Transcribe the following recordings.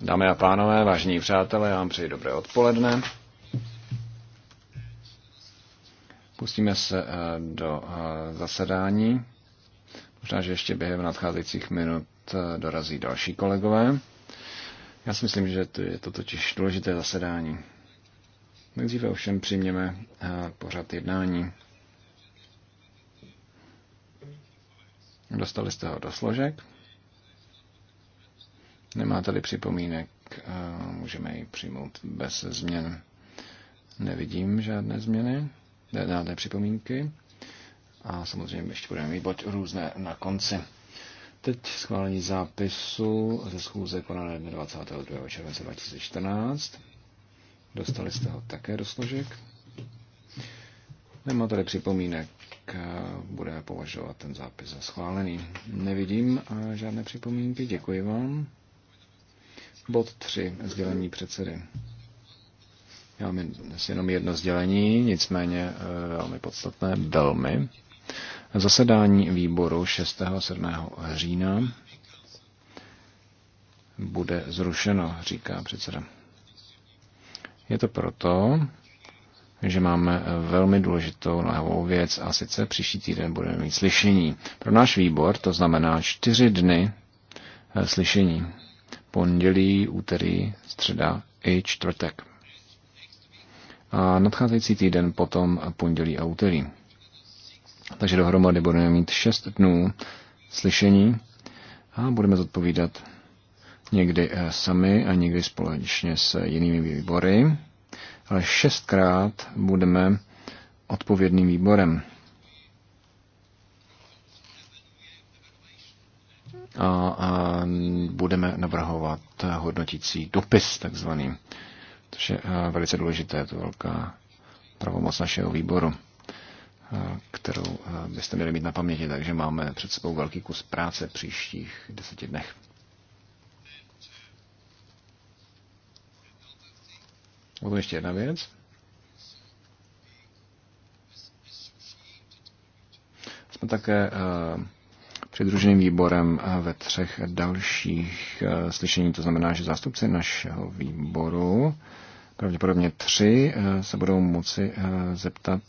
Dámy a pánové, vážení přátelé, já vám přeji dobré odpoledne. Pustíme se eh, do eh, zasedání. Možná, že ještě během nadcházejících minut eh, dorazí další kolegové. Já si myslím, že to je to totiž důležité zasedání. Nejdříve ovšem přijměme pořád jednání. Dostali jste ho do složek. Nemá tady připomínek, eh, můžeme ji přijmout bez změn. Nevidím žádné změny, žádné připomínky. A samozřejmě ještě budeme mít bod různé na konci. Teď schválení zápisu ze schůze konané 22. července 2014. Dostali jste ho také do složek. Nemá tady připomínek, eh, budeme považovat ten zápis za schválený. Nevidím eh, žádné připomínky, děkuji vám. Bod 3. Sdělení předsedy. Já mám dnes jenom jedno sdělení, nicméně eh, velmi podstatné, velmi. Zasedání výboru 6. a 7. října bude zrušeno, říká předseda. Je to proto, že máme eh, velmi důležitou nahovou věc a sice příští týden budeme mít slyšení. Pro náš výbor to znamená čtyři dny eh, slyšení pondělí, úterý, středa i čtvrtek. A nadcházející týden potom pondělí a úterý. Takže dohromady budeme mít šest dnů slyšení a budeme zodpovídat někdy eh, sami a někdy společně s jinými výbory, ale šestkrát budeme odpovědným výborem. a budeme navrhovat hodnotící dopis takzvaný, To je velice důležité, to velká pravomoc našeho výboru, kterou byste měli mít na paměti, takže máme před sebou velký kus práce v příštích deseti dnech. Potom ještě jedna věc. Jsme také přidruženým výborem ve třech dalších eh, slyšení. To znamená, že zástupci našeho výboru, pravděpodobně tři, eh, se budou moci eh, zeptat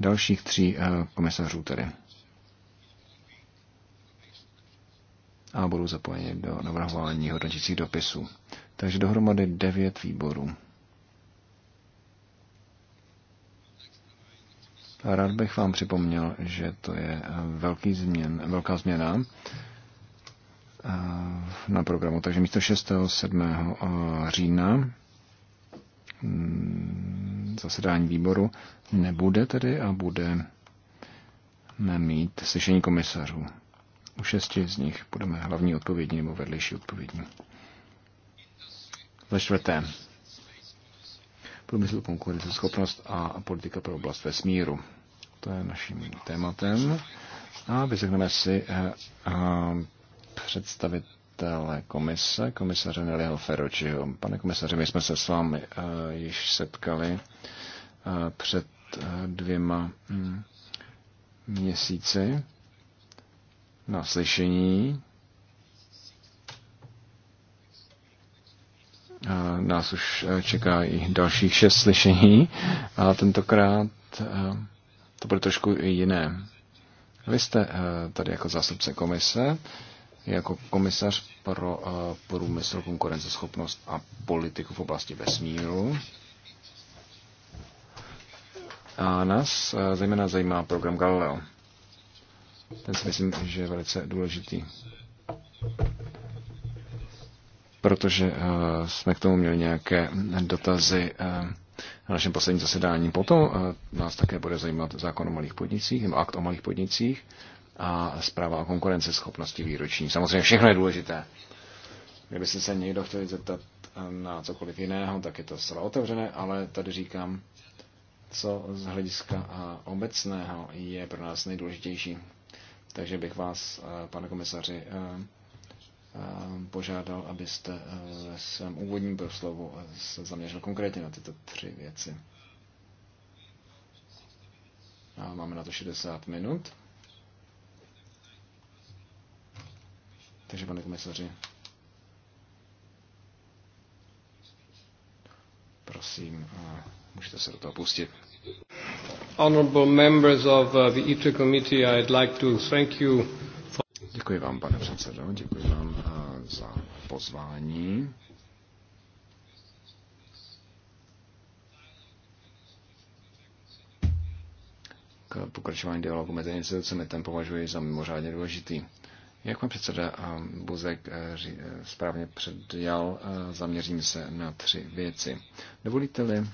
dalších tří komisařů tedy. A budou zapojeni do navrhování hodnotících dopisů. Takže dohromady devět výborů. Rád bych vám připomněl, že to je eh, velký změn, velká změna eh, na programu. Takže místo 6. 7. Eh, října mm, zasedání výboru nebude tedy a budeme mít slyšení komisařů. U šesti z nich budeme hlavní odpovědní nebo vedlejší odpovědní. Za čtvrté. Průmysl, konkurenceschopnost a politika pro oblast vesmíru to je naším tématem. A vyzvedneme si eh, eh, představitele komise, komisaře Neliho Feročiho. Pane komisaře, my jsme se s vámi eh, již setkali před dvěma hm, měsíci na slyšení. Nás už čeká i dalších šest slyšení a tentokrát to bude trošku jiné. Vy jste eh, tady jako zástupce komise, jako komisař pro eh, průmysl, konkurenceschopnost a politiku v oblasti vesmíru. A nás eh, zejména zajímá program Galileo. Ten si myslím, že je velice důležitý. Protože jsme k tomu měli nějaké dotazy na našem posledním zasedání. Potom eh, nás také bude zajímat zákon o malých podnicích, nebo akt o malých podnicích a zpráva o konkurenceschopnosti výroční. Samozřejmě všechno je důležité. Kdyby se někdo chtěl zeptat eh, na cokoliv jiného, tak je to zcela otevřené, ale tady říkám, co z hlediska eh, obecného je pro nás nejdůležitější. Takže bych vás, pane komisaři, Ehm, požádal, abyste eh, ve svém úvodním proslovu eh, se zaměřil konkrétně na tyto tři věci. A máme na to 60 minut. Takže, pane komisaři, prosím, eh, můžete se do toho pustit. Honorable members of the ITRE committee, I'd like to thank you Děkuji vám, pane předsedo, děkuji vám eh, za pozvání. K pokračování dialogu mezi institucemi ten považuji za mimořádně důležitý. Jak pan předseda eh, Buzek eh, správně předjal, zaměřím se na tři věci. Dovolíte-li,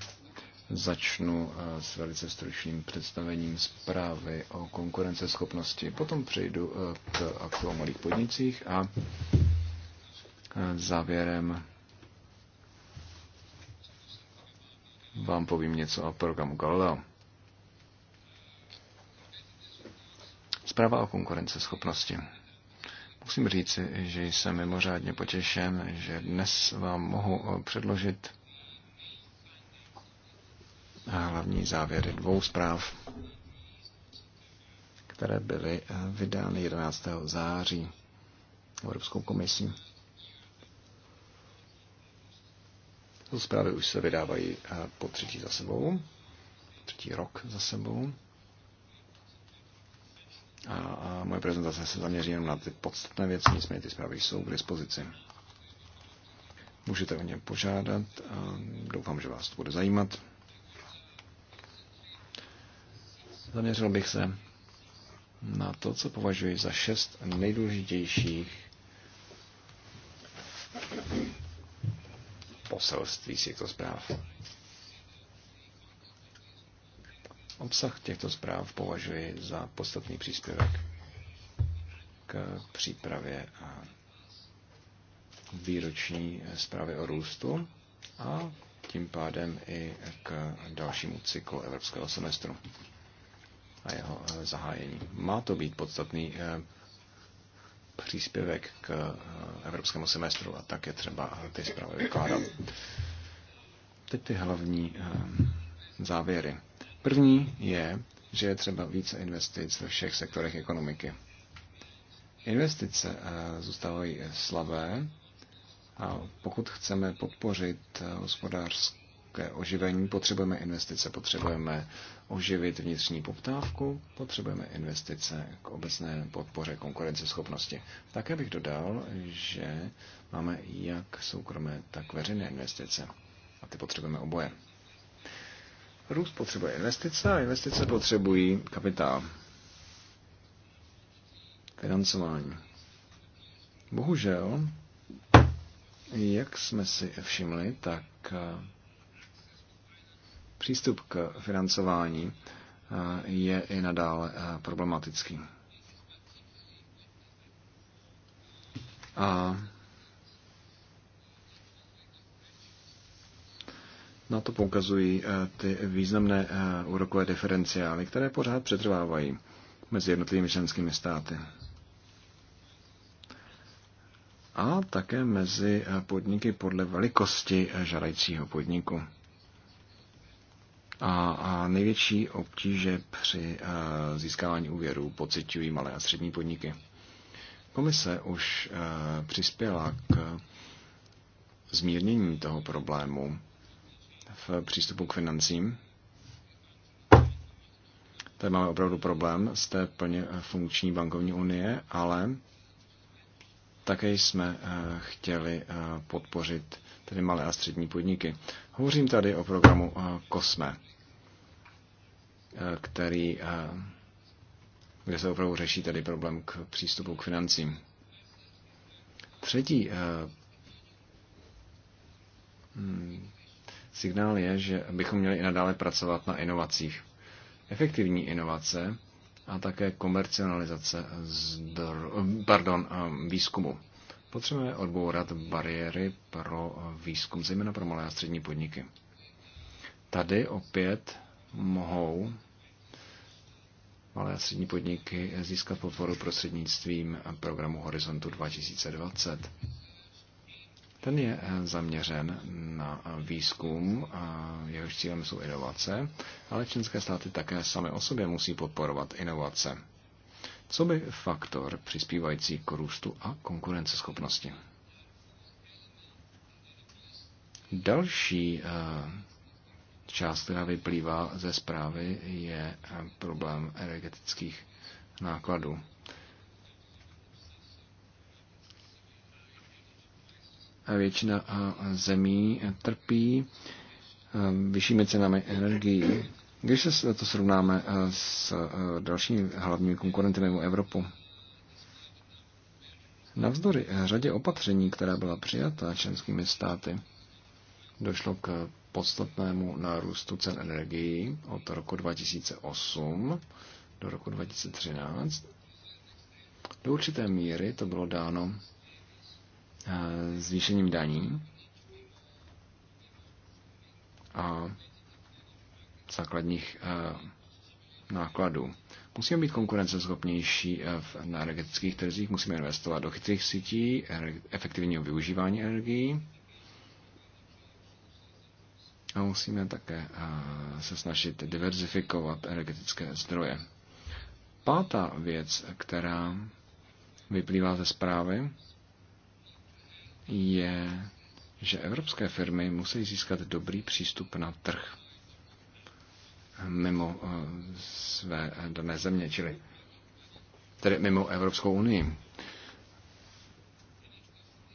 Začnu eh, s velice stručným představením zprávy o konkurenceschopnosti, potom přejdu eh, k aktu o malých podnicích a eh, závěrem vám povím něco o programu Galileo. Zpráva o konkurenceschopnosti. Musím říci, že jsem mimořádně potěšen, že dnes vám mohu předložit a hlavní závěry dvou zpráv, které byly eh, vydány 11. září Evropskou komisí. Zprávy už se vydávají eh, po třetí za sebou, třetí rok za sebou. A, a moje prezentace se zaměří jenom na ty podstatné věci, nicméně ty zprávy jsou k dispozici. Můžete o ně požádat a doufám, že vás to bude zajímat. Zaměřil bych se na to, co považuji za šest nejdůležitějších poselství těchto zpráv. Obsah těchto zpráv považuji za podstatný příspěvek k přípravě a výroční zprávy o růstu a tím pádem i k dalšímu cyklu evropského semestru a jeho eh, zahájení. Má to být podstatný eh, příspěvek k eh, evropskému semestru a tak je třeba ty zprávy vykládat. Teď ty hlavní závěry. První je, že je třeba více investic ve všech sektorech ekonomiky. Investice zůstávají slabé a pokud chceme podpořit hospodářské ke oživení potřebujeme investice, potřebujeme oživit vnitřní poptávku, potřebujeme investice k obecné podpoře konkurenceschopnosti. Také bych dodal, že máme jak soukromé, tak veřejné investice a ty potřebujeme oboje. Růst potřebuje investice a investice potřebují kapitál. Financování. Bohužel, jak jsme si všimli, tak Přístup k financování eh, je i nadále eh, problematický. A na to poukazují eh, ty významné úrokové diferenciály, které pořád přetrvávají mezi jednotlivými členskými státy. A také mezi podniky podle velikosti žádajícího podniku. A, a největší obtíže při eh, získávání úvěru pocitují malé a střední podniky. Komise už eh, přispěla k zmírnění toho problému v přístupu k financím. Tady máme opravdu problém z té plně funkční bankovní unie, ale také jsme eh, chtěli podpořit tedy malé a střední podniky. Hovořím tady o programu COSME, eh, eh, který, eh, kde se opravdu řeší tady problém k přístupu k financím. Třetí hmm, signál je, že bychom měli i nadále pracovat na inovacích. Efektivní inovace a také komercionalizace zdro, pardon, výzkumu. Potřebujeme odbourat bariéry pro výzkum, zejména pro malé a střední podniky. Tady opět mohou malé a střední podniky získat podporu prostřednictvím programu Horizontu 2020. Ten je zaměřen na výzkum, jehož cílem jsou inovace, ale členské státy také sami o sobě musí podporovat inovace co by faktor přispívající k růstu a konkurenceschopnosti. Další eh, část, která vyplývá ze zprávy, je eh, problém energetických nákladů. A většina eh, zemí trpí vyššími cenami energií když se to srovnáme eh, s eh, dalšími hlavními konkurenty mimo Evropu, navzdory eh, řadě opatření, která byla přijata členskými státy, došlo k podstatnému nárůstu cen energií od roku 2008 do roku 2013. Do určité míry to bylo dáno zvýšením daní a základních eh, nákladů. Musíme být konkurenceschopnější eh, na energetických trzích, musíme investovat do chytrých sítí, efektivního využívání energií a musíme také eh, se snažit diverzifikovat energetické zdroje. Pátá věc, která vyplývá ze zprávy, je, že evropské firmy musí získat dobrý přístup na trh mimo eh, své dané země, čili tedy mimo Evropskou unii.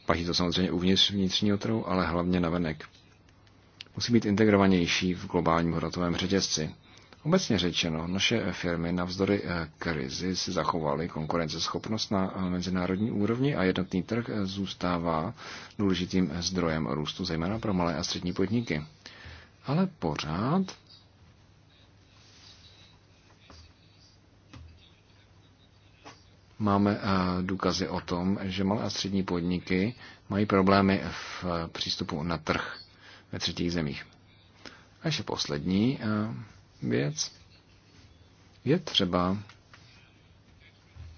Pachí to samozřejmě uvnitř vnitřního trhu, ale hlavně na venek. Musí být integrovanější v globálním hodnotovém řetězci. Obecně řečeno, naše firmy navzdory eh, krizi si zachovaly konkurenceschopnost na eh, mezinárodní úrovni a jednotný trh zůstává důležitým zdrojem růstu, zejména pro malé a střední podniky. Ale pořád Máme eh, důkazy o tom, že malé a střední podniky mají problémy v eh, přístupu na trh ve třetích zemích. A ještě poslední eh, věc. Je třeba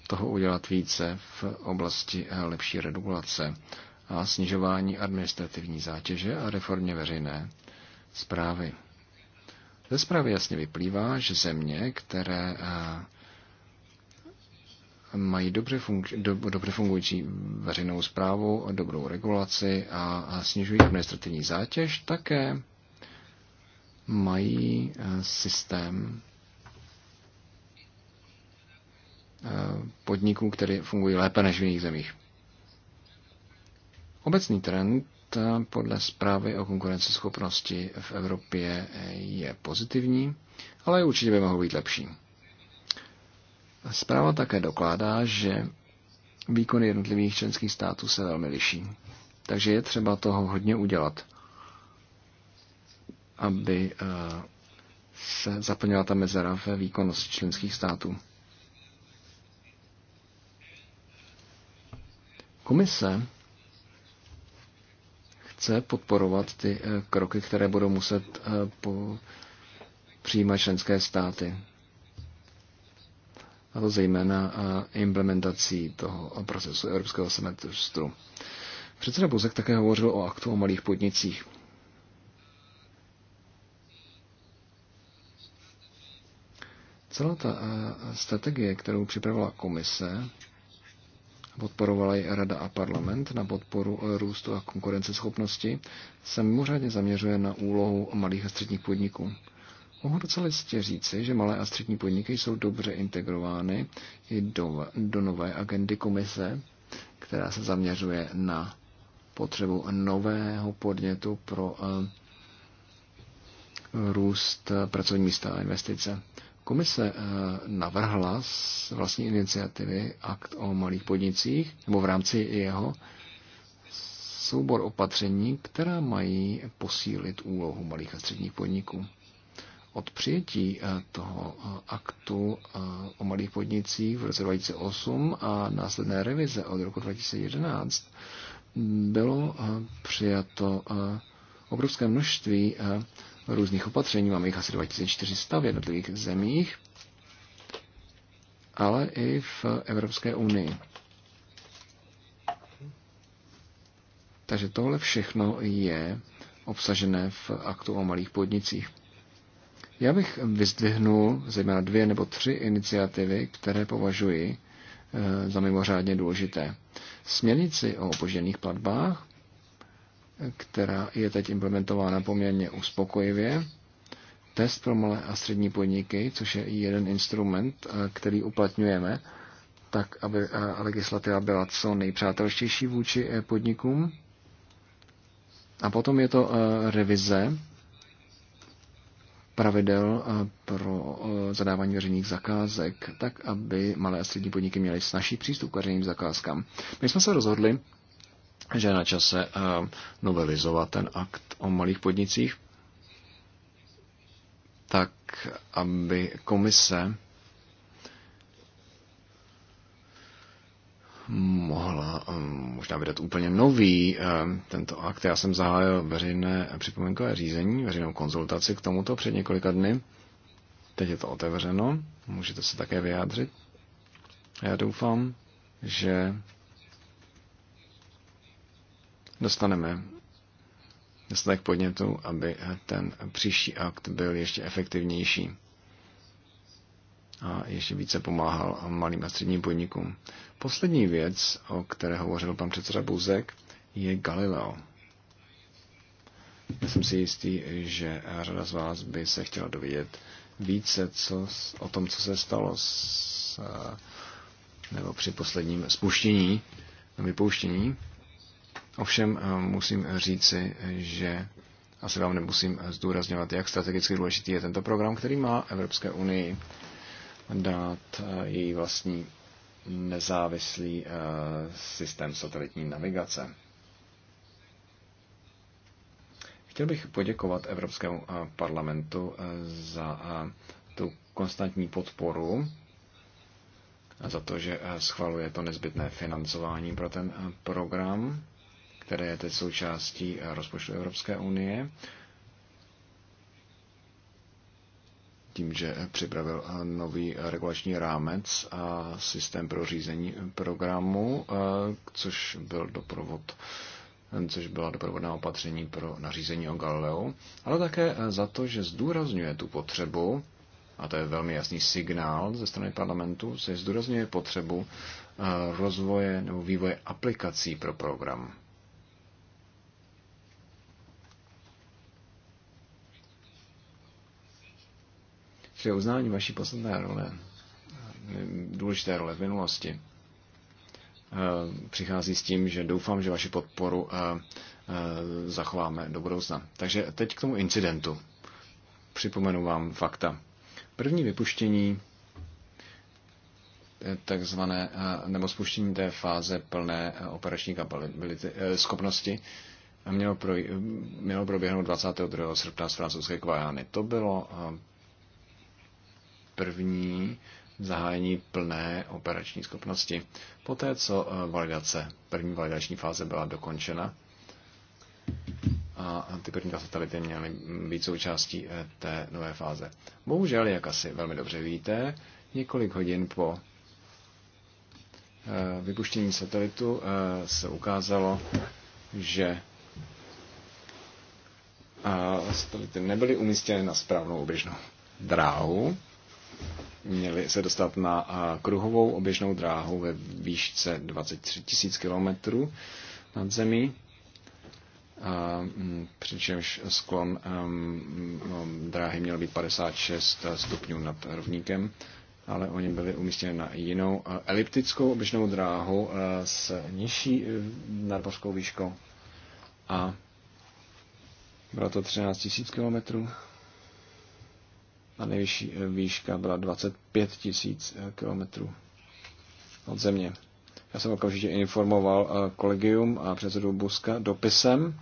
toho udělat více v oblasti lepší regulace a snižování administrativní zátěže a reformě veřejné zprávy. Ze zprávy jasně vyplývá, že země, které mají dobře, fungu, do, dobře fungující veřejnou zprávu, dobrou regulaci a, a snižují administrativní zátěž, také mají eh, systém eh, podniků, které fungují lépe než v jiných zemích. Obecný trend eh, podle zprávy o konkurenceschopnosti v Evropě je pozitivní, ale určitě by mohl být lepší. Zpráva také dokládá, že výkony jednotlivých členských států se velmi liší. Takže je třeba toho hodně udělat, aby eh, se zaplnila ta mezera ve výkonnosti členských států. Komise chce podporovat ty eh, kroky, které budou muset eh, přijímat členské státy a to zejména implementací toho procesu Evropského semestru. Předseda Buzek také hovořil o aktu o malých podnicích. Celá ta strategie, kterou připravila komise, podporovala i Rada a parlament na podporu e, růstu a konkurenceschopnosti, se mimořádně zaměřuje na úlohu malých a středních podniků. Mohu docela jistě říci, že malé a střední podniky jsou dobře integrovány i do, do nové agendy komise, která se zaměřuje na potřebu nového podnětu pro eh, růst pracovní místa a investice. Komise eh, navrhla z vlastní iniciativy akt o malých podnicích, nebo v rámci jeho soubor opatření, která mají posílit úlohu malých a středních podniků. Od přijetí eh, toho eh, aktu eh, o malých podnicích v roce 2008 a následné revize od roku 2011 bylo přijato obrovské množství různých opatření, máme jich asi 2400 v jednotlivých zemích, ale i v Evropské unii. Takže tohle všechno je obsažené v aktu o malých podnicích. Já bych vyzdvihnul zejména dvě nebo tři iniciativy, které považuji eh, za mimořádně důležité. Směrnici o opožděných platbách, která je teď implementována poměrně uspokojivě, test pro malé a střední podniky, což je jeden instrument, eh, který uplatňujeme, tak aby eh, legislativa byla co nejpřátelštější vůči podnikům. A potom je to revize pravidel eh, pro eh, zadávání veřejných zakázek, tak aby malé a střední podniky měly snažší přístup k veřejným zakázkám. My jsme se rozhodli, že je na čase eh, novelizovat ten akt o malých podnicích, tak aby komise mohla eh, možná vydat úplně nový eh, tento akt. Já jsem zahájil veřejné připomínkové řízení, veřejnou konzultaci k tomuto před několika dny. Teď je to otevřeno, můžete se také vyjádřit. Já doufám, že dostaneme dostatek podnětů, aby ten příští akt byl ještě efektivnější a ještě více pomáhal malým a středním podnikům. Poslední věc, o které hovořil pan předseda Buzek, je Galileo. Já jsem si jistý, že řada z vás by se chtěla dovědět více co, o tom, co se stalo s, eh, nebo při posledním spuštění, vypouštění. Ovšem eh, musím říci, že asi vám nemusím zdůrazňovat, jak strategicky důležitý je tento program, který má Evropské unii dát eh, její vlastní nezávislý eh, systém satelitní navigace. Chtěl bych poděkovat Evropskému eh, parlamentu eh, za tu konstantní podporu a za to, že schvaluje to nezbytné financování pro ten program, které je teď součástí rozpočtu Evropské unie. tím, že připravil nový regulační rámec a systém pro řízení programu, což byl doprovod což byla doprovodná opatření pro nařízení o Galileu, ale také za to, že zdůrazňuje tu potřebu, a to je velmi jasný signál ze strany parlamentu, se zdůrazňuje potřebu rozvoje nebo vývoje aplikací pro program. při uznání vaší posledné role, důležité role v minulosti, eh, přichází s tím, že doufám, že vaši podporu eh, eh, zachováme do budoucna. Takže teď k tomu incidentu. Připomenu vám fakta. První vypuštění takzvané, nebo spuštění té fáze plné operační kapability, schopnosti mělo, pro, mělo proběhnout 22. srpna z francouzské Kvajány. To bylo první zahájení plné operační schopnosti. Poté, co eh, validace, první validační fáze byla dokončena a ty první dva satelity měly být součástí eh, té nové fáze. Bohužel, jak asi velmi dobře víte, několik hodin po eh, vypuštění satelitu se ukázalo, že satelity nebyly umístěny na správnou oběžnou dráhu měli se dostat na kruhovou oběžnou dráhu ve výšce 23 000 km nad zemí, mm, přičemž sklon dráhy měl být 56 stupňů nad rovníkem, ale oni byli umístěni na jinou eliptickou oběžnou dráhu s nižší e, nadmořskou výškou a bylo to 13 000 km a nejvyšší eh, výška byla 25 tisíc eh, kilometrů od země. Já jsem okamžitě informoval eh, kolegium a předsedu Buska dopisem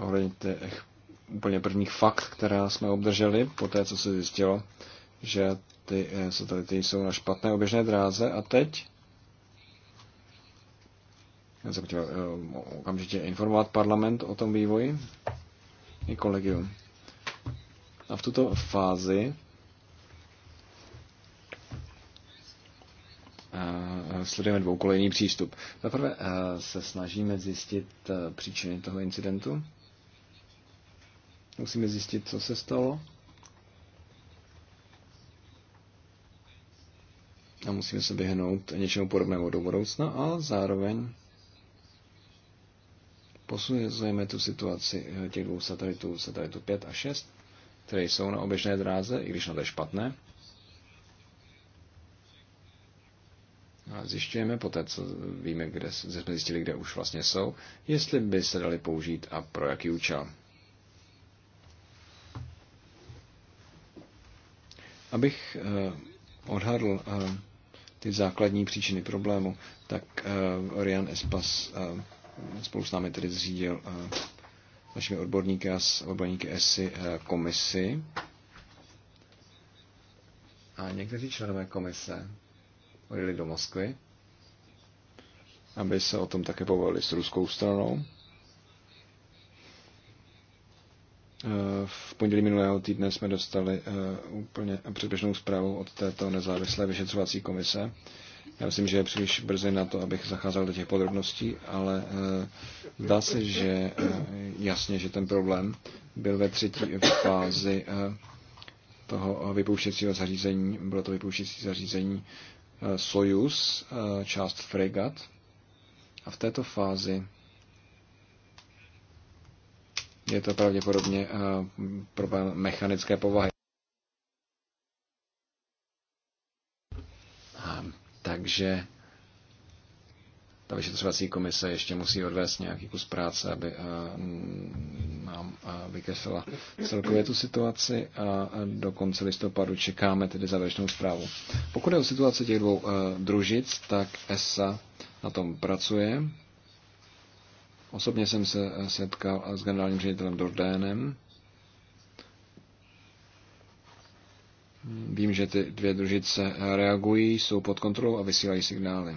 ohledně těch úplně prvních fakt, která jsme obdrželi po té, co se zjistilo, že ty satelity jsou na špatné oběžné dráze a teď já jsem chtěl okamžitě informovat parlament o tom vývoji i kolegium. A v tuto fázi eh, sledujeme dvoukolejný přístup. Zaprvé eh, se snažíme zjistit eh, příčiny toho incidentu. Musíme zjistit, co se stalo. A musíme se vyhnout něčemu podobnému do budoucna a zároveň posuzujeme tu situaci eh, těch dvou satelitů, satelitu 5 a 6, které jsou na oběžné dráze, i když na to je špatné. A zjišťujeme poté, co víme, kde jsme zjistili, kde už vlastně jsou, jestli by se dali použít a pro jaký účel. Abych eh, odhadl eh, ty základní příčiny problému, tak Orion Espas spolu s námi tedy zřídil eh, našimi odborníky a s odborníky ESI eh, komisi. A někteří členové komise odjeli do Moskvy, aby se o tom také povolili s ruskou stranou. Eh, v pondělí minulého týdne jsme dostali úplně předběžnou zprávu od této nezávislé vyšetřovací komise, já myslím, že je příliš brzy na to, abych zacházel do těch podrobností, ale eh, zdá se, že eh, jasně, že ten problém byl ve třetí fázi eh, toho vypouštěcího zařízení. Bylo to vypouštěcí zařízení Sojus, část fregat. A v této fázi je to pravděpodobně problém mechanické povahy. Takže ta vyšetřovací komise ještě musí odvést nějaký kus práce, aby eh, nám eh, vykreslila celkově tu situaci a eh, do konce listopadu čekáme tedy závěrečnou zprávu. Pokud je o situaci těch dvou družic, tak ESA na tom pracuje. Osobně jsem se setkal s generálním ředitelem Dordénem Vím, že ty dvě družice reagují, jsou pod kontrolou a vysílají signály.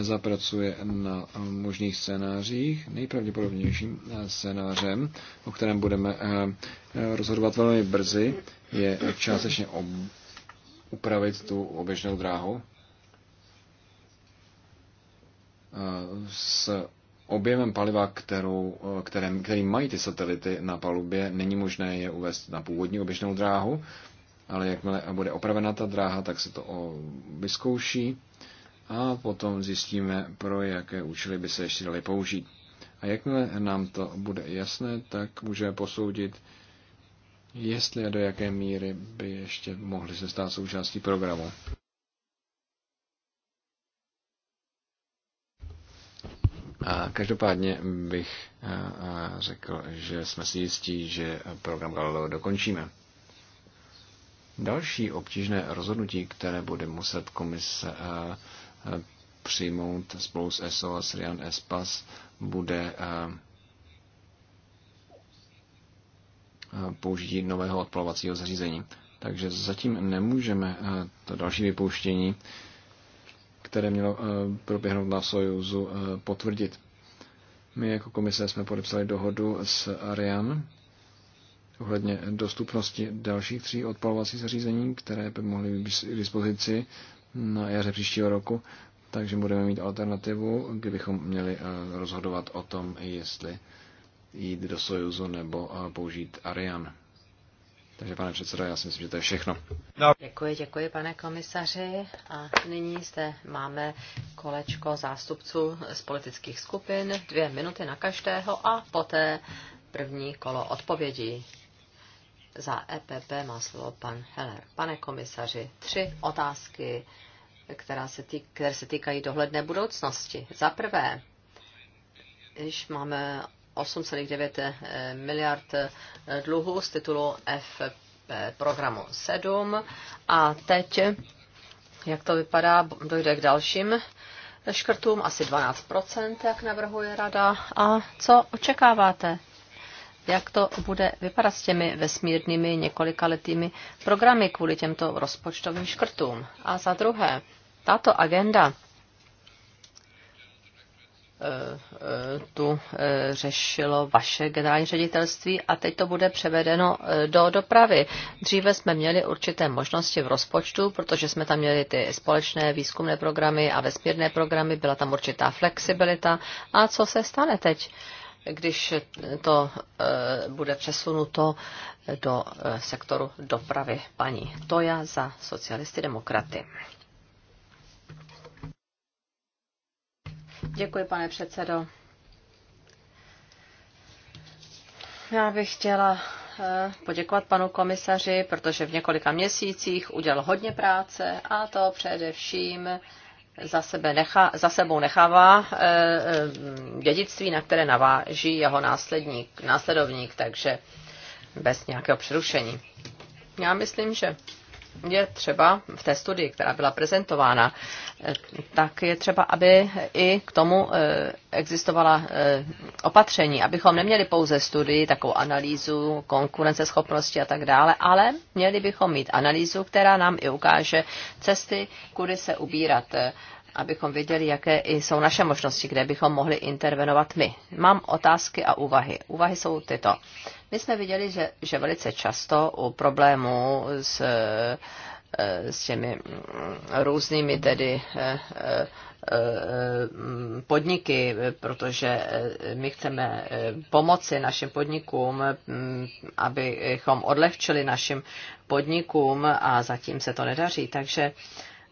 Zapracuje na možných scénářích. Nejpravděpodobnějším scénářem, o kterém budeme eh, rozhodovat velmi brzy, je částečně ob... upravit tu oběžnou dráhu eh, s objemem paliva, kterou, eh, kterém, který mají ty satelity na palubě, není možné je uvést na původní oběžnou dráhu, ale jakmile bude opravena ta dráha, tak se to vyzkouší a potom zjistíme, pro jaké účely by se ještě dali použít. A jakmile nám to bude jasné, tak můžeme posoudit, jestli a do jaké míry by ještě mohly se stát součástí programu. A každopádně bych řekl, že jsme si jistí, že program Galileo dokončíme. Další obtížné rozhodnutí, které bude muset komise přijmout spolu s ESO a Srian Espas, bude použití nového odpalovacího zařízení. Takže zatím nemůžeme to další vypouštění které mělo eh, proběhnout na Sojuzu, eh, potvrdit. My jako komise jsme podepsali dohodu s Ariane ohledně dostupnosti dalších tří odpalovacích zařízení, které by mohly být k dispozici na jaře příštího roku, takže budeme mít alternativu, kdybychom měli eh, rozhodovat o tom, jestli jít do Sojuzu nebo použít Ariane. Takže pane předsedo, já si myslím, že to je všechno. No. Děkuji, děkuji pane komisaři. A nyní zde máme kolečko zástupců z politických skupin, dvě minuty na každého a poté první kolo odpovědí. Za EPP má slovo pan Heller. Pane komisaři, tři otázky, která se týk, které se týkají dohledné budoucnosti. Za prvé, když máme 8,9 eh, miliard eh, dluhu z titulu F programu 7. A teď, jak to vypadá, dojde k dalším škrtům, asi 12%, jak navrhuje rada. A co očekáváte? Jak to bude vypadat s těmi vesmírnými několikaletými programy kvůli těmto rozpočtovým škrtům? A za druhé, tato agenda Eh, tu eh, řešilo vaše generální ředitelství a teď to bude převedeno eh, do dopravy. Dříve jsme měli určité možnosti v rozpočtu, protože jsme tam měli ty společné výzkumné programy a vesmírné programy, byla tam určitá flexibilita. A co se stane teď, když to bude přesunuto do sektoru dopravy paní Toja za socialisty demokraty? Děkuji, pane předsedo. Já bych chtěla eh, poděkovat panu komisaři, protože v několika měsících udělal hodně práce a to především za, sebe nechá, za sebou nechává eh, eh, dědictví, na které naváží jeho následník, následovník, takže bez nějakého přerušení. Já myslím, že je třeba v té studii, která byla prezentována, eh, tak je třeba, aby i k tomu eh, existovala eh, opatření, abychom neměli pouze studii, takovou analýzu konkurenceschopnosti a tak dále, ale měli bychom mít analýzu, která nám i ukáže cesty, kudy se ubírat abychom věděli, jaké jsou naše možnosti, kde bychom mohli intervenovat my. Mám otázky a úvahy. Úvahy jsou tyto. My jsme viděli, že, že velice často u problémů s, eh, s těmi mm, různými tedy eh, eh, podniky, protože my chceme pomoci našim podnikům, mm, abychom odlehčili našim podnikům a zatím se to nedaří. Takže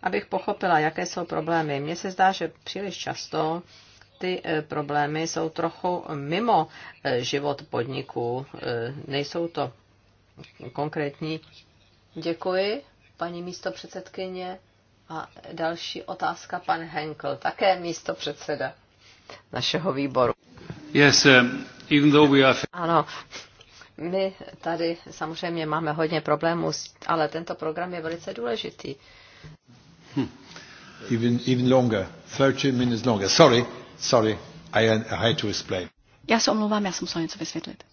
abych pochopila, jaké jsou problémy. Mně se zdá, že příliš často ty e, problémy jsou trochu mimo e, život podniků. E, nejsou to konkrétní. Děkuji, paní místo předsedkyně. A další otázka, pan Henkel, také místo předseda našeho výboru. Yes, um, even though we are... Ano, my tady samozřejmě máme hodně problémů, ale tento program je velice důležitý. Hmm. Even, even longer, 30 minutes longer. Sorry, sorry, I, I had to explain. Já se omlouvám, já jsem musel něco vysvětlit.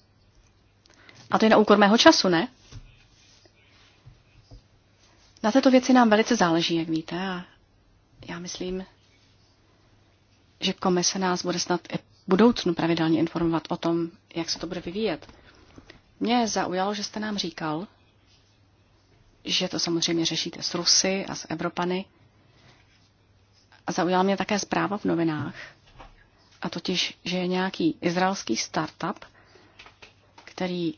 A to je na úkor mého času, ne? Na této věci nám velice záleží, jak víte, a já myslím, že komise nás bude snad i budoucnu pravidelně informovat o tom, jak se to bude vyvíjet. Mě zaujalo, že jste nám říkal, že to samozřejmě řešíte s Rusy a s Evropany. A zaujala mě také zpráva v novinách, a totiž, že je nějaký izraelský startup, který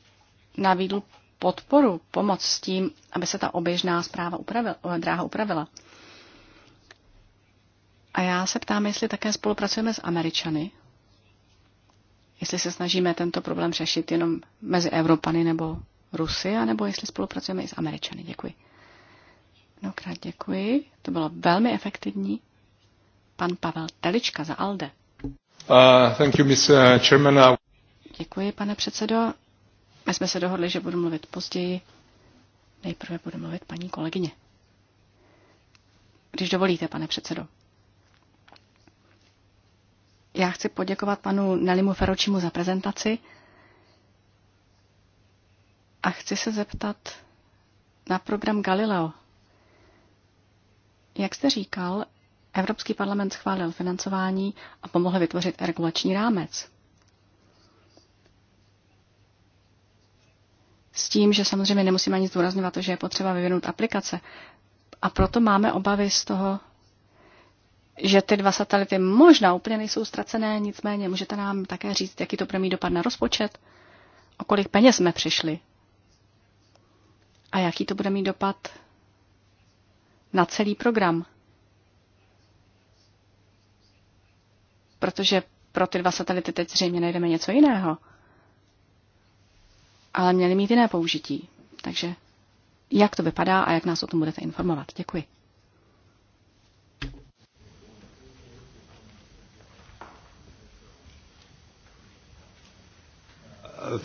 nabídl podporu, pomoc s tím, aby se ta oběžná zpráva upravil, eh, dráha upravila. A já se ptám, jestli také spolupracujeme s Američany, jestli se snažíme tento problém řešit jenom mezi Evropany nebo Rusy, anebo jestli spolupracujeme i s Američany. Děkuji. Mnohokrát děkuji. To bylo velmi efektivní. Pan Pavel Telička za ALDE. Uh, thank you, Ms. Chairman. Uh, děkuji, pane předsedo. My jsme se dohodli, že budu mluvit později. Nejprve budu mluvit paní kolegyně. Když dovolíte, pane předsedo. Já chci poděkovat panu Nelimu Feročimu za prezentaci a chci se zeptat na program Galileo. Jak jste říkal, Evropský parlament schválil financování a pomohl vytvořit regulační rámec. S tím, že samozřejmě nemusíme ani zdůrazňovat to, že je potřeba vyvinout aplikace. A proto máme obavy z toho, že ty dva satelity možná úplně nejsou ztracené, nicméně můžete nám také říct, jaký to bude mít dopad na rozpočet, o kolik peněz jsme přišli a jaký to bude mít dopad na celý program? Protože pro ty dva satelity teď zřejmě najdeme něco jiného. Ale měly mít jiné použití. Takže jak to vypadá a jak nás o tom budete informovat. Děkuji.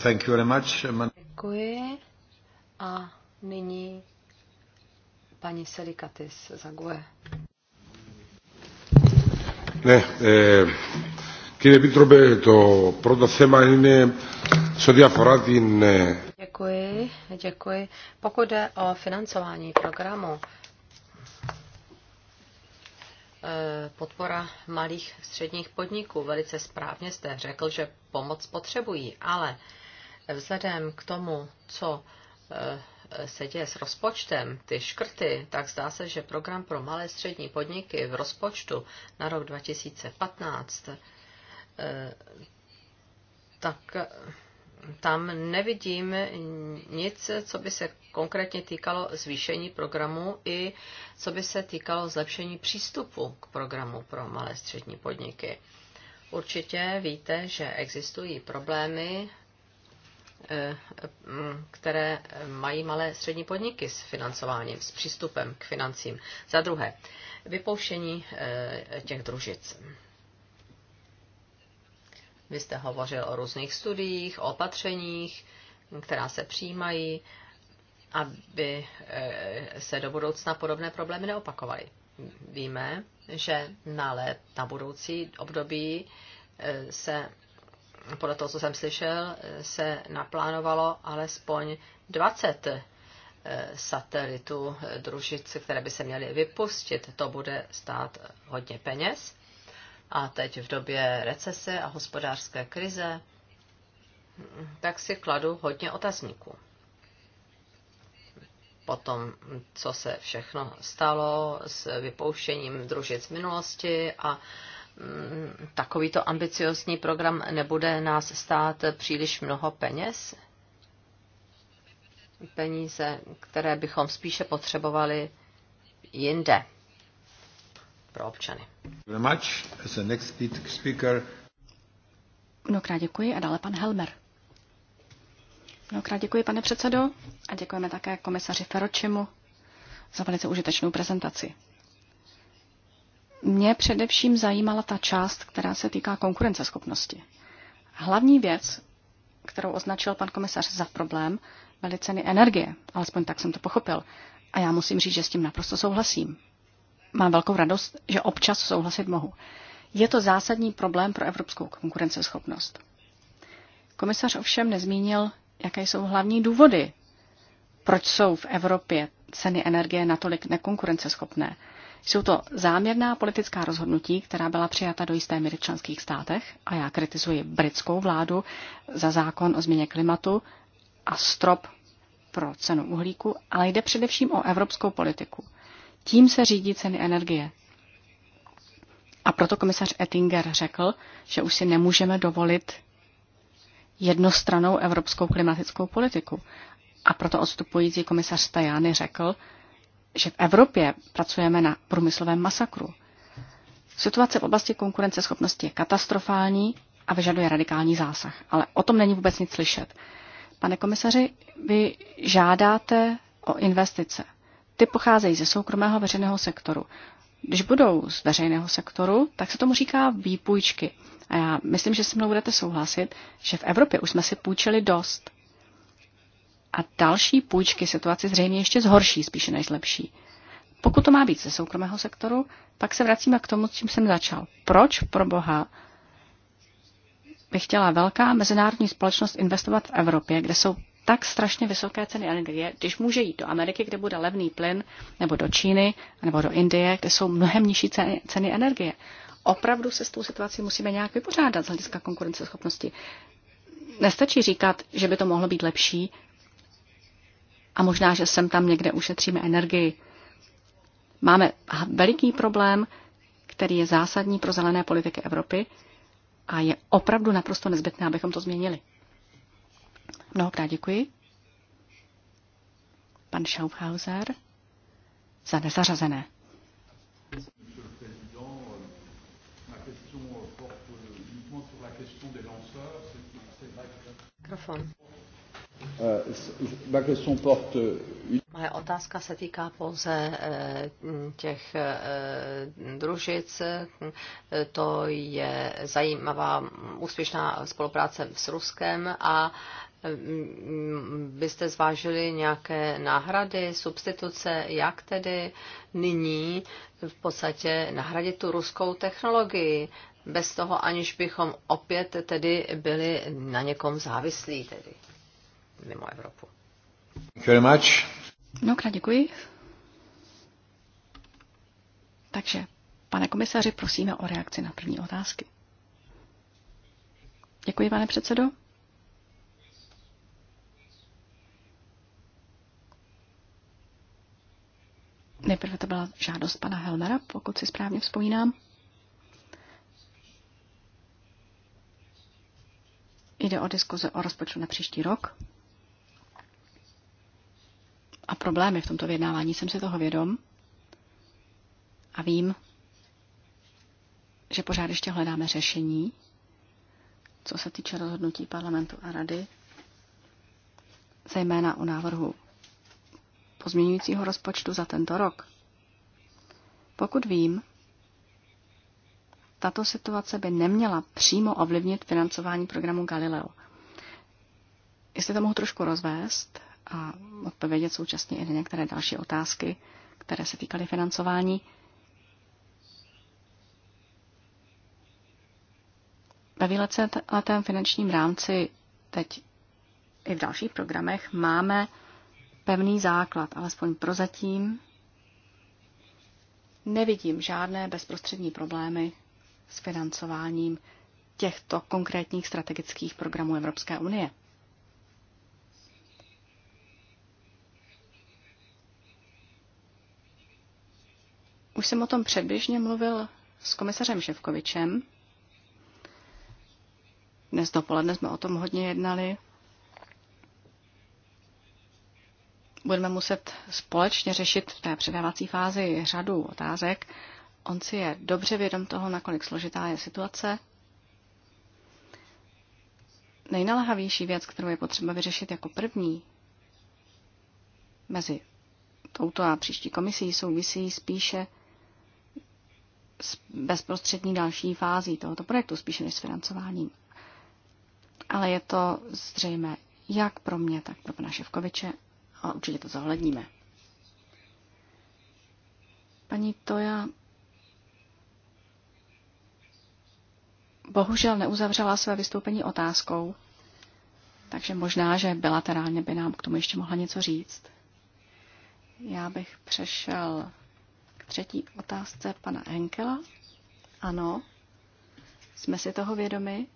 Thank you very much. Děkuji. A Nyní paní Selikatis Zague. Ne, eh, Κύριε Επίτροπε, το to θέμα είναι Je ό,τι αφορά την... Děkuji, děkuji. Pokud jde o financování programu, eh, podpora malých středních podniků, velice správně jste řekl, že pomoc potřebují, ale vzhledem k tomu, co eh, se děje s rozpočtem, ty škrty, tak zdá se, že program pro malé střední podniky v rozpočtu na rok 2015, eh, tak tam nevidím nic, co by se konkrétně týkalo zvýšení programu i co by se týkalo zlepšení přístupu k programu pro malé střední podniky. Určitě víte, že existují problémy Eh, které mají malé střední podniky s financováním, s přístupem k financím. Za druhé, vypouštění eh, těch družic. Vy jste hovořil o různých studiích, o opatřeních, která se přijímají, aby eh, se do budoucna podobné problémy neopakovaly. Víme, že na let, na budoucí období se podle toho, co jsem slyšel, se naplánovalo alespoň 20 eh, satelitů eh, družic, které by se měly vypustit. To bude stát hodně peněz. A teď v době recese a hospodářské krize, hm, tak si kladu hodně otazníků. Potom, co se všechno stalo s vypouštěním družic v minulosti a takovýto ambiciozní program nebude nás stát příliš mnoho peněz? Peníze, které bychom spíše potřebovali jinde pro občany. Mnohokrát děkuji a dále pan Helmer. Mnohokrát děkuji, pane předsedo, a děkujeme také komisaři Feročimu za velice užitečnou prezentaci. Mě především zajímala ta část, která se týká konkurenceschopnosti. Hlavní věc, kterou označil pan komisař za problém, byly ceny energie, alespoň tak jsem to pochopil. A já musím říct, že s tím naprosto souhlasím. Mám velkou radost, že občas souhlasit mohu. Je to zásadní problém pro evropskou konkurenceschopnost. Komisař ovšem nezmínil, jaké jsou hlavní důvody, proč jsou v Evropě ceny energie natolik nekonkurenceschopné. Jsou to záměrná politická rozhodnutí, která byla přijata do jisté míry členských státech a já kritizuji britskou vládu za zákon o změně klimatu a strop pro cenu uhlíku, ale jde především o evropskou politiku. Tím se řídí ceny energie. A proto komisař Ettinger řekl, že už si nemůžeme dovolit jednostranou evropskou klimatickou politiku. A proto odstupující komisař Tajany řekl, že v Evropě pracujeme na průmyslovém masakru. Situace v oblasti konkurenceschopnosti je katastrofální a vyžaduje radikální zásah, ale o tom není vůbec nic slyšet. Pane komisaři, vy žádáte o investice. Ty pocházejí ze soukromého veřejného sektoru. Když budou z veřejného sektoru, tak se tomu říká výpůjčky. A já myslím, že se mnou budete souhlasit, že v Evropě už jsme si půjčili dost. A další půjčky situaci zřejmě ještě zhorší, spíše než zlepší. Pokud to má být ze soukromého sektoru, pak se vracíme k tomu, s čím jsem začal. Proč pro boha by chtěla velká mezinárodní společnost investovat v Evropě, kde jsou tak strašně vysoké ceny energie, když může jít do Ameriky, kde bude levný plyn, nebo do Číny, nebo do Indie, kde jsou mnohem nižší ceny, ceny energie. Opravdu se s tou situací musíme nějak vypořádat z hlediska konkurenceschopnosti. Nestačí říkat, že by to mohlo být lepší, a možná, že sem tam někde ušetříme energii. Máme veliký problém, který je zásadní pro zelené politiky Evropy a je opravdu naprosto nezbytné, abychom to změnili. Mnohokrát děkuji. Pan Schaufhauser za nezařazené. Mikrofon. Euh, euh, Moje otázka se týká pouze eh, těch eh, družic. To je zajímavá úspěšná spolupráce s Ruskem a mm, byste zvážili nějaké náhrady, substituce, jak tedy nyní v podstatě nahradit tu ruskou technologii, bez toho aniž bychom opět tedy byli na někom závislí tedy mimo Evropu. Very Mnohokrát děkuji. Takže, pane komisaři, prosíme o reakci na první otázky. Děkuji, pane předsedo. Nejprve to byla žádost pana Helmera, pokud si správně vzpomínám. Jde o diskuze o rozpočtu na příští rok a problémy v tomto vyjednávání. Jsem si toho vědom a vím, že pořád ještě hledáme řešení, co se týče rozhodnutí parlamentu a rady, zejména o návrhu pozměňujícího rozpočtu za tento rok. Pokud vím, tato situace by neměla přímo ovlivnit financování programu Galileo. Jestli to mohu trošku rozvést, a odpovědět současně i na některé další otázky, které se týkaly financování. Ve výletém finančním rámci teď i v dalších programech máme pevný základ, alespoň prozatím nevidím žádné bezprostřední problémy s financováním těchto konkrétních strategických programů Evropské unie. Už jsem o tom předběžně mluvil s komisařem Ševkovičem. Dnes dopoledne jsme o tom hodně jednali. Budeme muset společně řešit v té předávací fázi řadu otázek. On si je dobře vědom toho, nakolik složitá je situace. Nejnalahavější věc, kterou je potřeba vyřešit jako první mezi touto a příští komisí, souvisí spíše bezprostřední další fází tohoto projektu, spíše než s financováním. Ale je to zřejmé jak pro mě, tak pro pana Ševkoviče a určitě to zohledníme. Paní Toja bohužel neuzavřela své vystoupení otázkou, takže možná, že bilaterálně by nám k tomu ještě mohla něco říct. Já bych přešel třetí otázce pana Henkela. Ano, jsme si toho vědomi.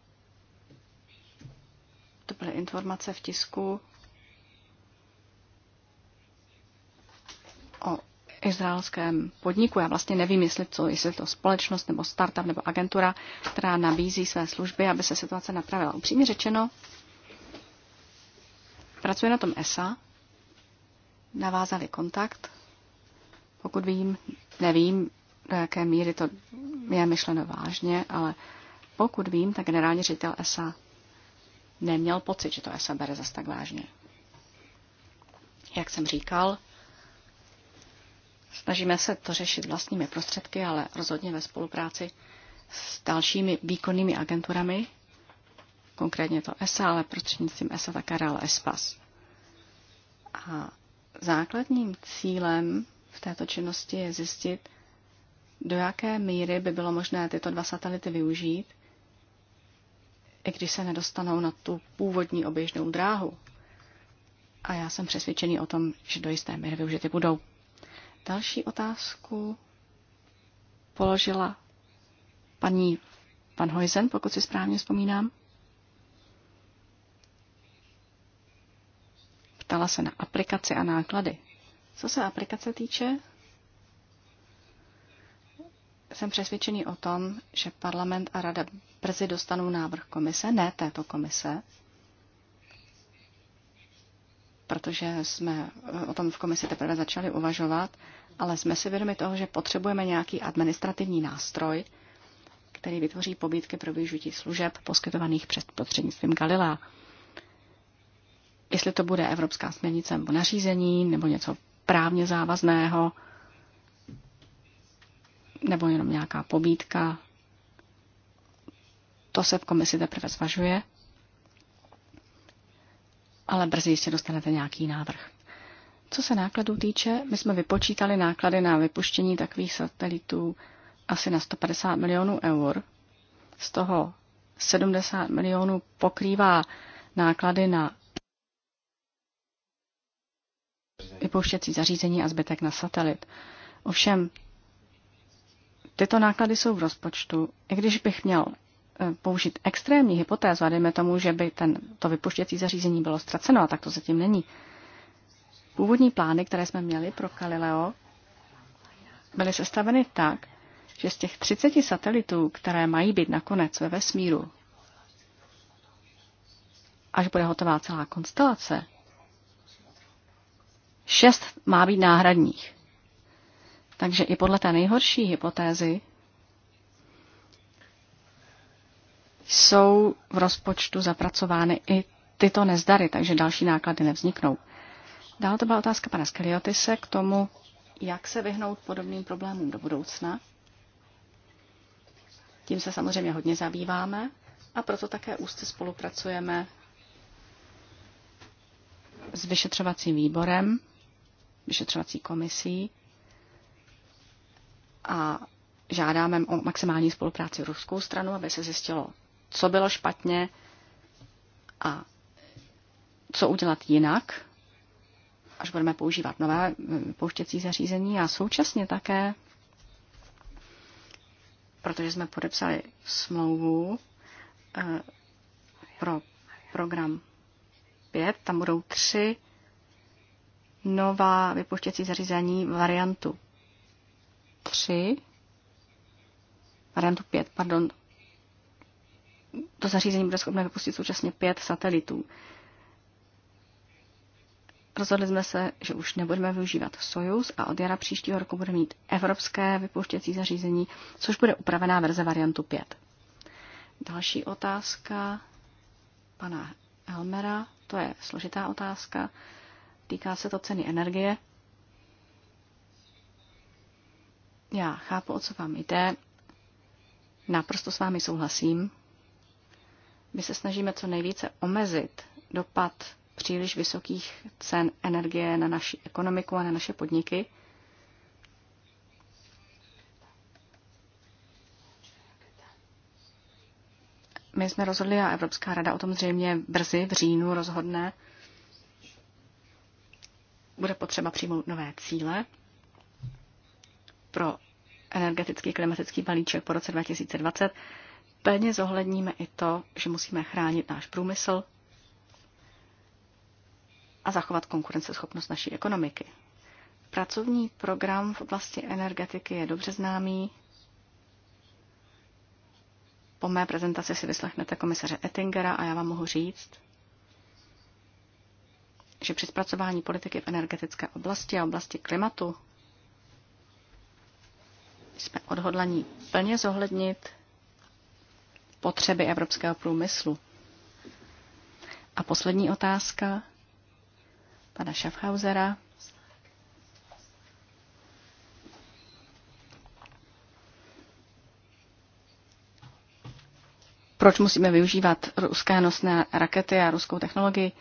To byly informace v tisku o izraelském podniku. Já vlastně nevím, jestli to, jestli je to společnost nebo startup nebo agentura, která nabízí své služby, aby se situace napravila. Upřímně řečeno, pracuje na tom ESA, navázali kontakt pokud vím, nevím, do jaké míry to je myšleno vážně, ale pokud vím, tak generální ředitel ESA neměl pocit, že to ESA bere zas tak vážně. Jak jsem říkal, snažíme se to řešit vlastními prostředky, ale rozhodně ve spolupráci s dalšími výkonnými agenturami, konkrétně to ESA, ale prostřednictvím ESA také dále ESPAS. A základním cílem v této činnosti je zjistit, do jaké míry by bylo možné tyto dva satelity využít, i když se nedostanou na tu původní oběžnou dráhu. A já jsem přesvědčený o tom, že do jisté míry využity budou. Další otázku položila paní Van Heusen, pokud si správně vzpomínám. Ptala se na aplikaci a náklady. Co se aplikace týče, jsem přesvědčený o tom, že parlament a rada brzy dostanou návrh komise, ne této komise, protože jsme eh, o tom v komisi teprve začali uvažovat, ale jsme si vědomi toho, že potřebujeme nějaký administrativní nástroj, který vytvoří pobídky pro využití služeb poskytovaných přes prostřednictvím Galilea. Jestli to bude evropská směrnice nebo nařízení nebo něco právně závazného nebo jenom nějaká pobídka. To se v komisi teprve zvažuje, ale brzy jistě dostanete nějaký návrh. Co se nákladů týče, my jsme vypočítali náklady na vypuštění takových satelitů asi na 150 milionů eur. Z toho 70 milionů pokrývá náklady na vypouštěcí zařízení a zbytek na satelit. Ovšem, tyto náklady jsou v rozpočtu. I když bych měl eh, použít extrémní hypotézu, a dejme tomu, že by ten, to vypuštěcí zařízení bylo ztraceno, a tak to zatím není. Původní plány, které jsme měli pro Galileo, byly sestaveny tak, že z těch 30 satelitů, které mají být nakonec ve vesmíru, až bude hotová celá konstelace, Šest má být náhradních. Takže i podle té nejhorší hypotézy jsou v rozpočtu zapracovány i tyto nezdary, takže další náklady nevzniknou. Dále to byla otázka pana Skeliotise k tomu, jak se vyhnout podobným problémům do budoucna. Tím se samozřejmě hodně zabýváme a proto také úzce spolupracujeme s vyšetřovacím výborem vyšetřovací komisí a žádáme o maximální spolupráci ruskou stranu, aby se zjistilo, co bylo špatně a co udělat jinak, až budeme používat nové eh, pouštěcí zařízení a současně také, protože jsme podepsali smlouvu eh, pro program 5, tam budou tři nová vypuštěcí zařízení variantu 3, variantu 5, pardon, to zařízení bude schopné vypustit současně pět satelitů. Rozhodli jsme se, že už nebudeme využívat Sojus a od jara příštího roku budeme mít evropské vypuštěcí zařízení, což bude upravená verze variantu 5. Další otázka pana Helmera, to je složitá otázka týká se to ceny energie. Já chápu, o co vám jde. Naprosto s vámi souhlasím. My se snažíme co nejvíce omezit dopad příliš vysokých cen energie na naši ekonomiku a na naše podniky. My jsme rozhodli a Evropská rada o tom zřejmě brzy v říjnu rozhodne, bude potřeba přijmout nové cíle pro energetický klimatický balíček po roce 2020. Plně zohledníme i to, že musíme chránit náš průmysl a zachovat konkurenceschopnost naší ekonomiky. Pracovní program v oblasti energetiky je dobře známý. Po mé prezentaci si vyslechnete komisaře Ettingera a já vám mohu říct, že při zpracování politiky v energetické oblasti a oblasti klimatu jsme odhodlaní plně zohlednit potřeby evropského průmyslu. A poslední otázka pana Schaffhausera. Proč musíme využívat ruské nosné rakety a ruskou technologii?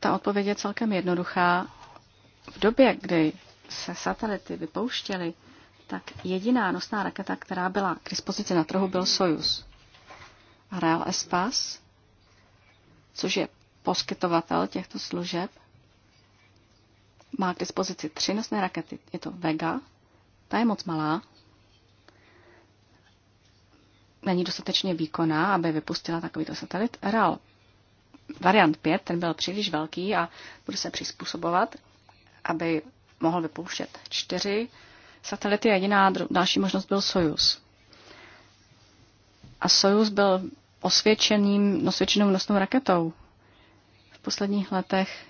Ta odpověď je celkem jednoduchá. V době, kdy se satelity vypouštěly, tak jediná nosná raketa, která byla k dispozici na trhu, byl Soyuz. A Real Espas, což je poskytovatel těchto služeb, má k dispozici tři nosné rakety. Je to Vega, ta je moc malá, není dostatečně výkonná, aby vypustila takovýto satelit. RAL variant 5, ten byl příliš velký a bude se přizpůsobovat, aby mohl vypouštět čtyři satelity a jediná další možnost byl Sojus. A Sojus byl osvědčeným, osvědčenou nosnou raketou. V posledních letech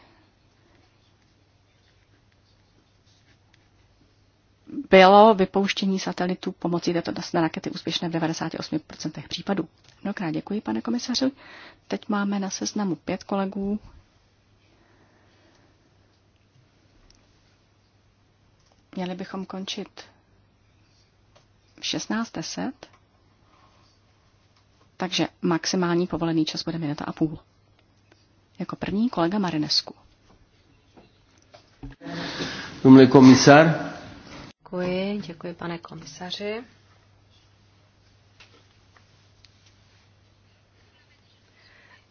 bylo vypouštění satelitů pomocí této rakety úspěšné v 98% případů. Mnohokrát děkuji, pane komisaři. Teď máme na seznamu pět kolegů. Měli bychom končit v 16.10, takže maximální povolený čas bude minuta a půl. Jako první kolega Marinesku. Domnule komisar, Děkuji, děkuji pane komisaři.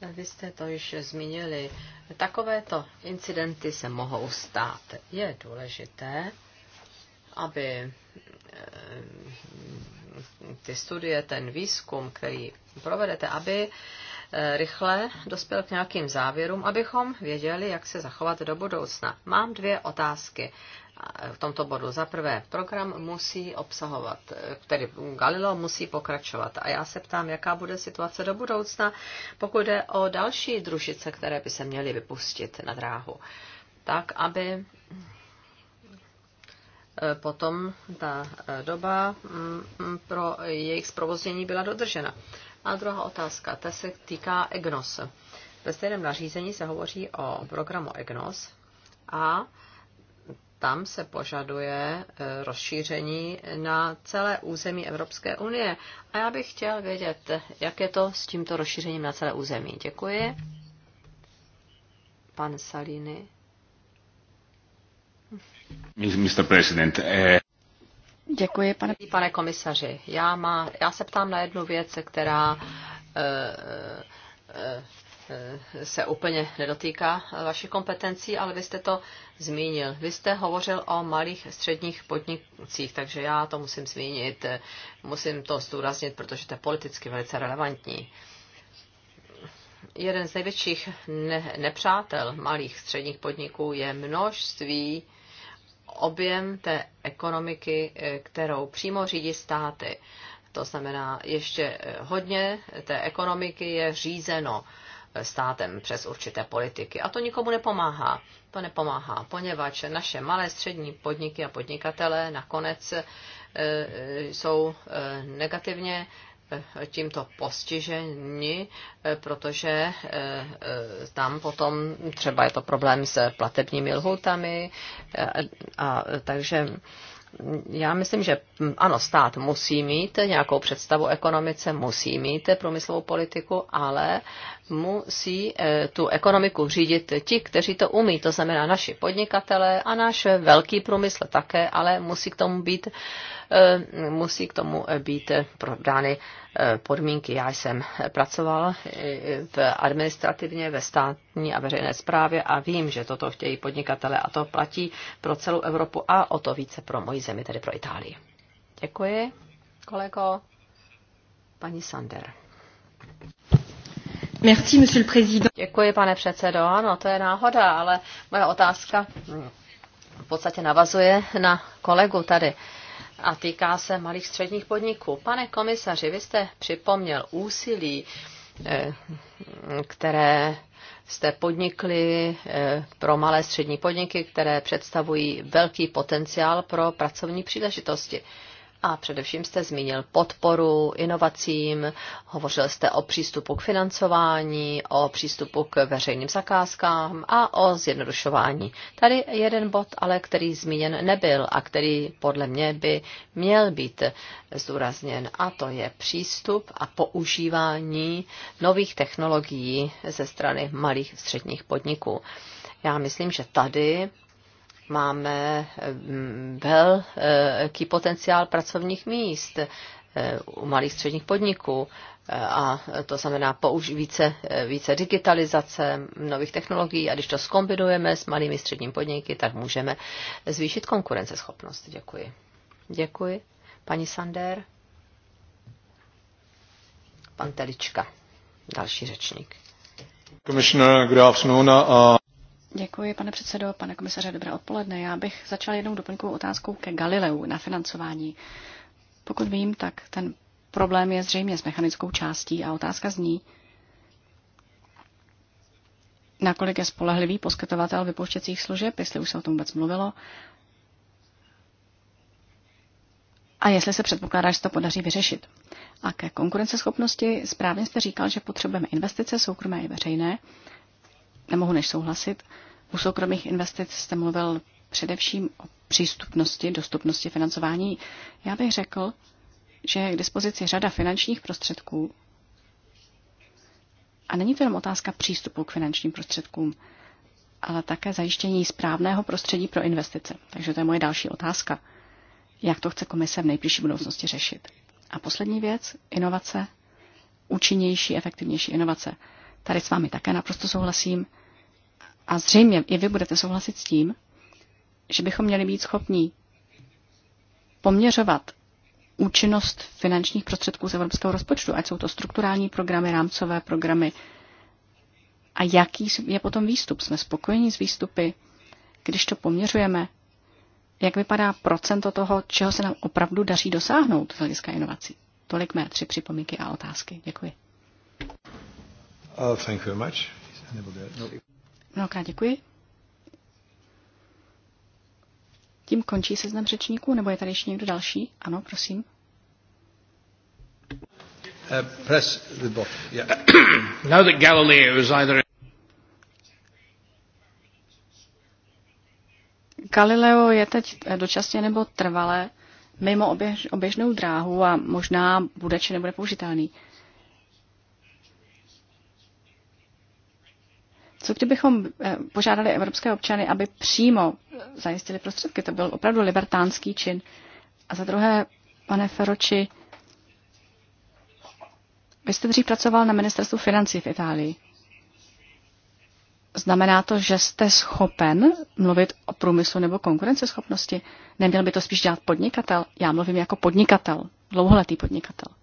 Vy jste to již zmínili. Takovéto incidenty se mohou stát. Je důležité, aby eh, ty studie, ten výzkum, který provedete, aby eh, rychle dospěl k nějakým závěrům, abychom věděli, jak se zachovat do budoucna. Mám dvě otázky v tomto bodu. Za prvé, program musí obsahovat, tedy Galileo musí pokračovat. A já se ptám, jaká bude situace do budoucna, pokud jde o další družice, které by se měly vypustit na dráhu. Tak, aby eh, potom ta eh, doba mm, mm, pro jejich zprovoznění byla dodržena. A druhá otázka, ta se týká EGNOS. Ve stejném nařízení se hovoří o programu EGNOS a tam se požaduje eh, rozšíření na celé území Evropské unie. A já bych chtěl vědět, jak je to s tímto rozšířením na celé území. Děkuji. Pan Salini. Mr. President, eh... Děkuji, pane... Pane komisaři, já, má, já se ptám na jednu věc, která eh, eh, Eh, se úplně nedotýká vašich kompetencí, ale vy jste to zmínil. Vy jste hovořil o malých středních podnicích, takže já to musím zmínit, musím to zdůraznit, protože to je politicky velice relevantní. Jeden z největších ne- nepřátel malých středních podniků je množství objem té ekonomiky, eh, kterou přímo řídí státy. To znamená, ještě eh, hodně té ekonomiky je řízeno státem přes určité politiky. A to nikomu nepomáhá. To nepomáhá, poněvadž naše malé střední podniky a podnikatele nakonec e, e, jsou e, negativně tímto postiženi, protože tam potom třeba je to problém s platebními lhoutami. a takže já myslím, že ano, stát musí mít nějakou představu ekonomice, musí mít průmyslovou politiku, ale musí eh, tu ekonomiku řídit ti, kteří to umí, to znamená naši podnikatele a náš velký průmysl také, ale musí k tomu být, eh, musí k tomu eh, být prodány podmínky. Já jsem pracoval v administrativně ve státní a veřejné správě a vím, že toto chtějí podnikatele a to platí pro celou Evropu a o to více pro moji zemi, tedy pro Itálii. Děkuji, kolego. Paní Sander. Merci, monsieur le président. Děkuji, pane předsedo. Ano, to je náhoda, ale moje otázka v podstatě navazuje na kolegu tady a týká se malých středních podniků. Pane komisaři, vy jste připomněl úsilí, eh, které jste podnikli eh, pro malé střední podniky, které představují velký potenciál pro pracovní příležitosti a především jste zmínil podporu inovacím, hovořil jste o přístupu k financování, o přístupu k veřejným zakázkám a o zjednodušování. Tady jeden bod, ale který zmíněn nebyl a který podle mě by měl být zdůrazněn, a to je přístup a používání nových technologií ze strany malých a středních podniků. Já myslím, že tady máme mm, velký eh, potenciál pracovních míst eh, u malých středních podniků eh, a to znamená použ více, více digitalizace, nových technologií a když to skombinujeme s malými středními podniky, tak můžeme zvýšit konkurenceschopnost. Děkuji. Děkuji. Paní Sander. Pan Telička, další řečník. Commissioner, good afternoon. Uh... Děkuji, pane předsedo, pane komisaře, dobré odpoledne. Já bych začal jednou doplňkovou otázkou ke Galileu na financování. Pokud vím, tak ten problém je zřejmě s mechanickou částí a otázka zní, nakolik je spolehlivý poskytovatel vypouštěcích služeb, jestli už se o tom vůbec mluvilo, a jestli se předpokládá, že se to podaří vyřešit. A ke konkurenceschopnosti správně jste říkal, že potřebujeme investice soukromé i veřejné nemohu než souhlasit. U soukromých investic jste mluvil především o přístupnosti, dostupnosti financování. Já bych řekl, že je k dispozici řada finančních prostředků a není to jenom otázka přístupu k finančním prostředkům, ale také zajištění správného prostředí pro investice. Takže to je moje další otázka. Jak to chce komise v nejbližší budoucnosti řešit? A poslední věc, inovace, účinnější, efektivnější inovace. Tady s vámi také naprosto souhlasím. A zřejmě i vy budete souhlasit s tím, že bychom měli být schopní poměřovat účinnost finančních prostředků z evropského rozpočtu, ať jsou to strukturální programy, rámcové programy. A jaký je potom výstup? Jsme spokojeni s výstupy, když to poměřujeme? Jak vypadá procento toho, čeho se nám opravdu daří dosáhnout z hlediska inovací? Tolik mé tři připomínky a otázky. Děkuji. Uh, thank you very much. Mnohokrát děkuji. Tím končí seznam řečníků, nebo je tady ještě někdo další? Ano, prosím. Uh, press the button. Yeah. Now that Galileo is either Galileo je teď dočasně nebo trvale mimo oběž, oběžnou dráhu a možná bude či nebude použitelný. Co kdybychom eh, požádali evropské občany, aby přímo zajistili prostředky? To byl opravdu libertánský čin. A za druhé, pane Feroči, vy jste dřív pracoval na ministerstvu financí v Itálii. Znamená to, že jste schopen mluvit o průmyslu nebo konkurenceschopnosti? Neměl by to spíš dělat podnikatel? Já mluvím jako podnikatel, dlouholetý podnikatel.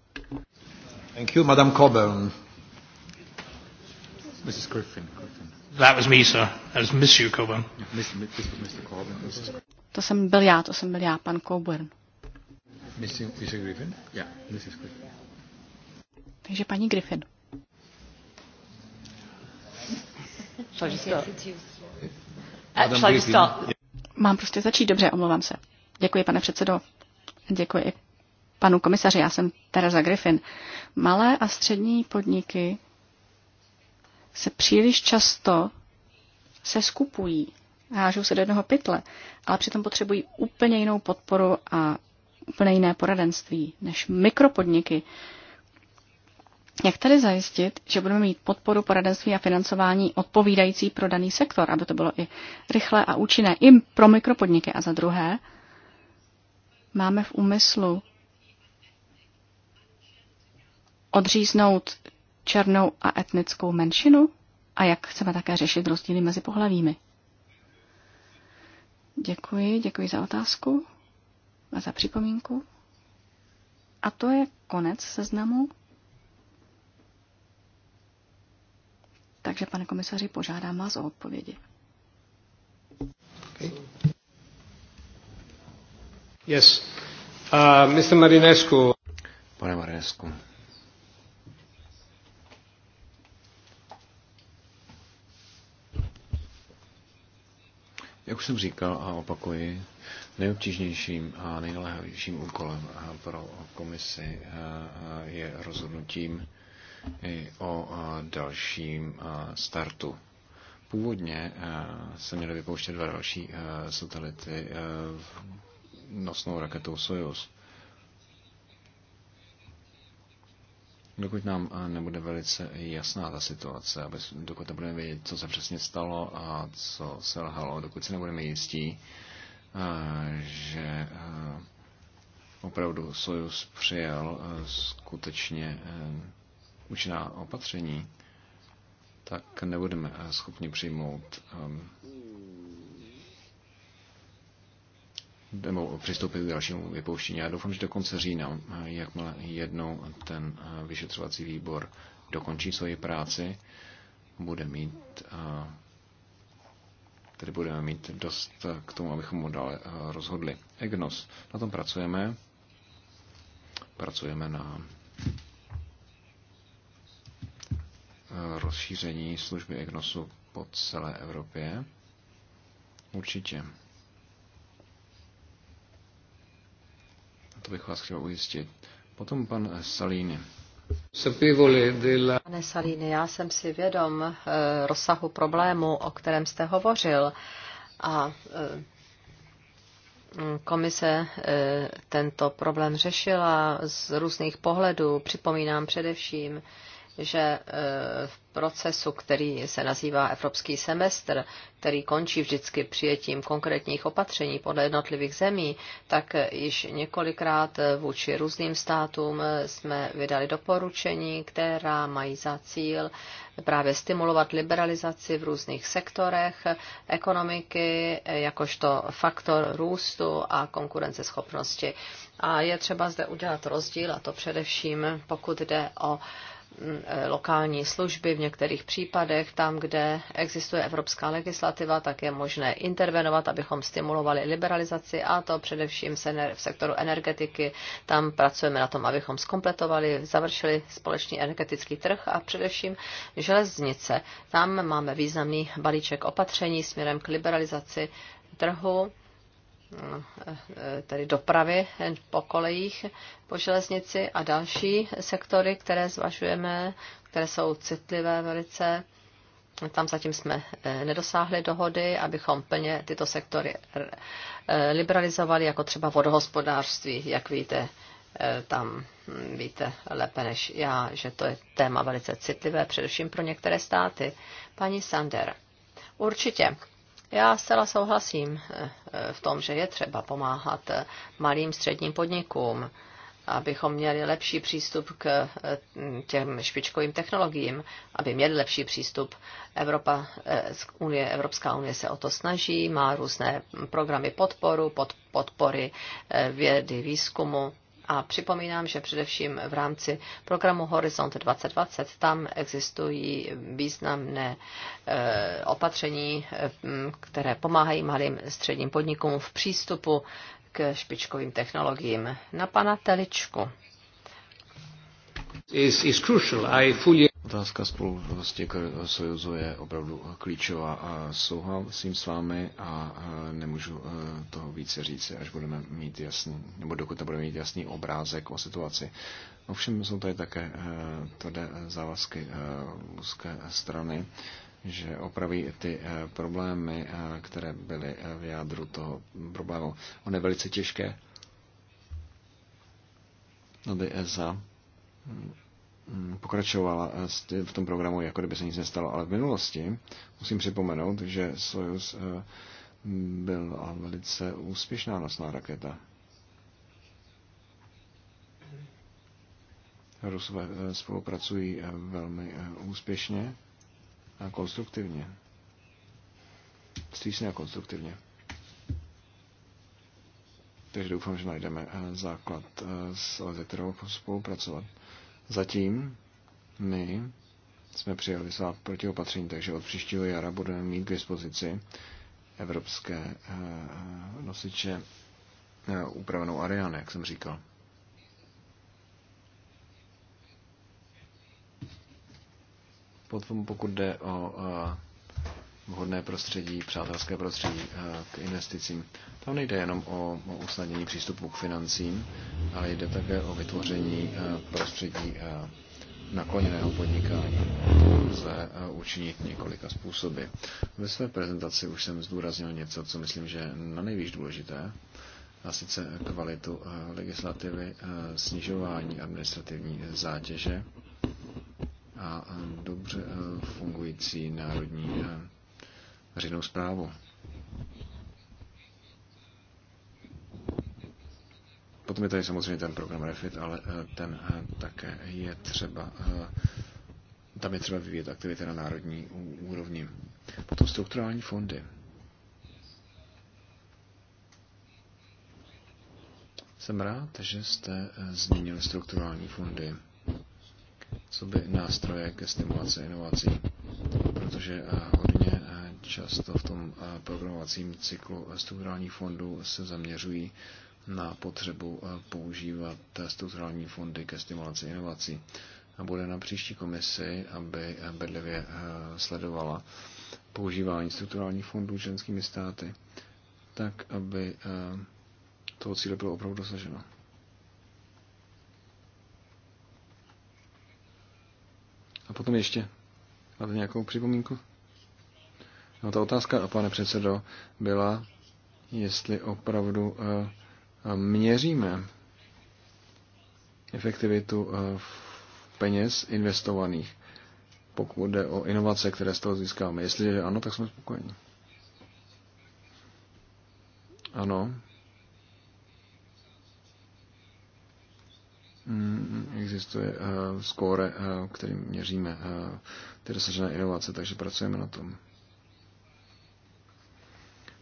Thank you, Madame Coburn. Mrs. Griffin. That was me, sir. That was Monsieur Coburn. To jsem byl já, to jsem byl já, pan Coburn. Mr. Griffin? Yeah, Mrs. Griffin. Takže paní Griffin. Shall I start? Shall I start? Mám prostě začít, dobře, omlouvám se. Děkuji, pane předsedo. Děkuji panu komisaři, já jsem Teresa Griffin. Malé a střední podniky se příliš často se skupují, hážou se do jednoho pytle, ale přitom potřebují úplně jinou podporu a úplně jiné poradenství než mikropodniky. Jak tady zajistit, že budeme mít podporu poradenství a financování odpovídající pro daný sektor, aby to bylo i rychlé a účinné i pro mikropodniky? A za druhé, máme v úmyslu odříznout černou a etnickou menšinu a jak chceme také řešit rozdíly mezi pohlavími. Děkuji, děkuji za otázku a za připomínku. A to je konec seznamu. Takže, pane komisaři, požádám vás o odpovědi. Okay. Yes. Uh, Mr. Marinescu. Pane Marinescu. Jak už jsem říkal a opakuji, nejobtížnějším a nejlehavějším úkolem eh, pro komisi eh, je rozhodnutím i o eh, dalším startu. Původně se měly vypouštět dva další satelity nosnou raketou Soyuz. dokud nám eh, nebude velice jasná ta situace, aby, dokud nebudeme vědět, co se přesně stalo a co se lhalo, dokud si nebudeme jistí, eh, že eh, opravdu Sojus přijal skutečně účinná opatření, tak nebudeme schopni přijmout nebo přistoupit k dalšímu vypouštění. Já doufám, že do konce října, jakmile jednou ten eh, vyšetřovací výbor dokončí svoji práci, bude mít eh, tedy budeme mít dost k tomu, abychom mu dále eh, rozhodli. EGNOS, na tom pracujeme. Pracujeme na rozšíření služby EGNOSu po celé Evropě. Určitě. To bych vás chtěl ujistit. Potom pan Salíny. Pane Salíny, já jsem si vědom eh, rozsahu problému, o kterém jste hovořil. A eh, mm, komise eh, tento problém řešila z různých pohledů. Připomínám především, že e, v procesu, který se nazývá Evropský semestr, který končí vždycky přijetím konkrétních opatření podle jednotlivých zemí, tak již několikrát e, vůči různým státům e, jsme vydali doporučení, která mají za cíl právě stimulovat liberalizaci v různých sektorech ekonomiky, jakožto faktor růstu a konkurenceschopnosti. A je třeba zde udělat rozdíl, a to především pokud jde o Eh, lokální služby v některých případech, tam, kde existuje evropská legislativa, tak je možné intervenovat, abychom stimulovali liberalizaci a to především v sektoru energetiky. Tam pracujeme na tom, abychom zkompletovali, završili společný energetický trh a především železnice. Tam máme významný balíček opatření směrem k liberalizaci trhu Eh, tedy dopravy po kolejích, po železnici a další sektory, které zvažujeme, které jsou citlivé velice. Tam zatím jsme eh, nedosáhli dohody, abychom plně tyto sektory eh, liberalizovali, jako třeba vodohospodářství, jak víte, tam hm, víte lépe než já, že to je téma velice citlivé, především pro některé státy. Paní Sander, určitě já zcela souhlasím eh, eh, v tom, že je třeba pomáhat eh, malým středním podnikům, abychom měli lepší přístup k těm špičkovým technologiím, aby měli lepší přístup. Evropa, unie, Evropská unie se o to snaží, má různé programy podporu, pod, podpory vědy, výzkumu a připomínám, že především v rámci programu Horizont 2020 tam existují významné eh, opatření, eh, které pomáhají malým středním podnikům v přístupu k špičkovým technologiím. Na pana Teličku. Is, is crucial. I fully Otázka k Sojuzu je opravdu klíčová a souhlasím s vámi a e, nemůžu e, toho více říct, až budeme mít jasný, nebo dokud nebudeme mít jasný obrázek o situaci. Ovšem jsou tady také e, tvrdé závazky ruské strany, že opraví ty problémy, které byly v jádru toho problému. On je velice těžké, No, ESA Mm, pokračovala eh, v tom programu, jako kdyby se nic nestalo. Ale v minulosti musím připomenout, že Soyuz eh, byla velice úspěšná nosná raketa. Rusové eh, spolupracují velmi úspěšně a konstruktivně. Střísně a konstruktivně. Takže doufám, že najdeme základ, s kterou spolupracovat. Zatím my jsme přijali svá protiopatření, takže od příštího jara budeme mít k dispozici evropské eh, eh, nosiče eh, upravenou Ariane, jak jsem říkal. Potom pokud jde o vhodné prostředí, přátelské prostředí eh, k investicím. Tam nejde jenom o, o usnadnění přístupu k financím, ale jde také o vytvoření eh, prostředí eh, nakloněného podnikání lze učinit několika způsoby. Ve své prezentaci už jsem zdůraznil něco, co myslím, že je na nejvíc důležité, a sice kvalitu legislativy, snižování administrativní zátěže a dobře fungující národní veřejnou zprávu. Potom je tady samozřejmě ten program Refit, ale eh, ten eh, také je třeba, eh, tam je třeba vyvíjet aktivity na národní úrovni. Potom strukturální fondy. Jsem rád, že jste zmínil strukturální fondy, co by nástroje ke stimulaci inovací, protože hodně často v tom eh, programovacím cyklu strukturálních fondů se zaměřují na potřebu eh, používat strukturální fondy ke stimulaci inovací. A bude na příští komisi, aby eh, bedlivě sledovala používání strukturálních fondů členskými státy, tak aby toho cíle bylo opravdu dosaženo. A potom ještě. Máte nějakou připomínku? No ta otázka, pane předsedo, byla, jestli opravdu eh, měříme efektivitu eh, peněz investovaných, pokud jde o inovace, které z toho získáme. Jestliže ano, tak jsme spokojeni. Ano. Mm, existuje uh, skóre, uh, kterým měříme uh, ty dosažené inovace, takže pracujeme na tom.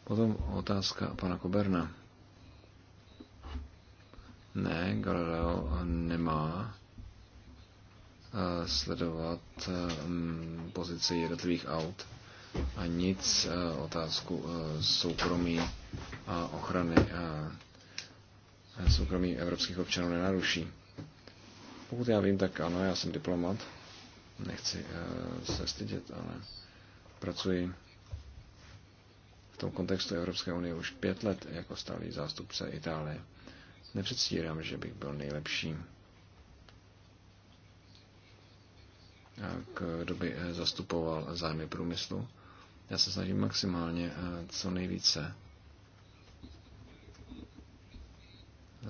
Potom otázka pana Koberna. Ne, Galileo nemá eh, sledovat eh, pozici jednotlivých aut a nic eh, otázku soukromí a ochrany soukromí evropských občanů nenaruší. Pokud já vím, tak ano, já jsem diplomat. Nechci se stydět, ale pracuji tom kontextu Evropské unie už pět let jako stálý zástupce Itálie. Nepředstírám, že bych byl nejlepší kdo by eh, zastupoval zájmy průmyslu. Já se snažím maximálně eh, co nejvíce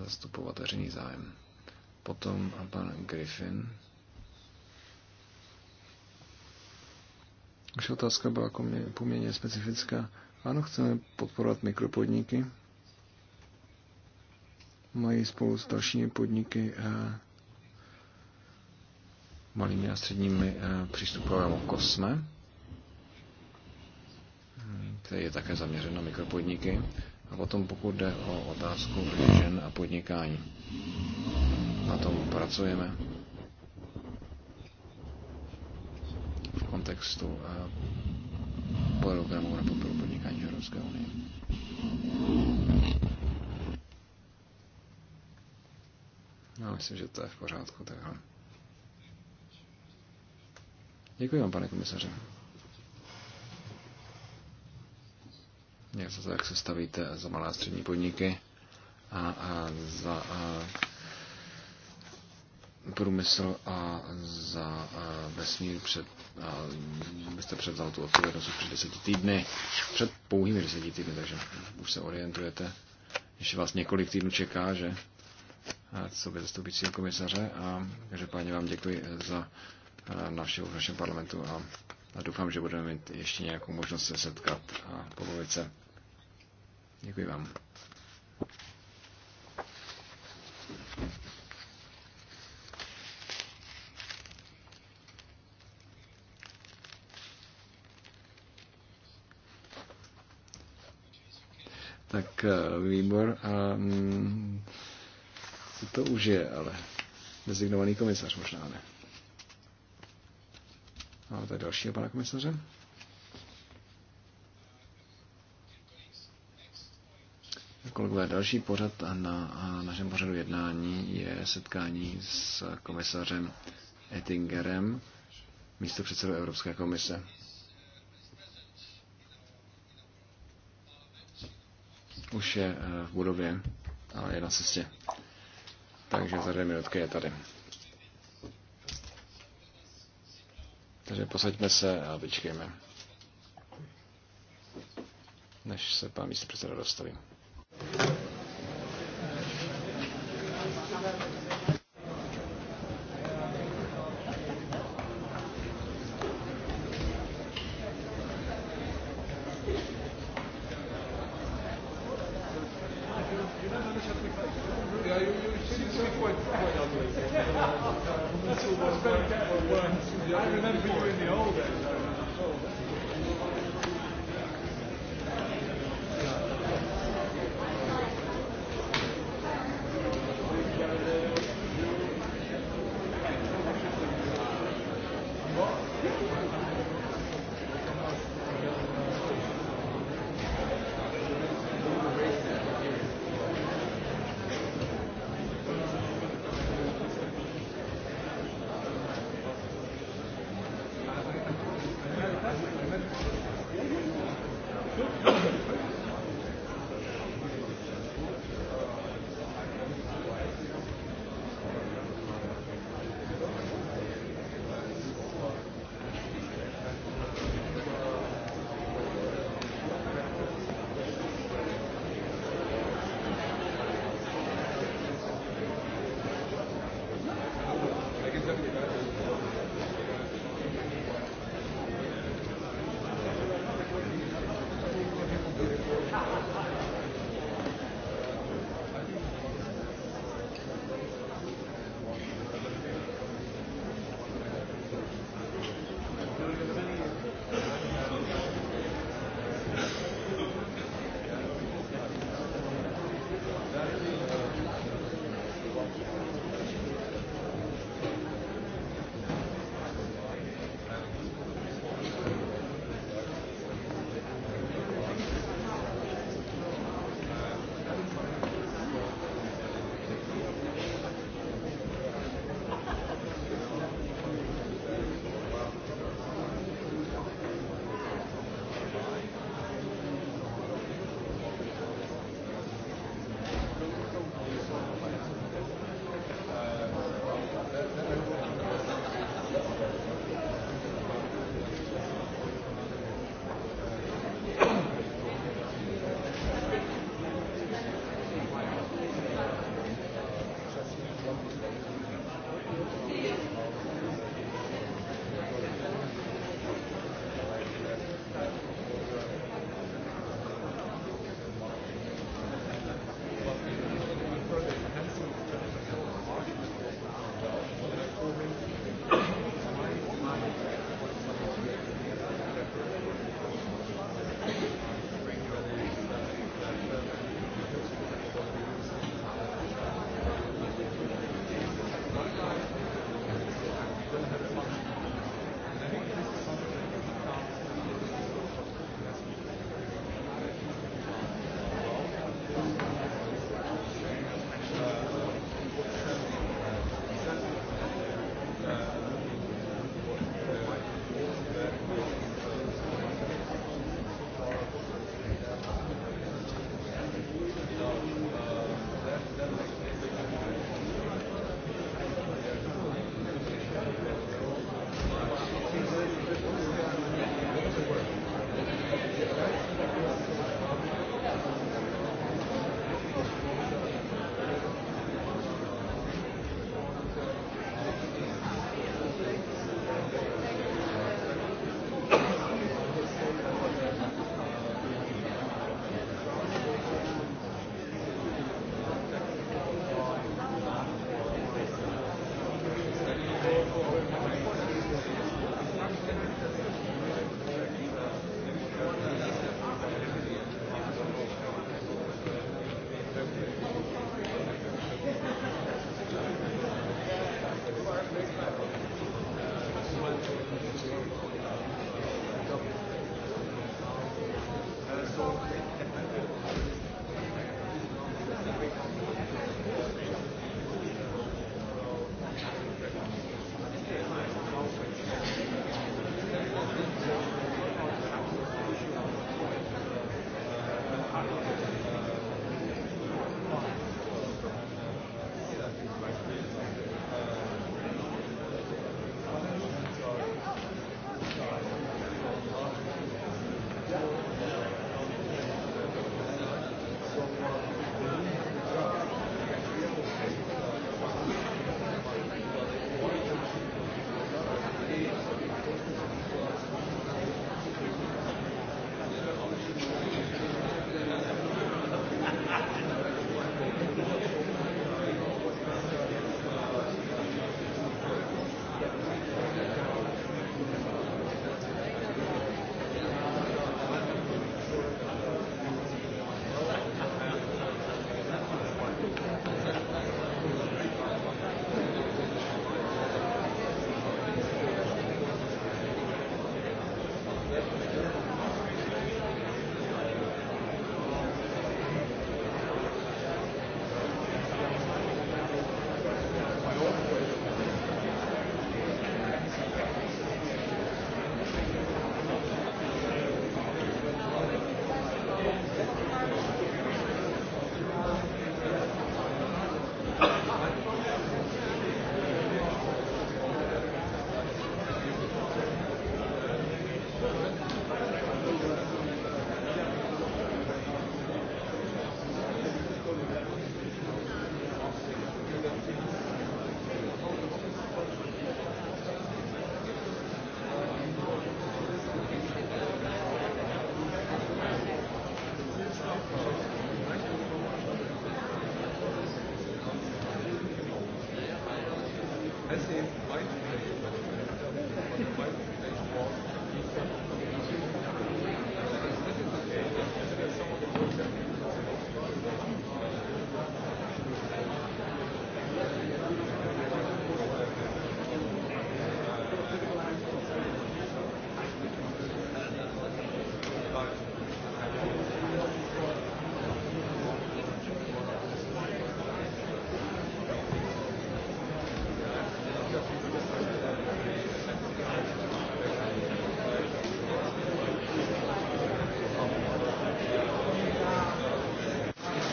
zastupovat veřejný zájem. Potom a pan Griffin. Už otázka byla poměrně specifická. Ano, chceme podporovat mikropodniky. Mají spolu s dalšími podniky eh, malými a středními eh, přístupovému kosme, který je také zaměřen na mikropodniky. A potom pokud jde o otázku žen a podnikání, na tom pracujeme v kontextu programu na podporu Evropské unii. Já no, myslím, že to je v pořádku takhle. Děkuji vám, pane komisaře. Jak se, jak se stavíte za malé střední podniky a, a za a, průmysl a za a vesmír před byste převzal tu odpovědnost už před deseti týdny, před pouhými deseti týdny, takže už se orientujete, ještě vás několik týdnů čeká, že co by zastupujícího komisaře a takže páně vám děkuji za návštěvu v našem parlamentu a, a doufám, že budeme mít ještě nějakou možnost se setkat a pobavit se. Děkuji vám. tak eh, výbor a mm, to užije, ale dezignovaný komisař možná ne. Máme tady dalšího pana komisaře. Kolegové, další pořad na našem pořadu jednání je setkání s komisařem Ettingerem, místo předsedou Evropské komise. už je eh, v budově, ale je na cestě. Takže za dvě minutky je tady. Takže posaďme se a vyčkejme, než se pán místopředseda dostaví.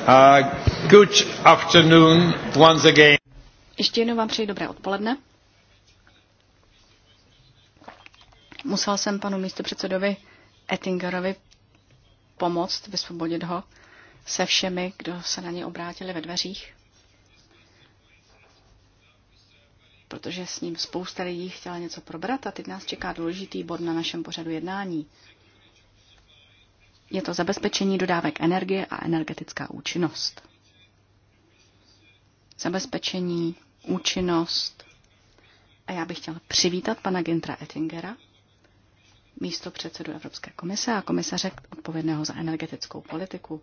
good afternoon once again. Ještě jednou vám přeji dobré odpoledne. Musel jsem panu místopředsedovi Ettingerovi pomoct vysvobodit ho se všemi, kdo se na ně obrátili ve dveřích. Protože s ním spousta lidí chtěla něco probrat a teď nás čeká důležitý bod na našem pořadu jednání – je to zabezpečení dodávek energie a energetická účinnost. Zabezpečení, účinnost. A já bych chtěla přivítat pana Gintra Ettingera, místo předsedu Evropské komise a komisaře odpovědného za energetickou politiku.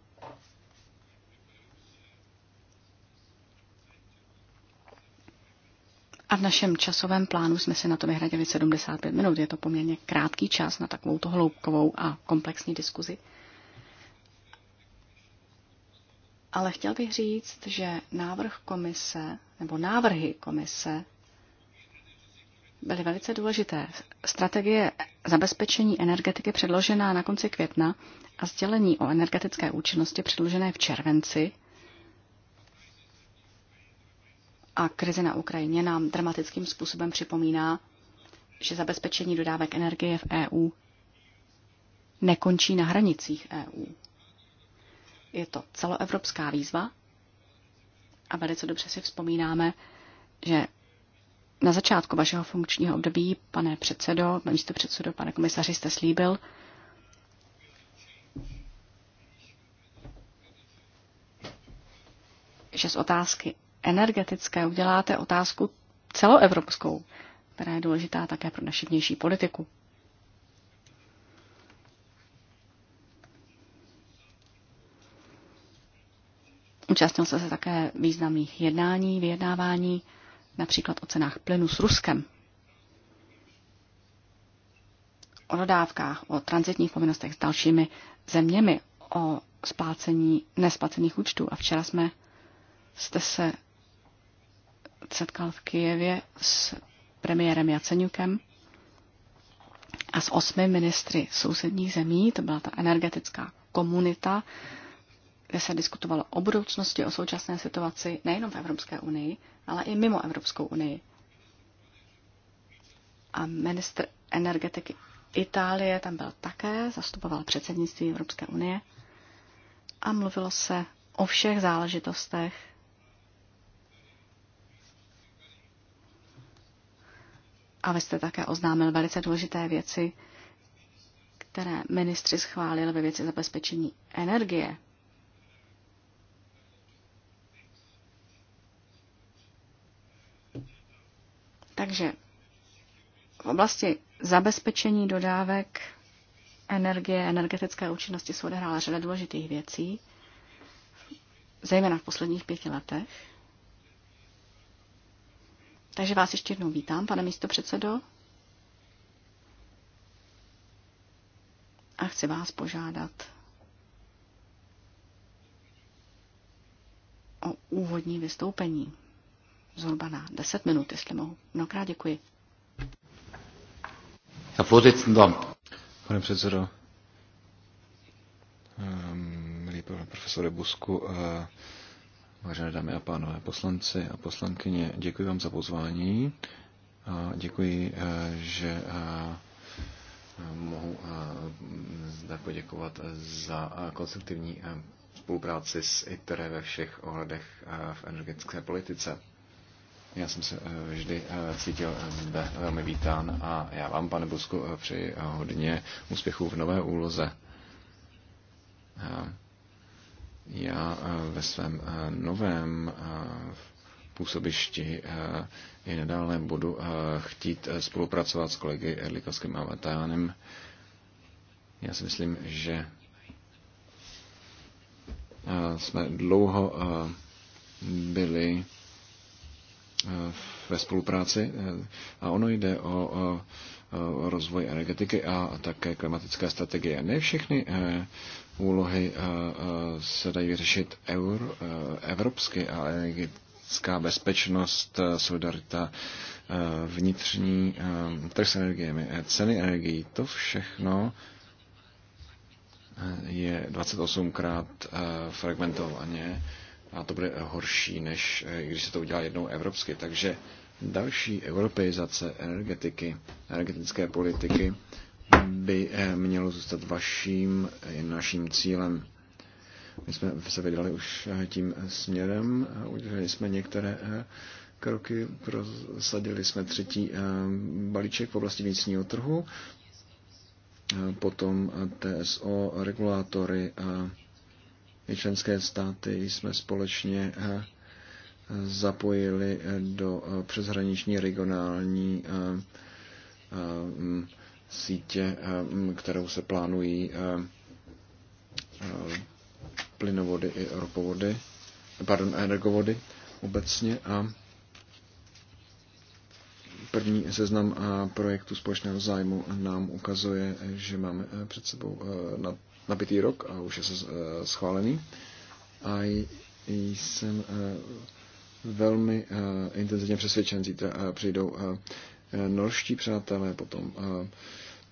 A v našem časovém plánu jsme si na to vyhradili 75 minut. Je to poměrně krátký čas na takovou hloubkovou a komplexní diskuzi. Ale chtěl bych říct, že návrh komise nebo návrhy komise byly velice důležité. Strategie zabezpečení energetiky předložená na konci května a sdělení o energetické účinnosti předložené v červenci a krize na Ukrajině nám dramatickým způsobem připomíná, že zabezpečení dodávek energie v EU nekončí na hranicích EU. Je to celoevropská výzva a velice dobře si vzpomínáme, že na začátku vašeho funkčního období, pane předsedo, místo předsedo, pane komisaři, jste slíbil, že z otázky energetické uděláte otázku celoevropskou, která je důležitá také pro naši vnější politiku. Účastnil se se také významných jednání, vyjednávání, například o cenách plynu s Ruskem, o dodávkách, o transitních povinnostech s dalšími zeměmi, o splácení nesplacených účtů. A včera jsme jste se setkal v Kijevě s premiérem Jaceňukem a s osmi ministry sousedních zemí, to byla ta energetická komunita, kde se diskutovalo o budoucnosti, o současné situaci nejenom v Evropské unii, ale i mimo Evropskou unii. A ministr energetiky Itálie tam byl také, zastupoval předsednictví Evropské unie a mluvilo se o všech záležitostech, A vy jste také oznámil velice důležité věci, které ministři schválili ve věci zabezpečení energie Takže v oblasti zabezpečení dodávek energie, energetické účinnosti se odehrála řada důležitých věcí, zejména v posledních pěti letech. Takže vás ještě jednou vítám, pane místo předsedo. A chci vás požádat o úvodní vystoupení zhruba na 10 minut, jestli mohu. Mnohokrát děkuji. Pane předsedo, ehm, milý pane profesore Busku, eh, vážené dámy a pánové poslanci a poslankyně, děkuji vám za pozvání a děkuji, eh, že eh, mohu zde poděkovat za konstruktivní spolupráci s ITERE ve všech ohledech v energetické politice. Já jsem se eh, vždy eh, cítil eh, zde velmi vítán a já vám, pane Bosku, přeji hodně úspěchů v nové úloze. Já ve svém novém působišti i nadále budu chtít spolupracovat s kolegy Erlikovským a Vatajánem. Já si myslím, že jsme dlouho byli ve spolupráci. A ono jde o rozvoj energetiky a také klimatické strategie. Ne všechny eh, úlohy eh, eh, se dají vyřešit eur, evropsky a energetická bezpečnost, solidarita, vnitřní trh s energiemi, ceny energií, to všechno je 28krát fragmentovaně a to bude horší, než eh, když se to udělá jednou evropsky. Takže další europeizace energetiky, energetické politiky by eh, mělo zůstat vaším eh, naším cílem. My jsme se vydali už tím směrem, udělali jsme některé kroky, prosadili jsme třetí balíček v oblasti vnitřního trhu, potom TSO, regulátory, i členské státy jsme společně eh, zapojili eh, do eh, přeshraniční regionální sítě, kterou se plánují plynovody i ropovody, pardon, energovody obecně a první seznam projektu společného zájmu nám ukazuje, že máme před sebou na nabitý rok a už je eh, schválený. A jsem eh, velmi eh, intenzivně přesvědčen, zítra přijdou norští přátelé, potom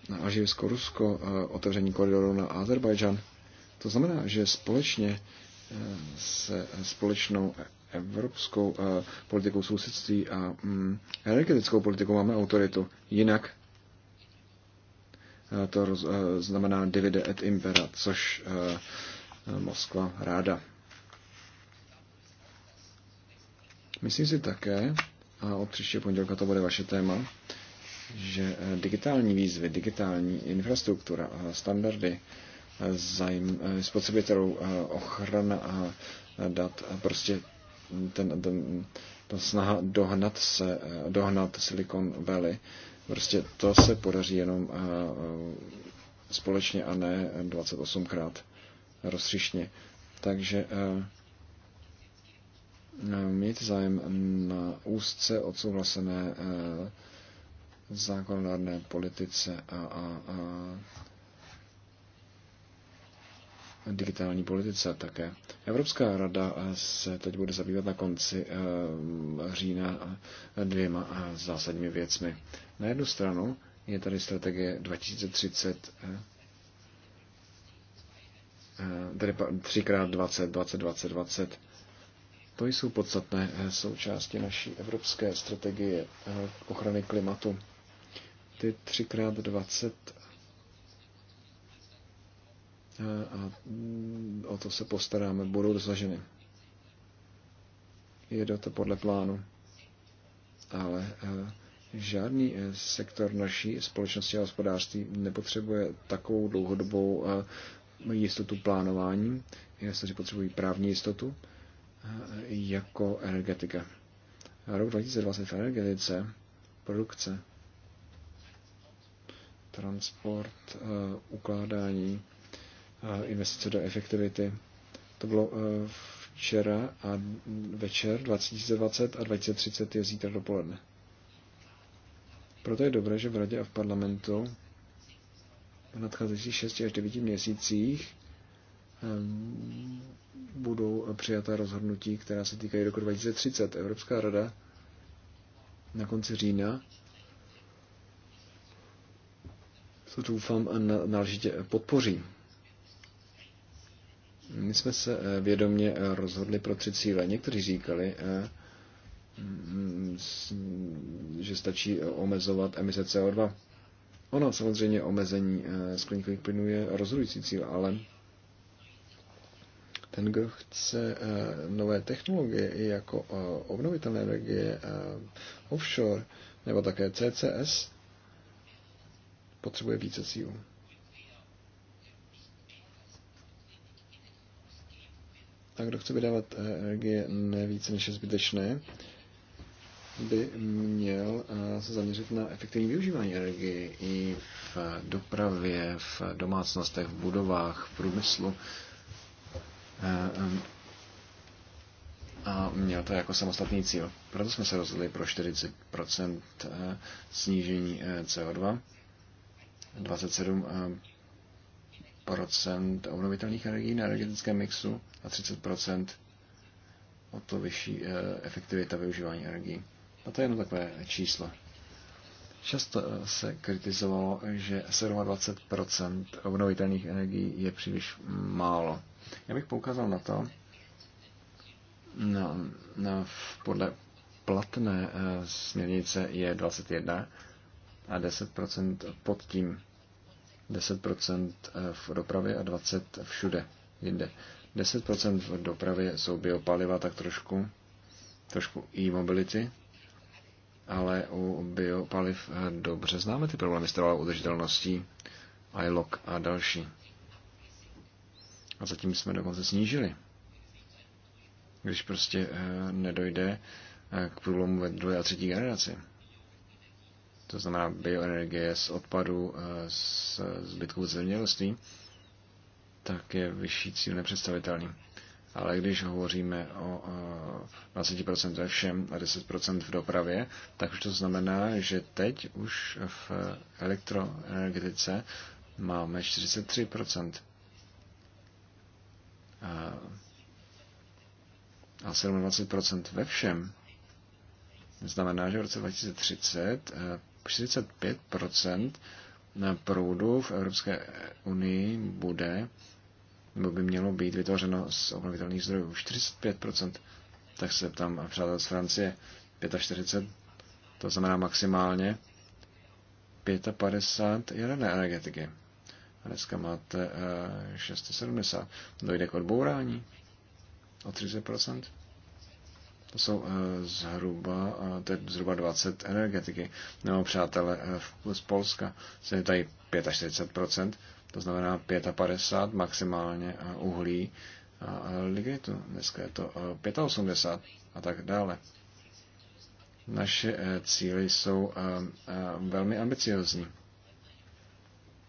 na Alžírsko, Rusko, otevření koridoru na Azerbajdžan. To znamená, že společně se společnou evropskou politikou sousedství a mm, energetickou politikou máme autoritu. Jinak Eh, to roz, eh, znamená divide et impera, což eh, Moskva ráda. Myslím si také, a od příštího pondělka to bude vaše téma, že digitální výzvy, digitální infrastruktura, standardy, zájem spotřebitelů, ochrana a dat, a prostě ten, ten, ta snaha dohnat se, dohnat Silicon Valley, Prostě to se podaří jenom eh, eh, společně a ne 28krát rozstřišně. Takže eh, mít zájem na úzce odsouhlasené zákonodárné politice a, a, a digitální politice také. Evropská rada eh, se teď bude zabývat na konci eh, října eh, dvěma zásadními věcmi. Na jednu stranu je tady strategie 2030, tedy 3x20, 20, 20, 20. To jsou podstatné součásti naší evropské strategie ochrany klimatu. Ty 3x20 a mm, o to se postaráme, budou dosaženy. Jede to podle plánu. Ale e, žádný e, sektor naší společnosti a hospodářství nepotřebuje takovou dlouhodobou e, jistotu plánování. jestliže potřebují právní jistotu jako energetika. Rok 2020 v energetice, produkce, transport, ukládání, investice do efektivity. To bylo eh, včera a večer 2020 a 2030 je zítra dopoledne. Proto je dobré, že v Radě a v parlamentu v nadcházejících 6 až 9 měsících ehm, budou přijata rozhodnutí, která se týkají roku 2030. Evropská rada na konci října to doufám náležitě podpoří. My jsme se eh, vědomě eh, rozhodli pro tři cíle. Někteří říkali, eh, mm, že stačí omezovat emise CO2. Ono samozřejmě omezení skleníkových plynů je rozhodující cíl, ale ten, kdo chce nové technologie jako obnovitelné energie, offshore nebo také CCS, potřebuje více cílů. a kdo chce vydávat energie eh, nevíce než je zbytečné, by měl eh, se zaměřit na efektivní využívání energie i v dopravě, v domácnostech, v budovách, v průmyslu. Eh, a měl to jako samostatný cíl. Proto jsme se rozhodli pro 40% snížení CO2, 27 obnovitelných energií na energetickém mixu a 30 o to vyšší eh, efektivita využívání energií. A to je jenom takové číslo. Často eh, se kritizovalo, že 27 obnovitelných energií je příliš málo. Já bych poukázal na to, na, na, podle platné eh, směrnice je 21 a 10 pod tím 10% eh, v dopravě a 20% všude jinde. 10% v dopravě jsou biopaliva tak trošku, trošku e-mobility, ale u biopaliv eh, dobře známe ty problémy s trvalou udržitelností, iLock a další. A zatím jsme dokonce snížili. Když prostě eh, nedojde k průlomu ve druhé a třetí generaci to znamená bioenergie z odpadu eh, z zbytků zemědělství, tak je vyšší cíl nepředstavitelný. Ale když hovoříme o 20% eh, ve všem a 10% v dopravě, tak už to znamená, že teď už v elektroenergetice máme 43%. A 27% ve všem. Znamená, že v roce 2030 45 na proudu v Evropské unii bude, nebo by mělo být vytvořeno z obnovitelných zdrojů. 45 tak se tam přátel z Francie 45, to znamená maximálně 55 jaderné energetiky. A dneska máte 670. Eh, Dojde k odbourání o 30 jsou eh, zhruba, eh, to je zhruba 20 energetiky. Nebo přátelé eh, z Polska se tady 45%, to znamená 55 maximálně uhlí a ligitu. Dneska je to 85 a tak dále. Naše cíly jsou velmi ambiciozní.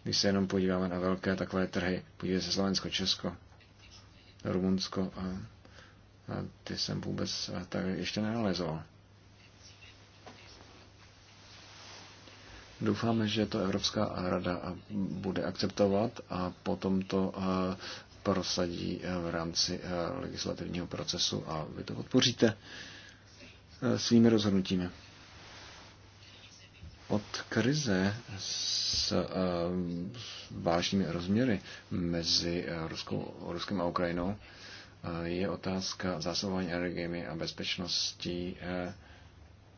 Když se jenom podíváme na velké takové trhy, podívejte se Slovensko, Česko, Rumunsko, a ty jsem vůbec eh, tak ještě nenalizoval. Doufáme, že to Evropská rada bude akceptovat a potom to eh, prosadí eh, v rámci legislativního procesu a vy to podpoříte svými rozhodnutími. Od krize s vážnými rozměry mezi Ruskou, Ruskem a Ukrajinou je otázka zásobování energiemi a bezpečnosti eh,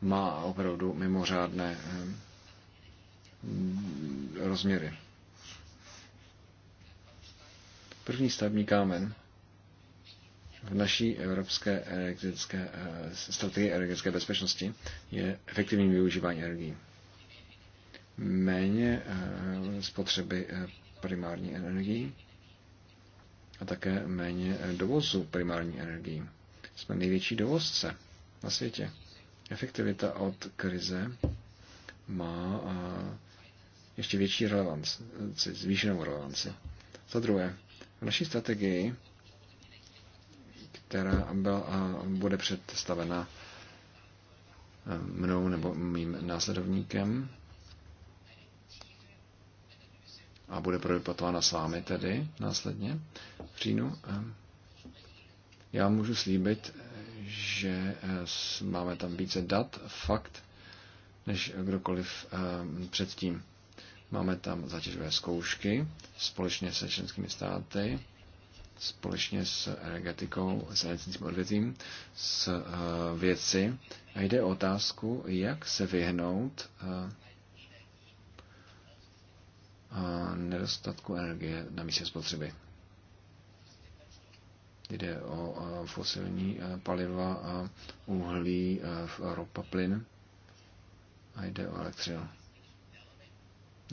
má opravdu mimořádné eh, rozměry. První stavební kámen v naší evropské energetické, eh, strategii energetické bezpečnosti je efektivní využívání energií. Méně spotřeby primární energií, a také méně eh, dovozu primární energií. Jsme největší dovozce na světě. Efektivita od krize má eh, ještě větší relevanci, zvýšenou relevanci. Za druhé, v naší strategii, která byla, eh, bude představena mnou nebo mým následovníkem a bude prodebatována s vámi tedy následně, říjnu. Eh, já můžu slíbit, že eh, máme tam více dat, fakt, než kdokoliv eh, předtím. Máme tam zatěžové zkoušky společně se členskými státy, společně s energetikou, s energetickým odvětvím, s věci. A jde o otázku, jak se vyhnout nedostatku energie na místě spotřeby. Jde o fosilní eh, paliva a uhlí, eh, ropa, plyn a jde o elektřinu.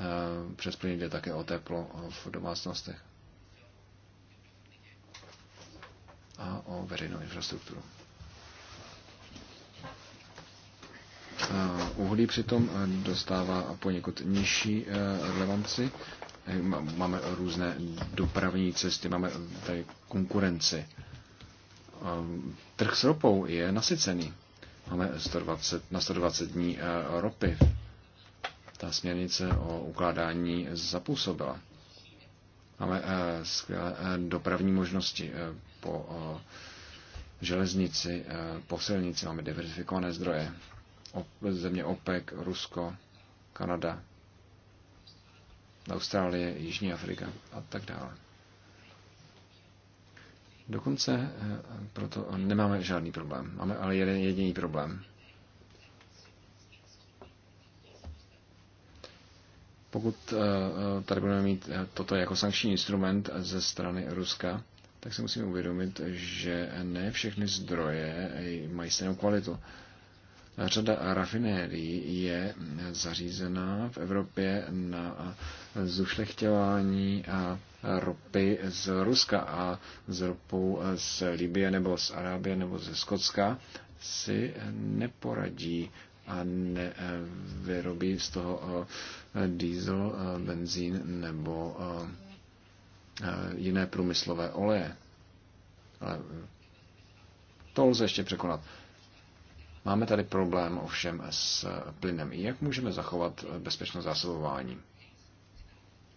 Eh, přes plyn jde také o teplo v domácnostech a o veřejnou infrastrukturu. Uhlí přitom dostává poněkud nižší relevanci máme různé dopravní cesty, máme tady konkurenci. Trh s ropou je nasycený. Máme 120, na 120 dní eh, ropy. Ta směrnice o ukládání zapůsobila. Máme eh, skvělé eh, dopravní možnosti po železnici, po silnici, máme diversifikované zdroje. Země OPEC, Rusko, Kanada, Austrálie, Jižní Afrika a tak dále. Dokonce eh, proto nemáme žádný problém. Máme ale jeden jediný problém. Pokud eh, eh, tady budeme mít toto jako sankční instrument ze strany Ruska, tak si musíme uvědomit, že ne všechny zdroje mají stejnou kvalitu. Řada rafinérií je zařízená v Evropě na zušlechtěvání a ropy z Ruska a z ropou z Libie nebo z Arábie nebo ze Skotska si neporadí a nevyrobí z toho eh, diesel, eh, benzín nebo eh, jiné průmyslové oleje. Ale to lze ještě překonat. Máme tady problém ovšem s plynem. Jak můžeme zachovat bezpečnost zásobování?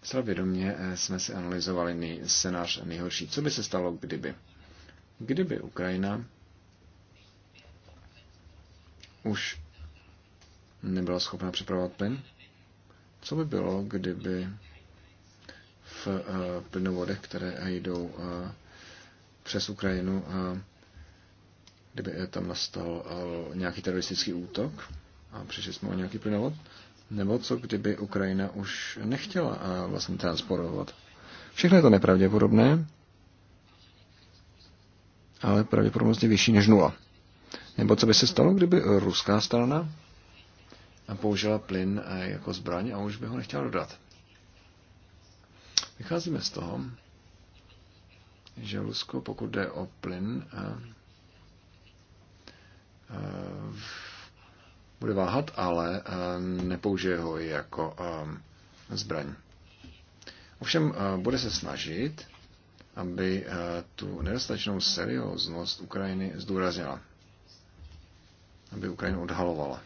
Zcela vědomě eh, jsme si analyzovali nej, scénář nejhorší. Co by se stalo, kdyby? Kdyby Ukrajina už nebyla schopna připravovat plyn? Co by bylo, kdyby v eh, plynovodech, které jdou eh, přes Ukrajinu, kdyby e tam nastal eh, nějaký teroristický útok a přišli jsme o nějaký plynovod? Nebo co, kdyby Ukrajina už nechtěla eh, vlastně transportovat? Všechno je to nepravděpodobné, ale pravděpodobnost je vyšší než nula. Nebo co by se stalo, kdyby ruská strana použila plyn eh, jako zbraň a už by ho nechtěla dodat? Vycházíme z toho, že Rusko, pokud jde o plyn, Eh, bude váhat, ale eh, nepoužije ho jako eh, zbraň. Ovšem bude se snažit, aby tu nedostatečnou serióznost Ukrajiny zdůraznila. Aby Ukrajinu odhalovala.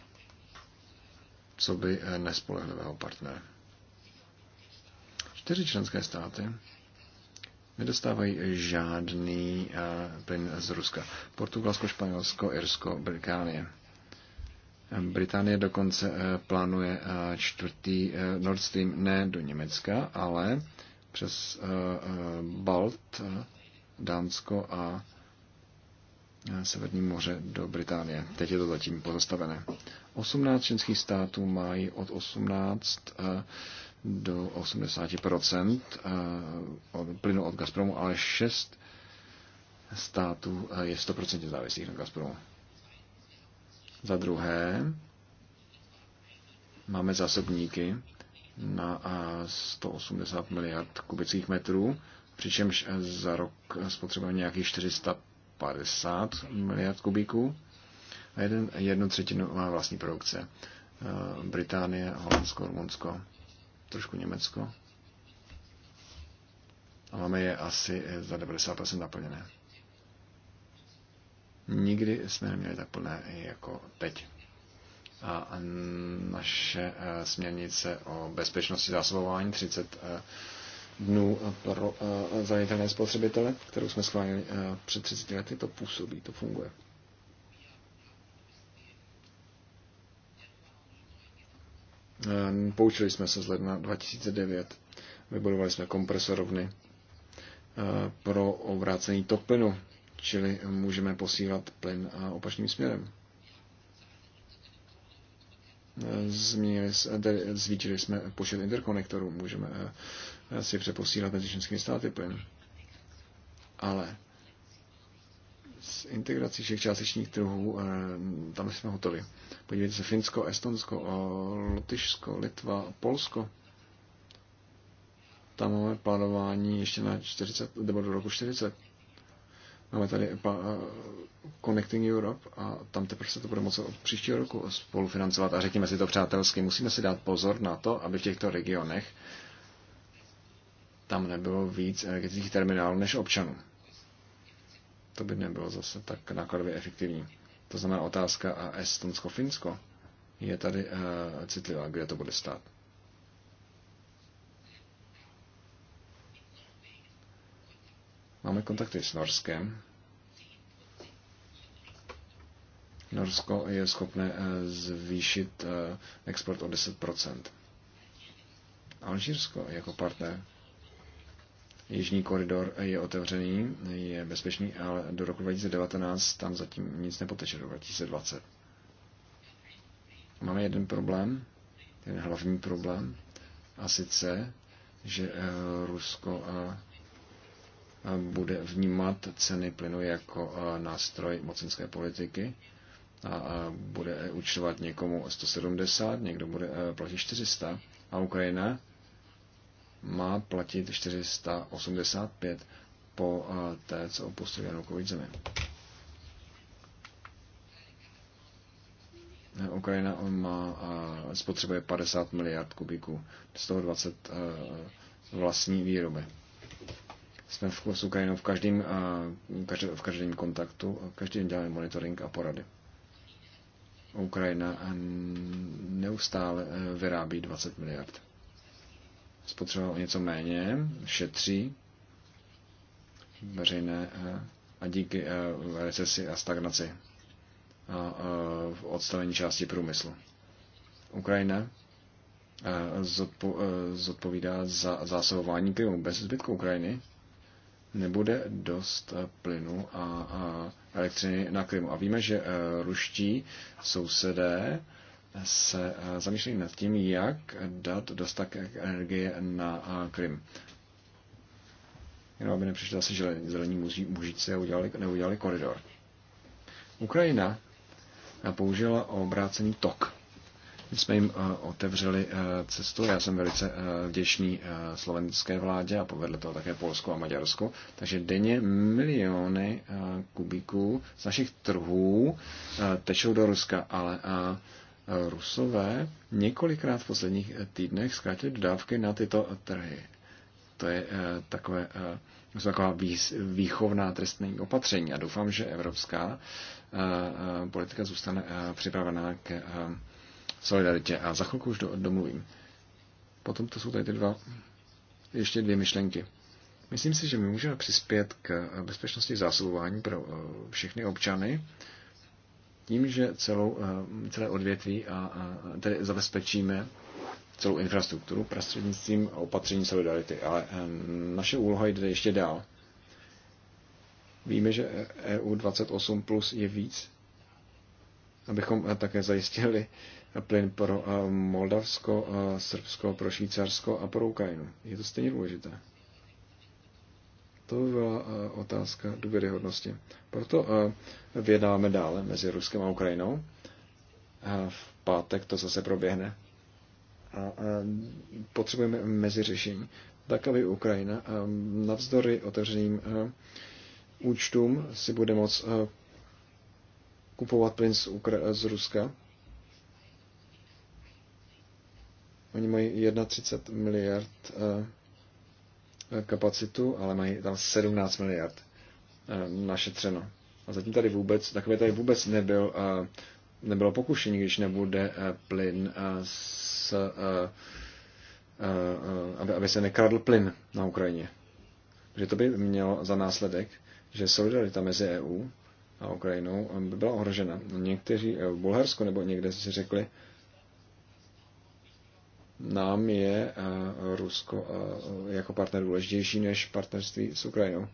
Co by nespolehlivého partnera. Čtyři členské státy nedostávají žádný eh, plyn z Ruska. Portugalsko, Španělsko, Irsko, Británie. Británie dokonce eh, plánuje eh, čtvrtý Nord Stream ne do Německa, ale přes Balt, Dánsko a Severní moře do Británie. Teď je to zatím pozastavené. 18 členských států mají od 18 do 80 plynu od Gazpromu, ale šest států je stoprocentně závislých na Gazpromu. Za druhé, máme zásobníky na 180 miliard kubických metrů, přičemž za rok spotřebujeme nějakých 450 miliard kubíků a jeden, jednu třetinu má vlastní produkce. E, Británie, Holandsko, Rumunsko, trošku Německo a máme je asi eh, za 90% naplněné. Nikdy jsme neměli tak plné jako teď. A naše eh, směrnice o bezpečnosti zásobování 30 eh, dnů pro zranitelné spotřebitele, kterou jsme schválili před 30 lety, to působí, to funguje. Poučili jsme se z ledna 2009, vybudovali jsme kompresorovny Eh, pro obrácení tok plynu, čili můžeme posílat plyn eh, opačným směrem. Eh, Zvítili jsme počet interkonektorů, můžeme si přeposílat mezi členskými státy plyn. Ale s integrací všech částečních trhů, tam jsme hotovi. Podívejte se, Finsko, Estonsko, Lotyšsko, Litva, Polsko. Tam máme plánování ještě na 40, nebo do roku 40. Máme tady eh, Connecting Europe a tam teprve se to bude moci od příštího roku spolufinancovat. A řekněme si to přátelsky, musíme si dát pozor na to, aby v těchto regionech tam nebylo víc energetických terminálů než občanů. To by nebylo zase tak nákladově efektivní. To znamená otázka a Estonsko-Finsko je tady uh, citlivá, kde to bude stát. Máme kontakty s Norskem. Norsko je schopné eh, zvýšit eh, export o 10%. Alžírsko jako partner. Jižní koridor je otevřený, je bezpečný, ale do roku 2019 tam zatím nic nepoteče do 2020. Máme jeden problém, ten hlavní problém, a sice, že eh, Rusko a bude vnímat ceny plynu jako nástroj mocenské politiky a bude e, účtovat někomu 170, někdo bude e, platit 400 a Ukrajina má platit 485 po té, co opustil Janukovič zemi. Ukrajina má, spotřebuje 50 miliard kubíků, z toho 20 e, vlastní výroby jsme v, s Ukrajinou v každém, v každém kontaktu, každý den děláme monitoring a porady. Ukrajina neustále e, vyrábí 20 miliard. Spotřeba o něco méně, šetří veřejné e, a díky e, recesi a stagnaci a odstavení části průmyslu. Ukrajina zodpovídá za zásobování pivem bez zbytku Ukrajiny nebude dost eh, plynu a, a elektřiny na Krymu. A víme, že eh, ruští sousedé se eh, zamýšlí nad tím, jak dát dostatek energie na Krym. Jenom aby nepřišli zase zelení mužici a udělali, neudělali koridor. Ukrajina použila obrácený tok. My jsme jim eh, otevřeli eh, cestu. Já jsem velice eh, vděčný slovenské vládě a povedle toho také Polsku a Maďarsku. Takže denně miliony kubíků z našich trhů tečou do Ruska, ale Rusové několikrát v posledních týdnech zkrátili dodávky na tyto trhy. To je takové taková výchovná trestní opatření a doufám, že evropská politika zůstane připravená k solidaritě. A za chvilku už domluvím. Potom to jsou tady ty dva, ještě dvě myšlenky. Myslím si, že my můžeme přispět k bezpečnosti zásobování pro eh, všechny občany tím, že celou, eh, celé odvětví a, a tedy zabezpečíme celou infrastrukturu prostřednictvím opatření solidarity. Ale eh, naše úloha jde ještě dál. Víme, že EU 28 plus je víc abychom eh, také zajistili plyn pro eh, Moldavsko, eh, Srbsko, pro Švýcarsko a pro Ukrajinu. Je to stejně důležité. To by byla otázka důvěryhodnosti. Proto vědáme dále mezi Ruskem a Ukrajinou. V pátek to zase proběhne. A potřebujeme řešení. tak aby Ukrajina navzdory otevřeným účtům si bude moct kupovat plyn z, Ukra- z Ruska. Oni mají 31 miliard eh, kapacitu, ale mají tam 17 miliard eh, našetřeno. A zatím tady vůbec, takové tady vůbec nebyl, eh, nebylo pokušení, když nebude plyn s, aby, aby se nekradl plyn na Ukrajině. Protože to by mělo za následek, že solidarita mezi EU a Ukrajinou eh, by byla ohrožena. Někteří eh, v Bulharsku nebo někde si řekli, nám je eh, Rusko jako partner důležitější než partnerství s Ukrajinou.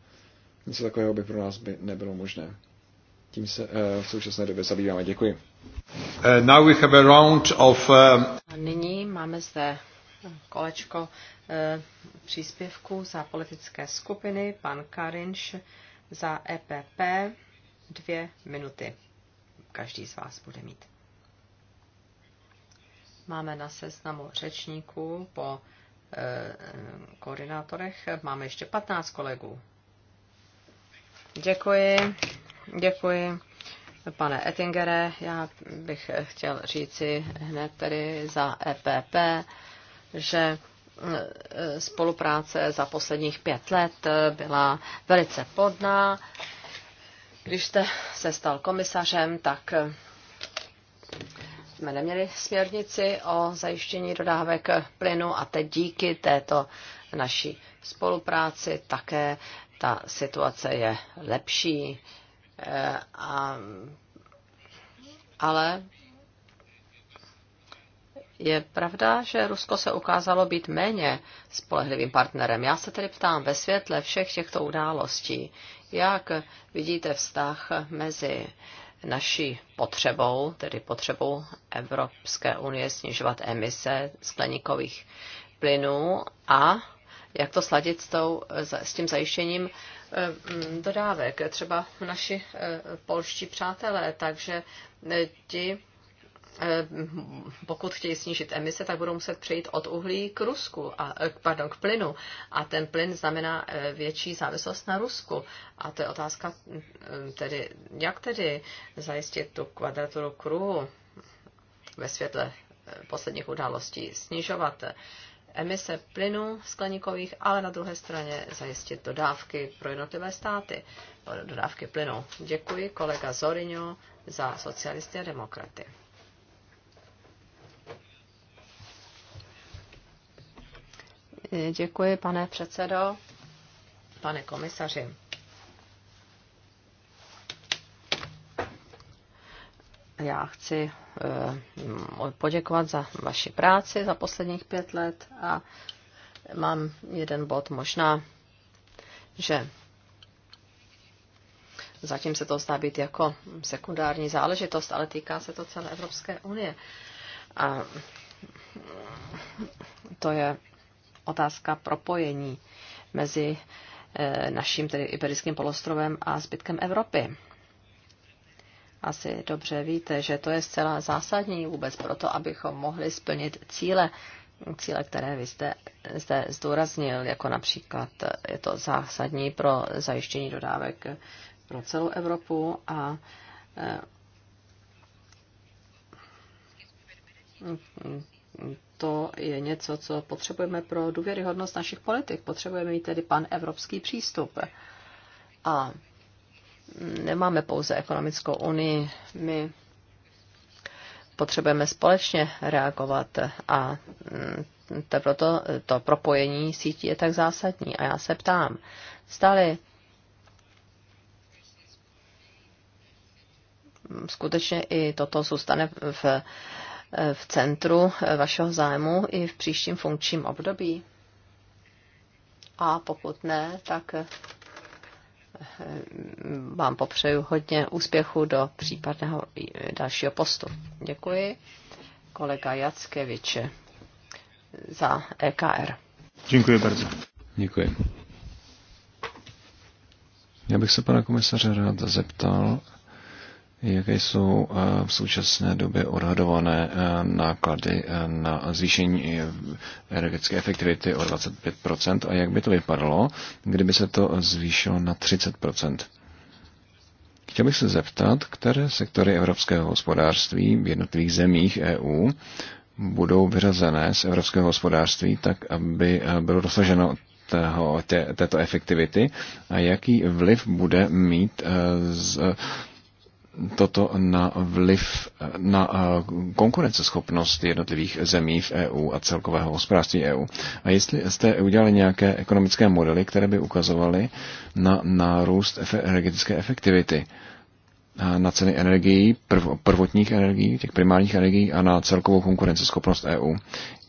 Nic takového by pro nás by nebylo možné. Tím se v současné době zabýváme. Děkuji. Now we have a round of, nyní máme zde kolečko příspěvků za politické skupiny. Pan Karinš za EPP dvě minuty každý z vás bude mít. Máme na seznamu řečníků po e, koordinátorech. Máme ještě 15 kolegů. Děkuji, děkuji. Pane Ettingere, já bych chtěl říci hned tedy za EPP, že eh, spolupráce za posledních pět let eh, byla velice podná. Když jste se stal komisařem, tak eh, jsme neměli směrnici o zajištění dodávek plynu a teď díky této naší spolupráci také ta situace je lepší. Eh, a, ale je pravda, že Rusko se ukázalo být méně spolehlivým partnerem. Já se tedy ptám ve světle všech těchto událostí, jak vidíte vztah mezi naší potřebou, tedy potřebou Evropské unie snižovat emise skleníkových plynů a jak to sladit s, tou, s tím zajištěním eh, dodávek. Třeba naši eh, polští přátelé, takže eh, ti Eh, pokud chtějí snížit emise, tak budou muset přejít od uhlí k Rusku, a, eh, pardon, k plynu. A ten plyn znamená eh, větší závislost na Rusku. A to je otázka hm, tedy, jak tedy zajistit tu kvadraturu kruhu ve světle posledních událostí, snižovat emise plynu skleníkových, ale na druhé straně zajistit dodávky pro jednotlivé státy, dodávky plynu. Děkuji kolega Zorino za socialisty a demokraty. Děkuji, pane předsedo, pane komisaři. Já chci eh, poděkovat za vaši práci za posledních pět let a mám jeden bod možná, že zatím se to zdá být jako sekundární záležitost, ale týká se to celé Evropské unie. A to je otázka propojení mezi eh, naším, tedy Iberickým polostrovem a zbytkem Evropy. Asi dobře víte, že to je zcela zásadní vůbec proto, abychom mohli splnit cíle, cíle, které vy jste zde zdůraznil, jako například eh, je to zásadní pro zajištění dodávek pro celou Evropu a eh, to je něco, co potřebujeme pro důvěryhodnost našich politik. Potřebujeme mít tedy pan evropský přístup. A nemáme pouze ekonomickou unii, my potřebujeme společně reagovat a mm, to proto to propojení sítí je tak zásadní. A já se ptám, stále skutečně i toto zůstane v v centru eh, vašeho zájmu i v příštím funkčním období? A pokud ne, tak eh, eh, vám popřeju hodně úspěchu do případného dalšího postu. Děkuji kolega Jackevič za EKR. Děkuji bardzo. Děkuji. Já bych se pana komisaře rád zeptal, Jaké jsou eh, v současné době odhadované eh, náklady eh, na zvýšení energetické efektivity o 25% a jak by to vypadalo, kdyby se to zvýšilo na 30%? Chtěl bych se zeptat, které sektory evropského hospodářství v jednotlivých zemích EU budou vyřazené z evropského hospodářství tak, aby bylo dosaženo tého, té, této efektivity a jaký vliv bude mít z toto na vliv na eh, konkurenceschopnost jednotlivých zemí v EU a celkového hospodářství EU. A jestli jste udělali nějaké ekonomické modely, které by ukazovaly na nárůst energetické efektivity, eh, na ceny energií, prv, prvotních energií, těch primárních energií a na celkovou konkurenceschopnost EU.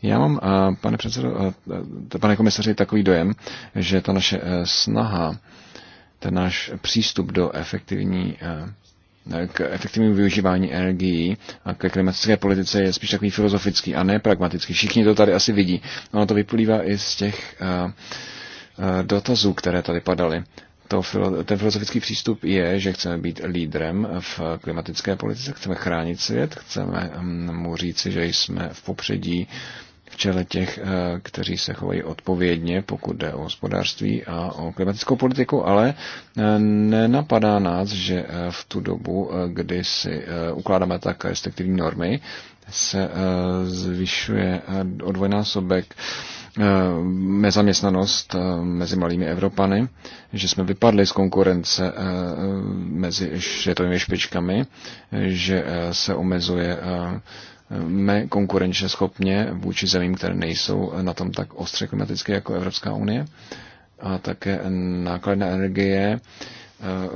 Já mám, eh, pane, předsedo, pane komisaři, takový dojem, že ta naše snaha, ten náš přístup do efektivní Eh, k efektivnímu využívání energií a ke klimatické politice je spíš takový filozofický a ne pragmatický. Všichni to tady asi vidí. Ono to vyplývá i z těch eh, eh, dotazů, které tady padaly. To, ten filozofický přístup je, že chceme být lídrem v klimatické politice, chceme chránit svět, chceme mm, mu říci, že jsme v popředí uh, v čele těch, eh, kteří se chovají odpovědně, pokud jde o hospodářství a o klimatickou politiku, ale eh, nenapadá nás, že eh, v tu dobu, kdy si ukládáme tak restriktivní normy, se zvyšuje o dvojnásobek nezaměstnanost mezi malými Evropany, že jsme vypadli z konkurence mezi světovými špičkami, že se omezuje konkurenčně schopně vůči zemím, které nejsou na tom tak ostře klimaticky jako Evropská unie. A také náklad eh, na energie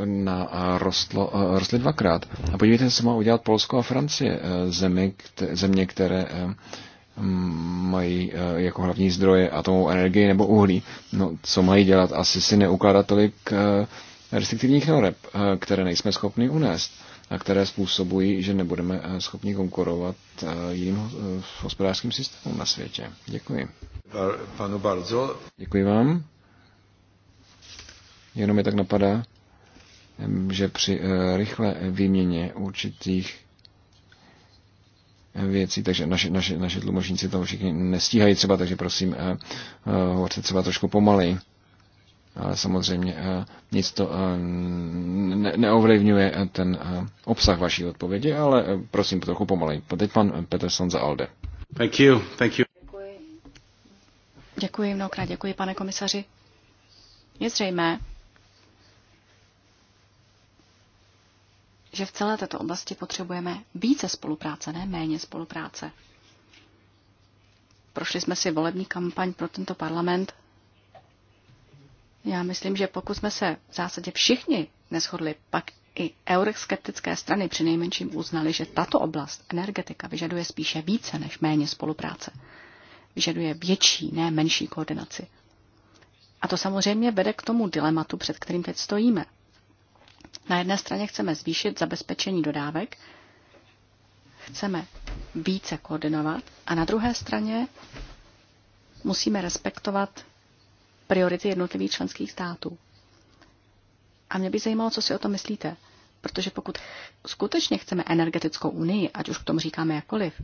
na, rostlo, eh, rostly dvakrát. A podívejte, co má udělat Polsko a Francie, eh, zemi, země, které mají jako hlavní zdroje atomovou energii nebo uhlí. No, co mají dělat? Asi si neukládat tolik restriktivních noreb, které nejsme schopni unést. A které způsobují, že nebudeme eh, schopni konkurovat eh, jiným eh, hospodářským systémům na světě. Děkuji. Panu bardzo. Děkuji vám. Jenom mi tak napadá, že při rychlé výměně určitých věcí, takže naše, naše, naše tlumočníci tam všichni nestíhají třeba, takže prosím, hovořte třeba trošku pomalej ale samozřejmě eh, nic to eh, neovlivňuje eh, ten obsah vaší odpovědi, ale prosím trochu pomalej. Teď pan Peterson za Alde. Thank you, thank you. Děkuji. Děkuji mnohokrát, děkuji pane komisaři. Je zřejmé, že v celé této oblasti potřebujeme více spolupráce, ne méně spolupráce. Prošli jsme si volební kampaň pro tento parlament já myslím, že pokud jsme se v zásadě všichni neschodli, pak i euroskeptické strany při nejmenším uznali, že tato oblast, energetika, vyžaduje spíše více než méně spolupráce. Vyžaduje větší, ne menší koordinaci. A to samozřejmě vede k tomu dilematu, před kterým teď stojíme. Na jedné straně chceme zvýšit zabezpečení dodávek, chceme více koordinovat a na druhé straně musíme respektovat priority jednotlivých členských států. A mě by zajímalo, co si o tom myslíte, protože pokud skutečně chceme energetickou unii, ať už k tomu říkáme jakoliv,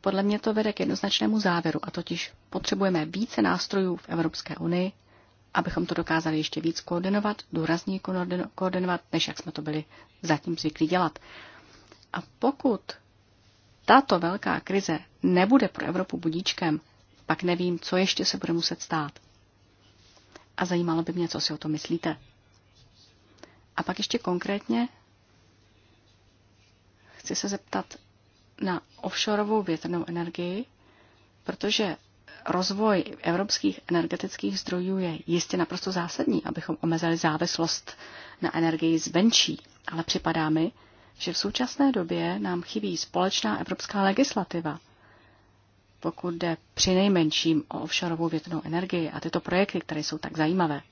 podle mě to vede k jednoznačnému závěru, a totiž potřebujeme více nástrojů v Evropské unii, abychom to dokázali ještě víc koordinovat, důrazně koordinovat, než jak jsme to byli zatím zvyklí dělat. A pokud tato velká krize nebude pro Evropu budíčkem, pak nevím, co ještě se bude muset stát a zajímalo by mě, co si o to myslíte. A pak ještě konkrétně chci se zeptat na offshoreovou větrnou energii, protože rozvoj evropských energetických zdrojů je jistě naprosto zásadní, abychom omezili závislost na energii zvenčí, ale připadá mi, že v současné době nám chybí společná evropská legislativa, pokud jde při nejmenším o offshoreovou větrnou energii a tyto projekty, které jsou tak zajímavé.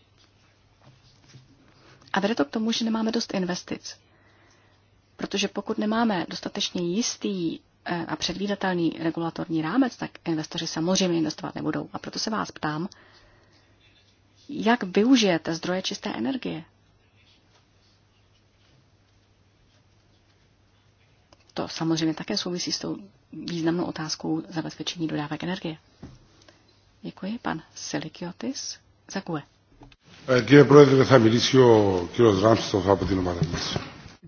A vede to k tomu, že nemáme dost investic. Protože pokud nemáme dostatečně jistý eh, a předvídatelný regulatorní rámec, tak investoři samozřejmě investovat nebudou. A proto se vás ptám, jak využijete zdroje čisté energie? To samozřejmě také souvisí s tou významnou otázkou zabezpečení dodávek energie. Děkuji, pan Silikiotis za QE. Eh,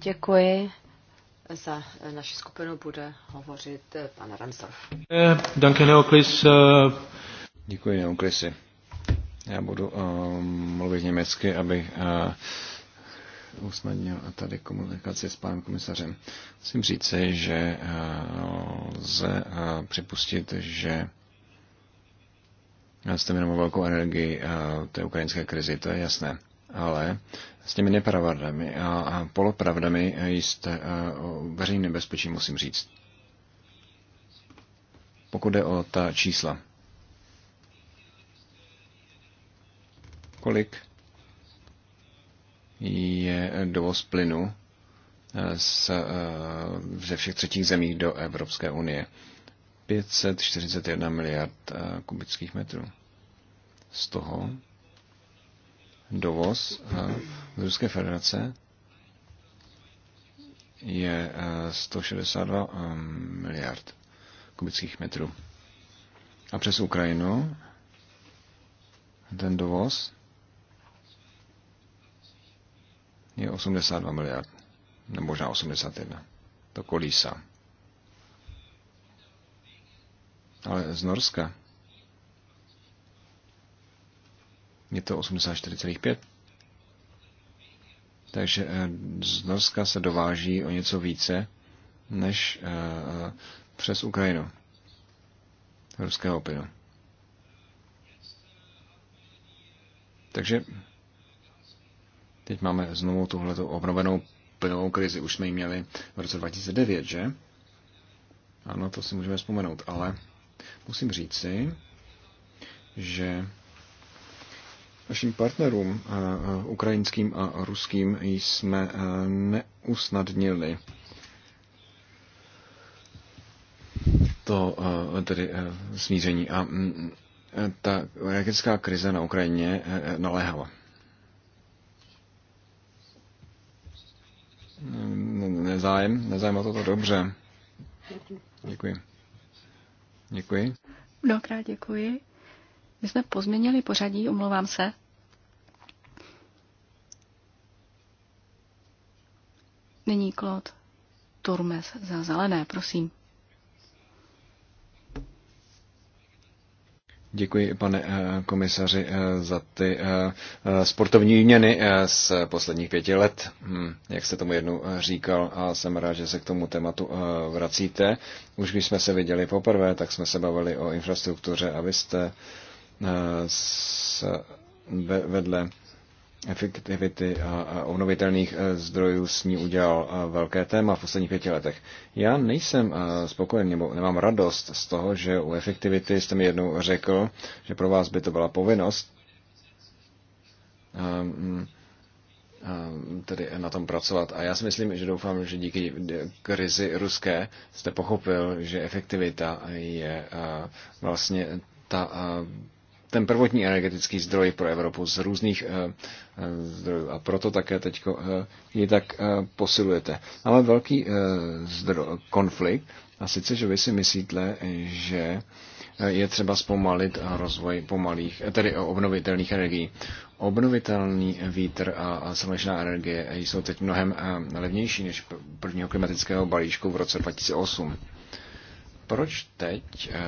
Děkuji. Za naši skupinu bude hovořit eh, pan Ramsdorf. Eh, Děkuji, Neoklisi. Já budu um, mluvit německy, aby uh, usnadnil tady komunikaci s panem komisařem. Musím říci, že eh, lze eh, připustit, že jste jenom velkou energii eh, té ukrajinské krizi, to je jasné. Ale s těmi nepravdami a polopravdami jste veřejný nebezpečí, musím říct. Pokud jde o ta čísla. Kolik je dovoz plynu eh, z, eh, ze všech třetích zemí do Evropské unie. 541 miliard eh, kubických metrů. Z toho dovoz z Ruské federace je 162 miliard kubických metrů. A přes Ukrajinu ten dovoz je 82 miliard, nebo možná 81. To kolísa. Ale z Norska je to 84,5. Takže eh, z Norska se dováží o něco více než eh, eh, přes Ukrajinu ruského plynu. Takže Teď máme znovu tuhle obnovenou plynovou krizi. Už jsme ji měli v roce 2009, že? Ano, to si můžeme vzpomenout, ale musím si, že našim partnerům eh, eh, ukrajinským a ruským jsme eh, neusnadnili to tedy smíření a mm, ta energetická krize na Ukrajině naléhala. Nezájem, nezájem o toto dobře. Děkuji. Děkuji. Mnohokrát děkuji. My jsme pozměnili pořadí, omlouvám se. Nyní Klod Turmes za zelené, prosím. Děkuji, pane eh, komisaři, eh, za ty eh, sportovní výměny z posledních pěti let, hm, jak jste tomu jednou říkal, a jsem rád, že se k tomu tématu vracíte. Už když jsme se viděli poprvé, tak jsme se bavili o infrastruktuře a vy jste vedle efektivity a obnovitelných eh, zdrojů s ní udělal eh, velké téma v posledních pěti letech. Já nejsem eh, spokojen nebo nemám radost z toho, že u efektivity jste mi jednou řekl, že pro vás by to byla povinnost ehm, ehm, tedy na tom pracovat. A já si myslím, že doufám, že díky krizi ruské jste pochopil, že efektivita je vlastně ta ten prvotní energetický zdroj pro Evropu z různých eh, eh, zdrojů. A proto také teď eh, ji tak posilujete. Ale velký zdro, konflikt, a sice, že vy si myslíte, že je třeba zpomalit rozvoj pomalých, tedy obnovitelných energií. Obnovitelný vítr a slunečná energie jsou teď mnohem levnější než prvního klimatického balíčku v roce 2008 proč teď eh,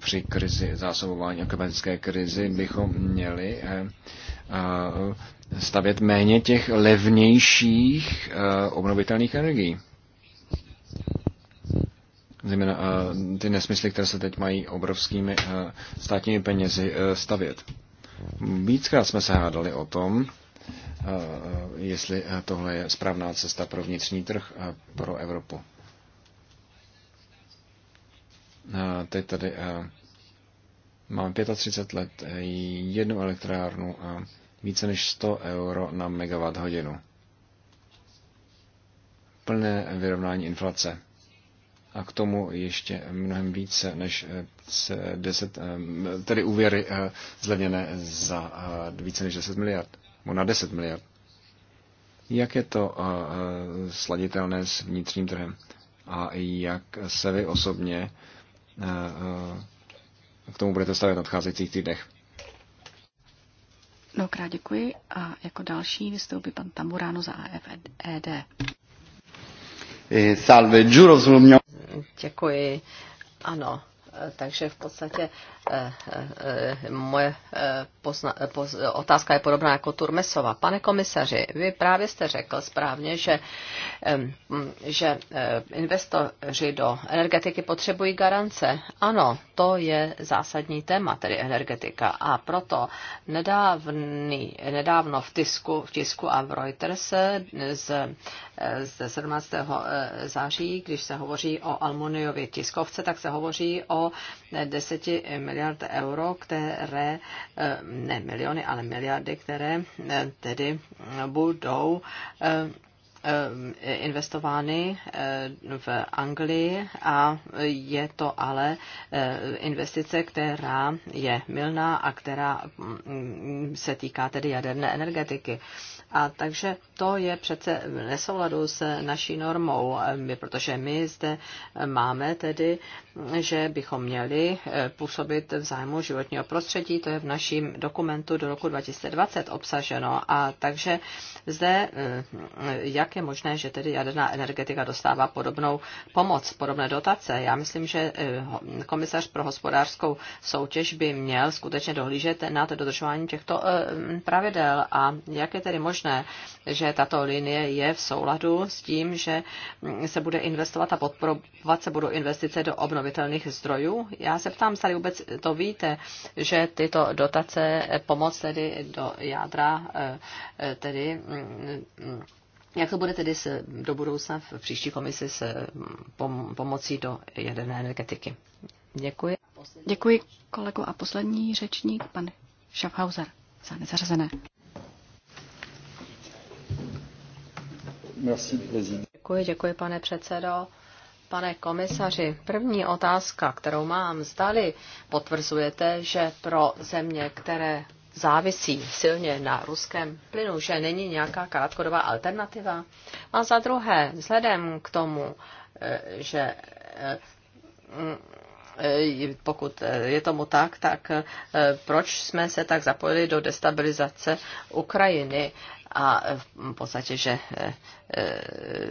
při krizi zásobování a kybernetické krizi bychom měli eh, eh, stavět méně těch levnějších obnovitelných energií? Zajména ty nesmysly, které se teď mají obrovskými státními penězi stavět. Víckrát jsme se hádali o tom, jestli tohle je správná cesta pro vnitřní trh pro Evropu. Eh, teď tady eh, máme 35 let, eh, jednu elektrárnu a více než 100 euro na megawatt hodinu. Plné vyrovnání inflace. A k tomu ještě mnohem více než 10, tedy úvěry zlevněné za více než 10 miliard, nebo na 10 miliard. Jak je to sladitelné s vnitřním trhem? A jak se vy osobně Eh, eh, k tomu budete stavět v nadcházejících týdnech. Mnohokrát děkuji a jako další vystoupí pan Tamburáno za AFED. Eh, salve, giuro Děkuji. Ano, takže v podstatě Eh, eh, eh, moje pozna, poz, otázka je podobná jako Turmesova. Pane komisaři, vy právě jste řekl správně, že, že investoři do energetiky potřebují garance. Ano, to je zásadní téma, tedy energetika. A proto nedávný, nedávno v tisku, v tisku a v Reuters z, z 17. září, když se hovoří o Almuniově tiskovce, tak se hovoří o 10 milionů miliard euro, které, eh, ne miliony, ale miliardy, které eh, tedy budou eh, investovány v Anglii a je to ale investice, která je milná a která mm, se týká tedy jaderné energetiky. A takže to je přece v nesouladu s naší normou, eh, protože my zde máme tedy, že bychom měli eh, působit v zájmu životního prostředí, to je v našem dokumentu do roku 2020 obsaženo. A takže zde, eh, jak je možné, že tedy jaderná energetika dostává podobnou pomoc, podobné dotace? Já myslím, že komisař pro hospodářskou soutěž by měl skutečně dohlížet na to dodržování těchto pravidel. A jak je tedy možné, že že tato linie je v souladu s tím, že se bude investovat a podporovat se budou investice do obnovitelných zdrojů. Já se ptám, tady vůbec to víte, že tyto dotace, eh, pomoc tedy do jádra, eh, eh, tedy mm, jak to bude tedy se, do budoucna v příští komisi s mm, pomocí do jaderné energetiky? Děkuji. Děkuji kolego a poslední řečník, pan Schaffhauser za nezařazené. Děkuji, děkuji, pane předsedo. Pane komisaři, první otázka, kterou mám, zdali potvrzujete, že pro země, které závisí silně na ruském plynu, že není nějaká krátkodobá alternativa. A za druhé, vzhledem k tomu, eh, že eh, Eh, pokud eh, je tomu tak, tak eh, proč jsme se tak zapojili do destabilizace Ukrajiny? a v podstatě, že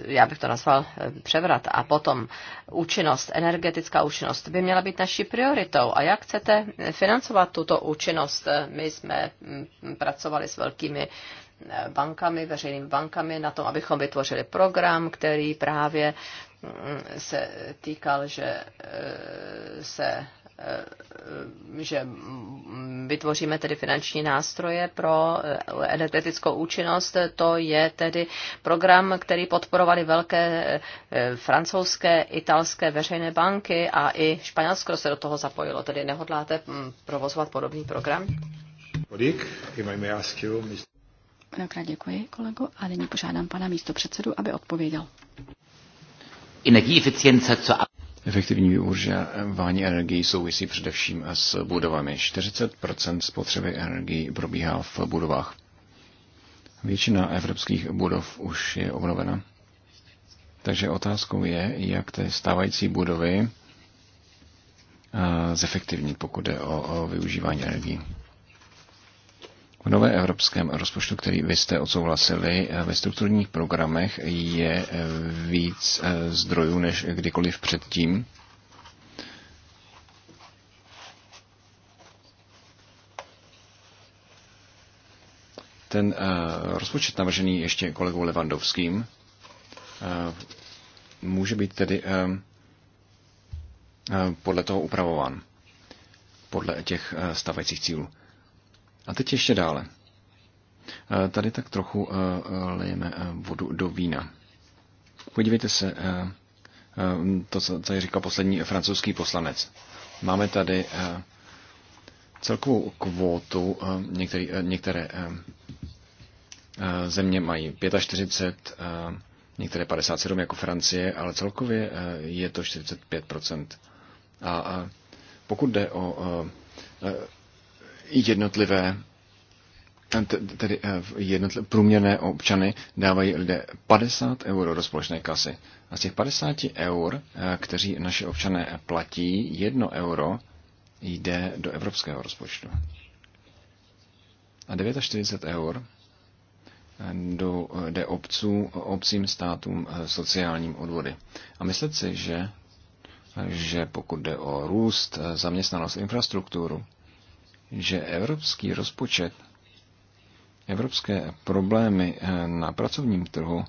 já bych to nazval převrat. A potom účinnost, energetická účinnost by měla být naší prioritou. A jak chcete financovat tuto účinnost? My jsme mm, pracovali s velkými bankami, veřejnými bankami na tom, abychom vytvořili program, který právě se týkal, že eh, se eh, že vytvoříme tedy finanční nástroje pro eh, energetickou účinnost. To je tedy program, který podporovali velké francouzské, italské veřejné banky a i Španělsko se do toho zapojilo. Tedy nehodláte hm, provozovat podobný program? Mnohokrát děkuji, kolego. A nyní požádám pana místopředsedu, aby odpověděl. Efektivní využívání energií souvisí především s budovami. 40 spotřeby energie probíhá v budovách. Většina evropských budov už je obnovena. Takže otázkou je, jak ty stávající budovy eh, zefektivnit, pokud jde o, o využívání energie. V nové evropském rozpočtu, který vy jste odsouhlasili, eh, ve strukturních programech je eh, víc eh, zdrojů než kdykoliv předtím. Ten rozpočet navržený ještě kolegou Levandovským může být tedy podle toho upravován, podle těch stavajících cílů. A teď ještě dále. E, tady tak trochu e, e, lejeme vodu do vína. Podívejte se, to, co tady říkal poslední francouzský poslanec. Máme tady celkovou kvótu, některé, některé země mají 45, některé 57 jako Francie, ale celkově je to 45%. A pokud jde o jednotlivé tedy eh, jednotlivé průměrné občany dávají lidé 50 euro do společné kasy. A z těch 50 eur, eh, kteří naše občané platí, 1 euro jde do evropského rozpočtu. A 49 eur eh, do, jde obců, obcím, státům, sociálním odvody. A myslet si, že, že pokud jde o růst, zaměstnanost, infrastrukturu, že evropský rozpočet, evropské problémy eh, na pracovním trhu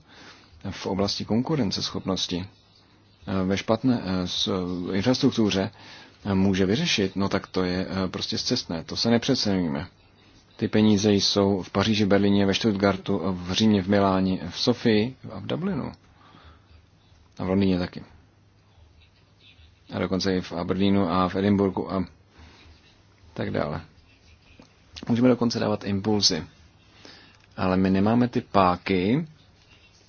eh, v oblasti konkurenceschopnosti eh, ve špatné infrastruktuře může vyřešit, no tak to je prostě zcestné, to se nepřeceníme. Ty peníze jsou v Paříži, Berlíně, ve Stuttgartu, v Římě, v Miláni, v Sofii a v Dublinu. A v Londýně taky. A dokonce i v Aberdeenu a v Edinburgu a tak dále. Můžeme dokonce dávat impulzy. Ale my nemáme ty páky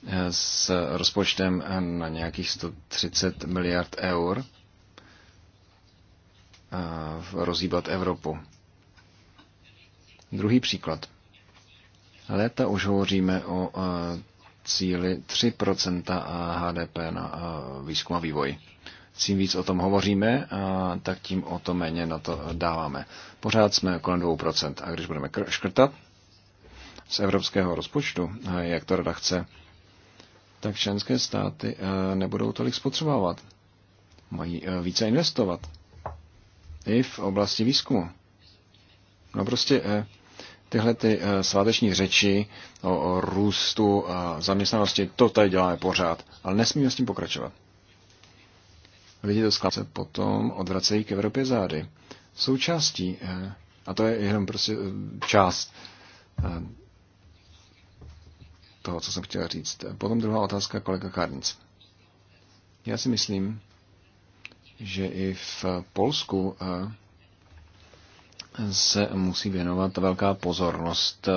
eh, s rozpočtem eh, na nějakých 130 miliard eur eh, rozhýbat Evropu. Druhý příklad. Léta už hovoříme o cíli 3% HDP na výzkum a vývoj. Čím víc o tom hovoříme, tak tím o to méně na to dáváme. Pořád jsme kolem 2%. A když budeme škrtat z evropského rozpočtu, jak to rada chce, tak členské státy e, nebudou tolik spotřebovávat. Mají e, více investovat. I v oblasti výzkumu. No prostě e, tyhle ty sváteční řeči o, růstu zaměstnanosti, to tady děláme pořád, ale nesmíme s tím pokračovat lidi do se potom odvracejí k Evropě zády. Součástí, eh, a to je jenom prostě eh, část eh, toho, co jsem chtěl říct. Potom druhá otázka kolega Karnic. Já si myslím, že i v Polsku se musí věnovat velká pozornost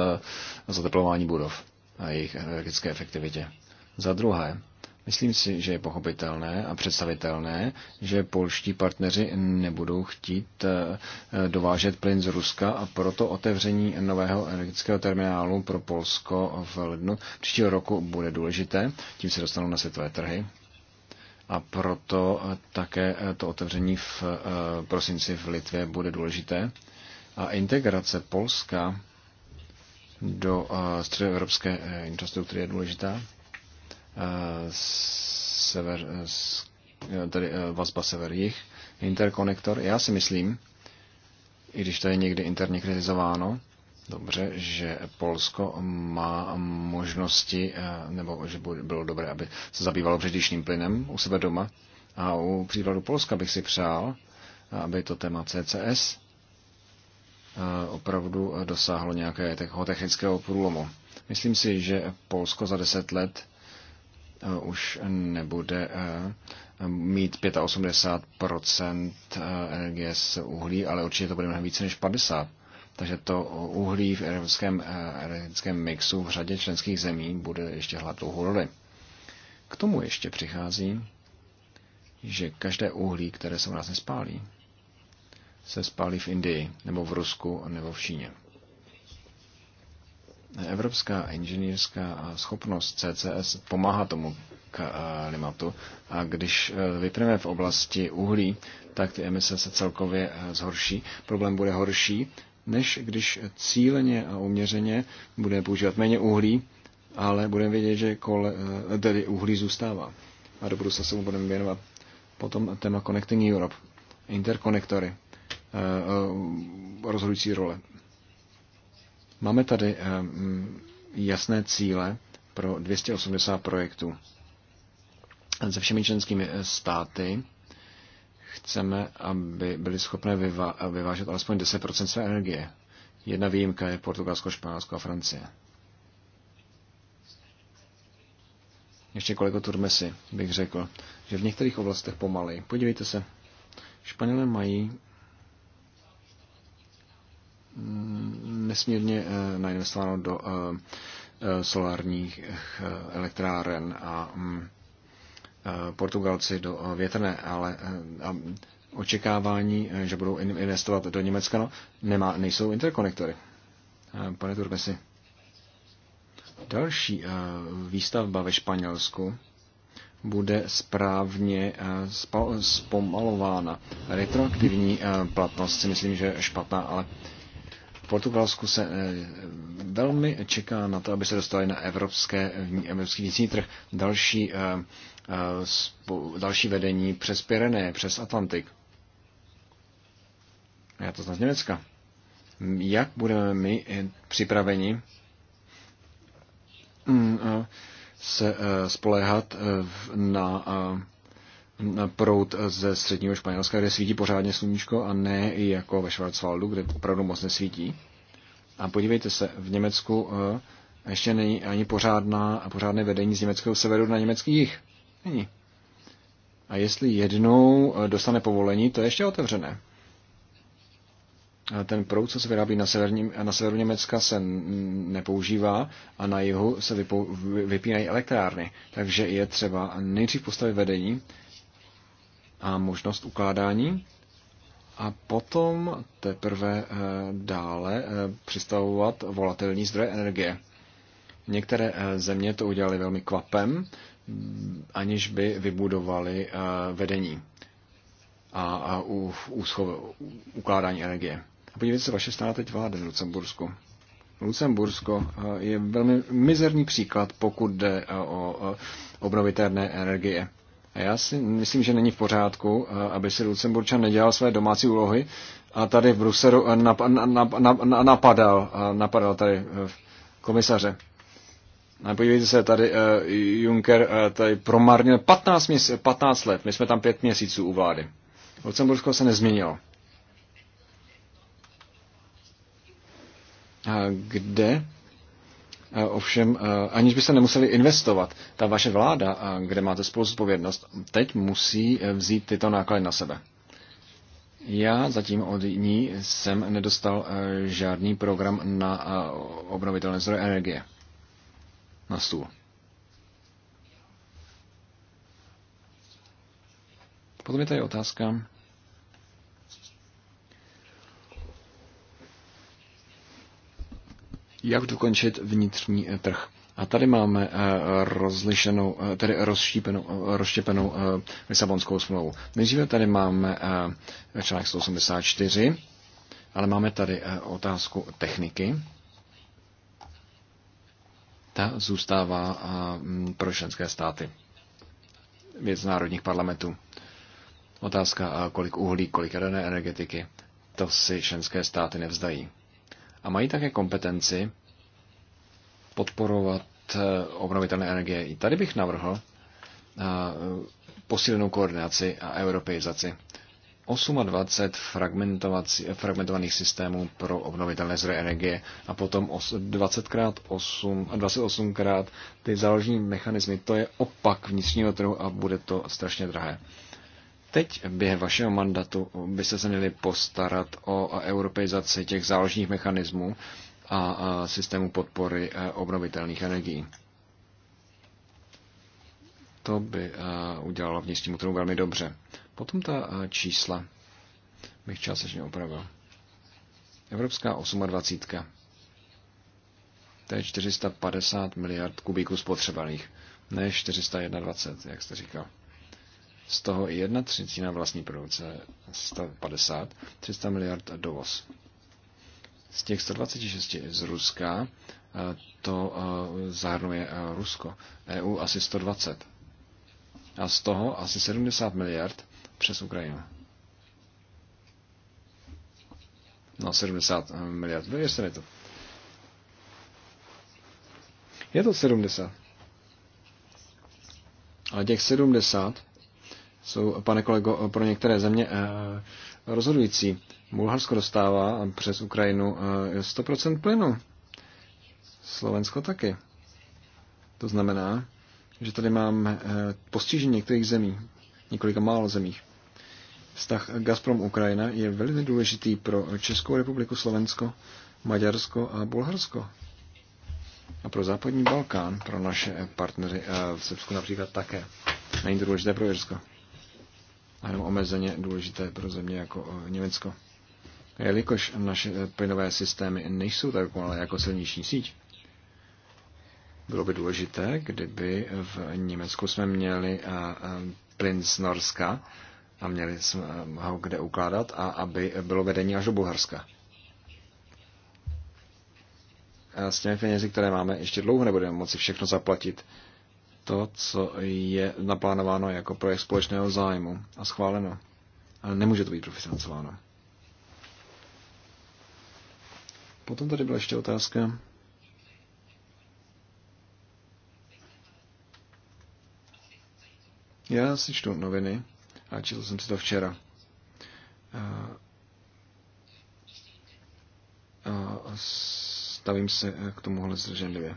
zateplování budov a jejich energetické efektivitě. Za druhé, Myslím si, že je pochopitelné a představitelné, že polští partneři nebudou chtít eh, eh, dovážet plyn z Ruska a proto otevření nového energetického terminálu pro Polsko v lednu příštího roku bude důležité. Tím se dostanou na světové trhy a proto eh, také to otevření v prosinci v Litvě bude důležité. A integrace Polska do středoevropské infrastruktury je důležitá sever, eh, tedy eh, vazba sever-jih, interkonektor. Já si myslím, i když to je někdy interně kritizováno, dobře, že Polsko má možnosti, eh, nebo že bylo dobré, aby se zabývalo břidličným plynem u sebe doma. A u příkladu Polska bych si přál, aby to téma CCS opravdu dosáhlo nějakého technického průlomu. Myslím si, že Polsko za deset let Eh, už nebude eh, mít 85% eh, energie z uhlí, ale určitě to bude mnohem více než 50%. Takže to uhlí v evropském energetickém mixu v řadě členských zemí bude ještě hladou roli. K tomu ještě přichází, že každé uhlí, které se u nás nespálí, se spálí v Indii, nebo v Rusku, nebo v Číně. Evropská inženýrská schopnost CCS pomáhá tomu eh, klimatu a když eh, vypneme v oblasti uhlí, tak ty emise se celkově eh, zhorší. Problém bude horší, než když cíleně a uměřeně budeme používat méně uhlí, ale budeme vědět, že kole, tedy uhlí zůstává. A do budoucna se mu budeme věnovat. Potom téma Connecting Europe, interkonektory, rozhodující role. Máme tady eh, mm, jasné cíle pro 280 projektů. Se všemi členskými eh, státy chceme, aby byli schopné vyvážet alespoň 10% své energie. Jedna výjimka je Portugalsko, Španělsko a Francie. Ještě kolego Turmesi bych řekl, že v některých oblastech pomalej. Podívejte se, Španělé mají Mm, nesmírně eh, nainvestováno do eh, eh, solárních elektráren a mm, Portugalci do větrné, ale očekávání, že budou investovat do Německa, no, nemá, nejsou interkonektory. Pane Turbesi. další výstavba ve Španělsku bude správně zpomalována. Retroaktivní platnost si myslím, že je špatná, ale Portugalsku se eh, velmi čeká na to, aby se dostali na evropské, evropský vnitřní trh další, eh, eh, další vedení přes Pyreneje, přes Atlantik. Já to znám z Německa. Jak budeme my připraveni mm, se spoléhat na prout ze středního Španělska, kde svítí pořádně sluníčko a ne i jako ve Schwarzwaldu, kde opravdu moc nesvítí. A podívejte se, v Německu eh, ještě není ani pořádná, pořádné vedení z německého severu na německý jih. Není. A jestli jednou eh, dostane povolení, to je ještě otevřené. Ten proud, co se vyrábí na, severní, na severu Německa, se nepoužívá a na jihu se vypou, vypínají elektrárny. Takže je třeba nejdřív postavit vedení, a možnost ukládání a potom teprve eh, dále eh, přistavovat volatilní zdroje energie. Některé eh, země to udělali velmi kvapem, aniž by vybudovali vedení a úschov, ukládání energie. A podívejte se, vaše strana teď vládne v Lucembursku. Lucembursko je velmi mizerný příklad, pokud jde o obnovitelné energie. Já si myslím, že není v pořádku, eh, aby si Lucemburčan nedělal své domácí úlohy a tady v Bruselu eh, nap, nap, nap, napadal, eh, napadal tady komisaře. A podívejte se, tady uh, Juncker uh, tady promarnil 15, měs- 15 let. My jsme tam pět měsíců u vlády. Lucembursko se nezměnilo. A kde Eh, ovšem eh, aniž by se nemuseli investovat. Ta vaše vláda, eh, kde máte spolu zodpovědnost, teď musí vzít tyto náklady na sebe. Já zatím od ní jsem nedostal žádný program na obnovitelné zdroje energie na stůl. Potom je tady otázka, jak dokončit vnitřní eh, trh. A tady máme eh, rozlišenou, eh, tedy rozštípenou, rozštěpenou Lisabonskou smlouvu. Nejdříve tady máme článek 184, ale máme tady otázku techniky. Ta zůstává pro členské státy. Věc národních parlamentů. Otázka, kolik uhlí, kolik jaderné energetiky, to si členské státy nevzdají. A mají také kompetenci podporovat eh, obnovitelné energie. I tady bych navrhl eh, posílenou koordinaci a europeizaci. 28 fragmentovaných systémů pro obnovitelné zdroje energie a potom 20x8 a 28x ty záložní mechanismy. To je opak vnitřního trhu a bude to strašně drahé. Teď během vašeho mandatu byste se měli postarat o europeizaci těch záložních mechanismů a systému podpory eh, obnovitelných energií. To by eh, udělalo vnitřnímu trhu velmi dobře. Potom ta eh, čísla bych částečně opravil. Evropská 28. To je 450 miliard kubíků spotřebaných, ne 421, jak jste říkal z toho jedna třicina vlastní produkce, 150, 300 miliard dovoz. Z těch 126 z Ruska eh, to eh, zahrnuje eh, Rusko, EU asi 120. A z toho asi 70 miliard přes Ukrajinu. No, 70 miliard, věřte no, je to. Je to 70. Ale těch 70 jsou, pane kolego, pro některé země eh, rozhodující. Bulharsko dostává přes Ukrajinu 100% eh, plynu. Slovensko taky. To znamená, že tady mám eh, postižení některých zemí, několika málo zemích. Vztah Gazprom Ukrajina je velmi důležitý pro Českou republiku, Slovensko, Maďarsko a Bulharsko. A pro západní Balkán, pro naše partnery v Srbsku například také. Není to důležité pro Jirsko a jenom omezeně důležité pro země jako eh, Německo. Jelikož naše eh, plynové systémy nejsou tak dokonalé jako silniční síť, bylo by důležité, kdyby v Německu jsme měli eh, plyn z Norska a měli jsme ho kde ukládat a aby bylo vedení až do Bulharska. A s těmi penězi, které máme, ještě dlouho nebudeme moci všechno zaplatit to, co je naplánováno jako projekt společného zájmu a schváleno. Ale nemůže to být profinancováno. Potom tady byla ještě otázka. Já si čtu noviny a četl jsem si to včera. A stavím se k tomuhle zdrženlivě.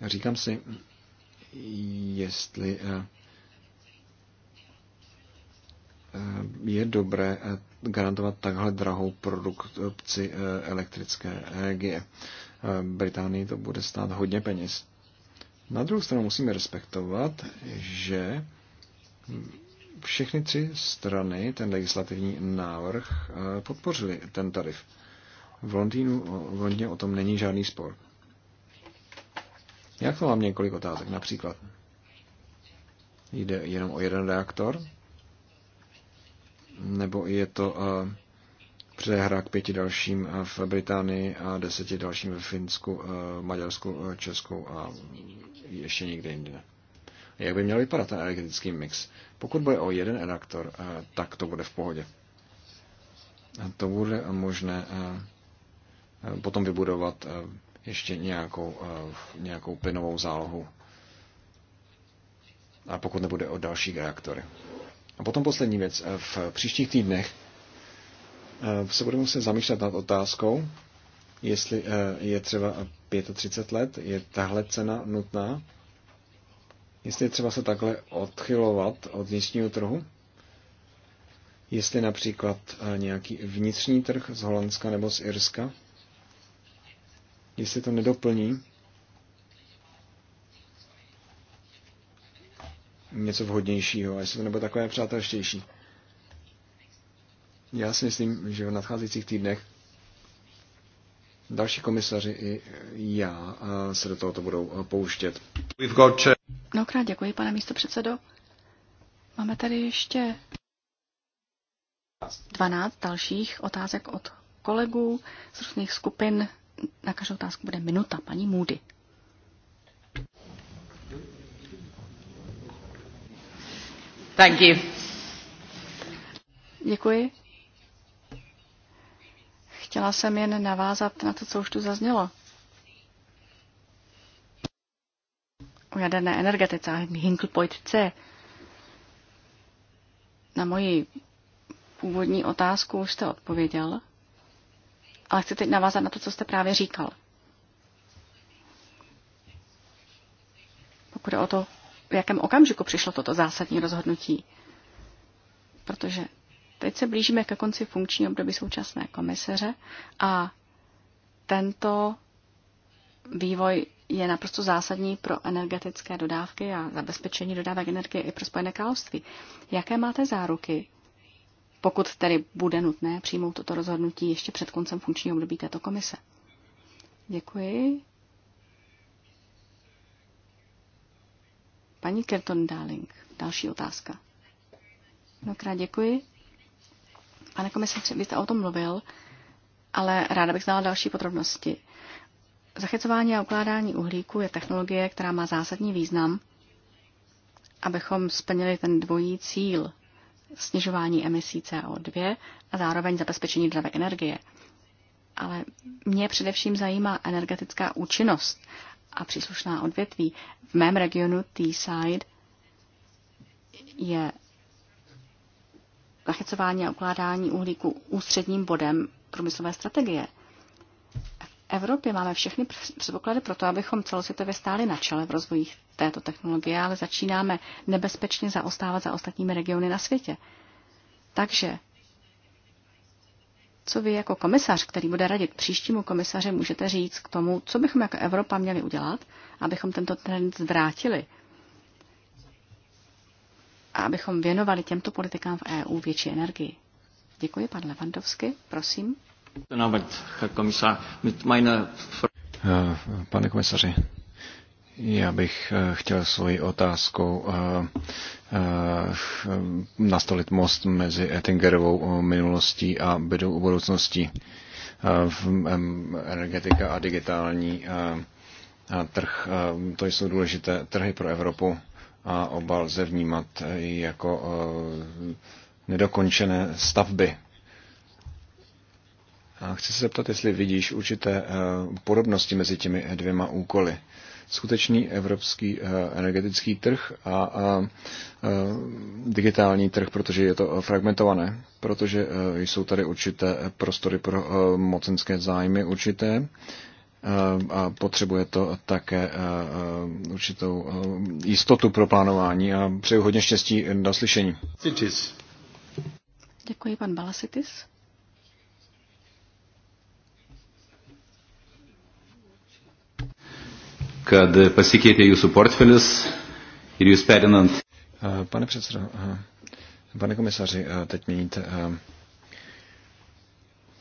Říkám si, jestli eh, eh, je dobré eh, garantovat takhle drahou produkci elektrické energie. Británii to bude stát hodně peněz. Na druhou stranu musíme respektovat, že všechny tři strany ten legislativní návrh podpořili ten tarif. V Londýnu v Londýně o tom není žádný spor. Já to mám několik otázek. Například jde jenom o jeden reaktor? Nebo je to uh, eh, přehra k pěti dalším eh, v Británii a deseti dalším ve Finsku, eh, Maďarsku, Českou a ještě někde jinde. Jak by měl vypadat ten energetický mix? Pokud bude o jeden reaktor, tak to bude v pohodě. A to bude možné potom vybudovat ještě nějakou, eh, nějakou plynovou zálohu. A pokud nebude o další reaktory. A potom poslední věc. Eh, v příštích týdnech eh, se budeme muset zamýšlet nad otázkou, jestli je třeba 35 let, je tahle cena nutná, jestli je třeba se takhle odchylovat od vnitřního trhu, jestli například nějaký vnitřní trh z Holandska nebo z Irska, jestli to nedoplní něco vhodnějšího, jestli to nebude takové přátelštější. Já si myslím, že v nadcházejících týdnech další komisaři i já se do tohoto budou pouštět. Mnohokrát děkuji, pane místo předsedo. Máme tady ještě 12 dalších otázek od kolegů z různých skupin na každou otázku bude minuta. Paní Můdy. Thank you. Děkuji. Chtěla jsem jen navázat na to, co už tu zaznělo. U jaderné energetice a Point C. Na moji původní otázku už jste odpověděl. Ale chci teď navázat na to, co jste právě říkal. Pokud je o to, v jakém okamžiku přišlo toto zásadní rozhodnutí. Protože teď se blížíme ke konci funkční období současné komisaře a tento vývoj je naprosto zásadní pro energetické dodávky a zabezpečení dodávek energie i pro Spojené království. Jaké máte záruky, pokud tedy bude nutné přijmout toto rozhodnutí ještě před koncem funkčního období této komise. Děkuji. Paní Kerton Darling, další otázka. Mnohokrát děkuji. Pane komisaři, vy jste o tom mluvil, ale ráda bych znala další podrobnosti. Zachycování a ukládání uhlíku je technologie, která má zásadní význam, abychom splnili ten dvojí cíl snižování emisí CO2 a zároveň zabezpečení dravé energie. Ale mě především zajímá energetická účinnost a příslušná odvětví. V mém regionu T-Side je zachycování a ukládání uhlíku ústředním bodem průmyslové strategie. Evropě máme všechny předpoklady pro to, abychom celosvětově stáli na čele v rozvoji této technologie, ale začínáme nebezpečně zaostávat za ostatními regiony na světě. Takže co vy jako komisař, který bude radit příštímu komisaři, můžete říct k tomu, co bychom jako Evropa měli udělat, abychom tento trend zvrátili a abychom věnovali těmto politikám v EU větší energii. Děkuji, pan Levandovsky, prosím. Eh, pane komisaři, já bych eh, chtěl svoji otázkou eh, nastolit most mezi Ettingerovou minulostí a budoucností. Energetika a digitální trh, to jsou důležité trhy pro Evropu a oba lze vnímat jako nedokončené stavby a chci se zeptat, jestli vidíš určité eh, podobnosti mezi těmi eh, dvěma úkoly. Skutečný evropský eh, energetický trh a digitální trh, protože je to fragmentované, protože jsou tady určité prostory pro mocenské zájmy určité a potřebuje to také určitou jistotu pro plánování a přeju hodně štěstí na slyšení. Děkuji, pan Balasitis. kad pasikeitė jūsų portfelis ir jūs perinant. Pane předsedo, pane komisaři, teď měníte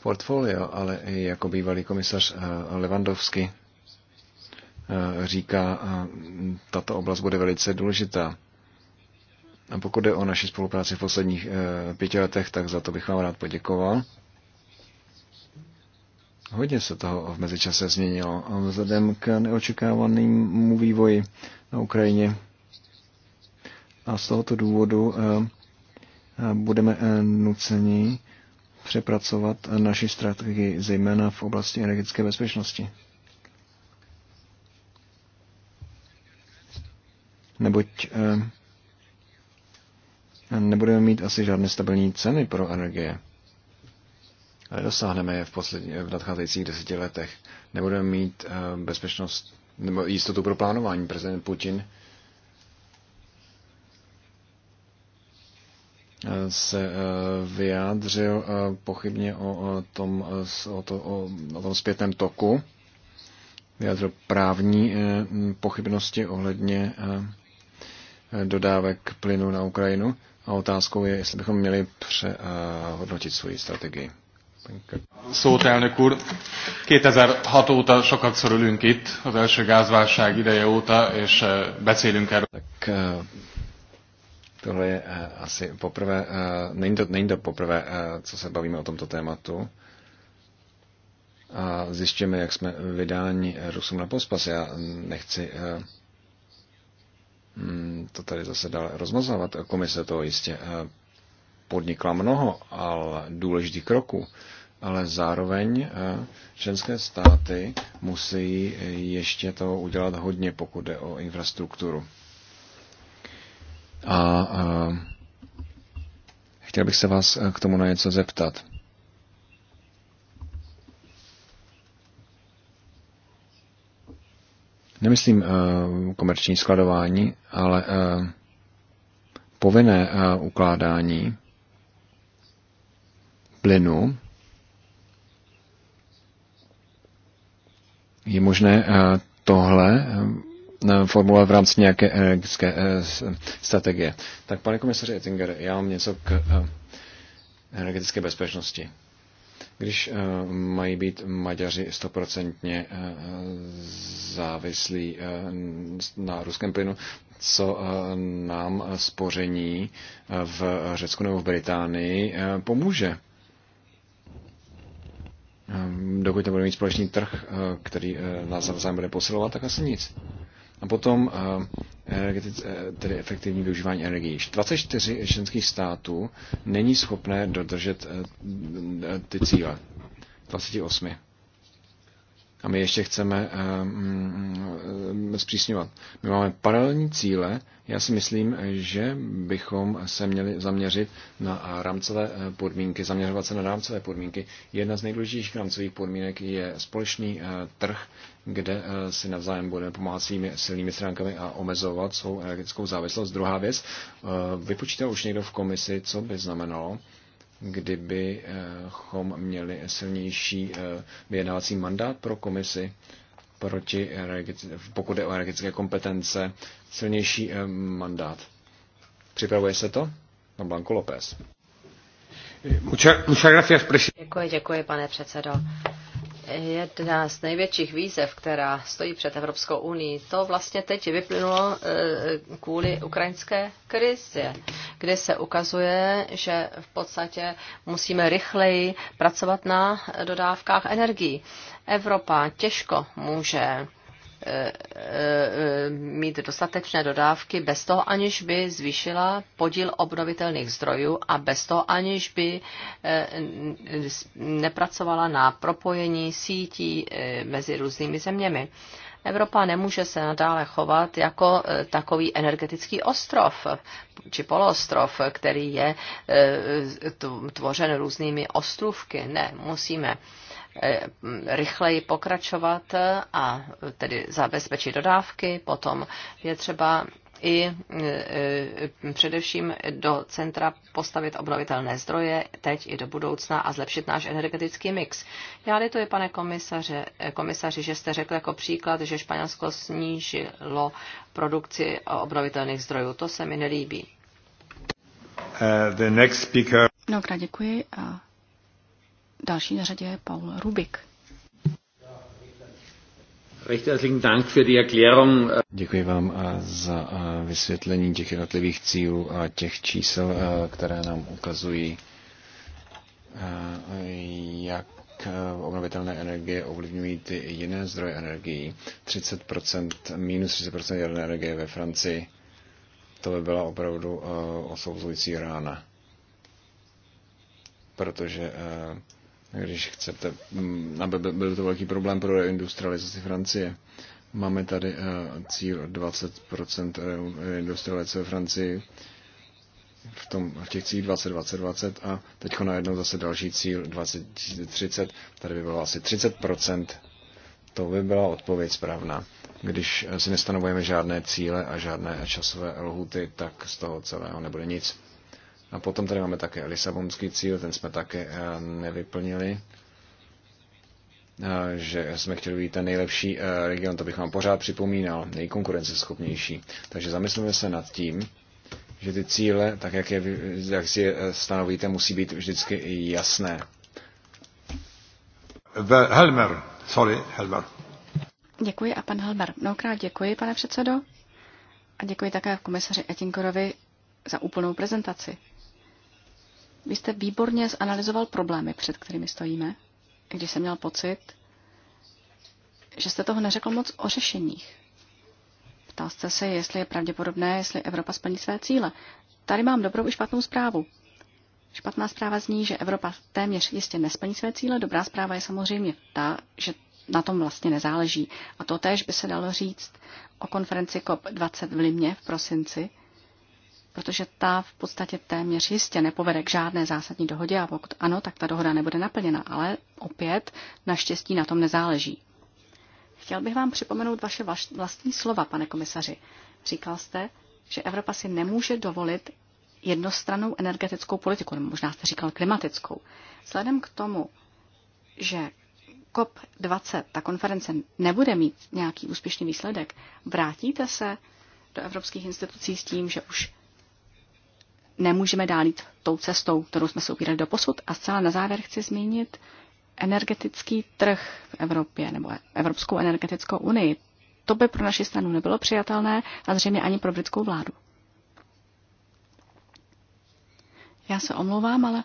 portfolio, ale i jako bývalý komisař Levandovský říká, tato oblast bude velice důležitá. A pokud jde o naši spolupráci v posledních e, pěti letech, tak za to bych vám rád poděkoval. Hodně se toho v mezičase změnilo a vzhledem k neočekávanému vývoji na Ukrajině. A z tohoto důvodu eh, eh, budeme eh, nuceni přepracovat naši strategii, zejména v oblasti energetické bezpečnosti. Neboť nebudeme mít asi žádné stabilní ceny pro energie ale dosáhneme je v, poslední, v nadcházejících deseti letech. Nebudeme mít eh, bezpečnost nebo jistotu pro plánování. Prezident Putin eh, se eh, vyjádřil pochybně o tom, o, to, o, o tom zpětném toku, vyjádřil právní pochybnosti ohledně dodávek plynu na Ukrajinu a otázkou je, jestli bychom měli přehodnotit svoji strategii. Szót, elnök úr. 2006 óta sokat szorulunk itt, az első gázválság ideje óta, és eh, beszélünk erről. Tak eh, tohle je eh, asi poprvé, není to, není to poprvé, co se bavíme o tomto tématu. A zjistíme, jak jsme vydáni Rusům na pospas. Já nechci mm, to tady zase dále rozmazávat. Komise to jistě podnikla mnoho, ale důležitých kroků ale zároveň eh, členské státy musí ještě to udělat hodně, pokud jde o infrastrukturu. A eh, chtěl bych se vás eh, k tomu na něco zeptat. Nemyslím komerční skladování, ale povinné ukládání plynu Je možné eh, tohle eh, formulovat v rámci nějaké energetické eh, strategie. Tak pane komisaři Ettinger, já mám něco k energetické bezpečnosti. Když mají být Maďaři stoprocentně závislí na ruském plynu, co nám spoření v Řecku nebo v Británii pomůže? dokud nebudeme mít společný trh, eh, který eh, nás navzájem bude posilovat, tak asi nic. A potom eh, tedy efektivní využívání energie. 24 členských států není schopné dodržet ty cíle. 28 a my ještě chceme eh, mm, mm, zpřísňovat. My máme paralelní cíle. Já si myslím, že bychom se měli zaměřit na rámcové eh, podmínky, zaměřovat se na rámcové podmínky. Jedna z nejdůležitějších rámcových podmínek je společný eh, trh, kde si navzájem budeme pomáhat svými silnými stránkami a omezovat svou energetickou závislost. Druhá věc, vypočítal už někdo v komisi, co by znamenalo, kdybychom měli silnější eh, vyjednávací mandát pro komisi proti, pokud je o energetické kompetence, silnější eh, mandát. Připravuje se to? Pan Blanco López. Děkuji, děkuji, pane předsedo. Jedna z největších výzev, která stojí před Evropskou unii, to vlastně teď vyplynulo e, kvůli ukrajinské krizi, kde se ukazuje, že v podstatě musíme rychleji pracovat na dodávkách energií. Evropa těžko může Eh, eh, mít dostatečné dodávky bez toho, aniž by zvýšila podíl obnovitelných zdrojů a bez toho, aniž by eh, nepracovala na propojení sítí mezi různými zeměmi. Evropa nemůže se nadále chovat jako takový energetický ostrov či poloostrov, který je tvořen různými ostrovky. Ne, musíme Eh, rychleji pokračovat a tedy zabezpečit dodávky. Potom je třeba i eh, eh, především do centra postavit obnovitelné zdroje teď i do budoucna a zlepšit náš energetický mix. Já lituji, pane komisaře, komisaři, že jste řekl jako příklad, že Španělsko snížilo produkci obnovitelných zdrojů. To se mi nelíbí. Uh, the next speaker... Mnohokrát děkuji a Další na řadě je Paul Rubik. Děkuji vám eh, za eh, vysvětlení těch jednotlivých cílů a těch čísel, eh, které nám ukazují, jak obnovitelné energie ovlivňují ty jiné zdroje energií. 30%, minus 30% jaderné energie ve Francii, to by byla opravdu osouzující rána. Protože když chcete, mm, aby byl to velký problém pro reindustrializaci Francie. Máme tady eh, cíl 20% reindustrializace ve Francii v, tom, v těch cílích 20, 20, 20 a teď najednou zase další cíl 20, 30, tady by bylo asi 30%. To by byla odpověď správná. Když eh, si nestanovujeme žádné cíle a žádné časové lhuty, tak z toho celého nebude nic. A potom tady máme také Lisabonský cíl, ten jsme také eh, nevyplnili eh, že jsme chtěli být ten nejlepší eh, region, to bych vám pořád připomínal, nejkonkurenceschopnější. Takže zamysleme se nad tím, že ty cíle, tak jak, je, jak si je stanovíte, musí být vždycky jasné. Helmer, sorry, Helmer. Děkuji a pan Helmer. Mnohokrát děkuji, pane předsedo. A děkuji také komisaři Etinkorovi za úplnou prezentaci. Vy jste výborně zanalizoval problémy, před kterými stojíme, když jsem měl pocit, že jste toho neřekl moc o řešeních. Ptal jste se, jestli je pravděpodobné, jestli Evropa splní své cíle. Tady mám dobrou i špatnou zprávu. Špatná zpráva zní, že Evropa téměř jistě nesplní své cíle. Dobrá zpráva je samozřejmě ta, že na tom vlastně nezáleží. A to též by se dalo říct o konferenci COP20 v Limě v prosinci, protože ta v podstatě téměř jistě nepovede k žádné zásadní dohodě a pokud ano, tak ta dohoda nebude naplněna, ale opět naštěstí na tom nezáleží. Chtěl bych vám připomenout vaše vlastní slova, pane komisaři. Říkal jste, že Evropa si nemůže dovolit jednostranou energetickou politiku, nebo možná jste říkal klimatickou. Vzhledem k tomu, že COP20, ta konference, nebude mít nějaký úspěšný výsledek, vrátíte se do evropských institucí s tím, že už nemůžeme dál jít tou cestou, kterou jsme se upírali do posud. A zcela na závěr chci zmínit energetický trh v Evropě nebo Evropskou energetickou unii. To by pro naši stranu nebylo přijatelné a zřejmě ani pro britskou vládu. Já se omlouvám, ale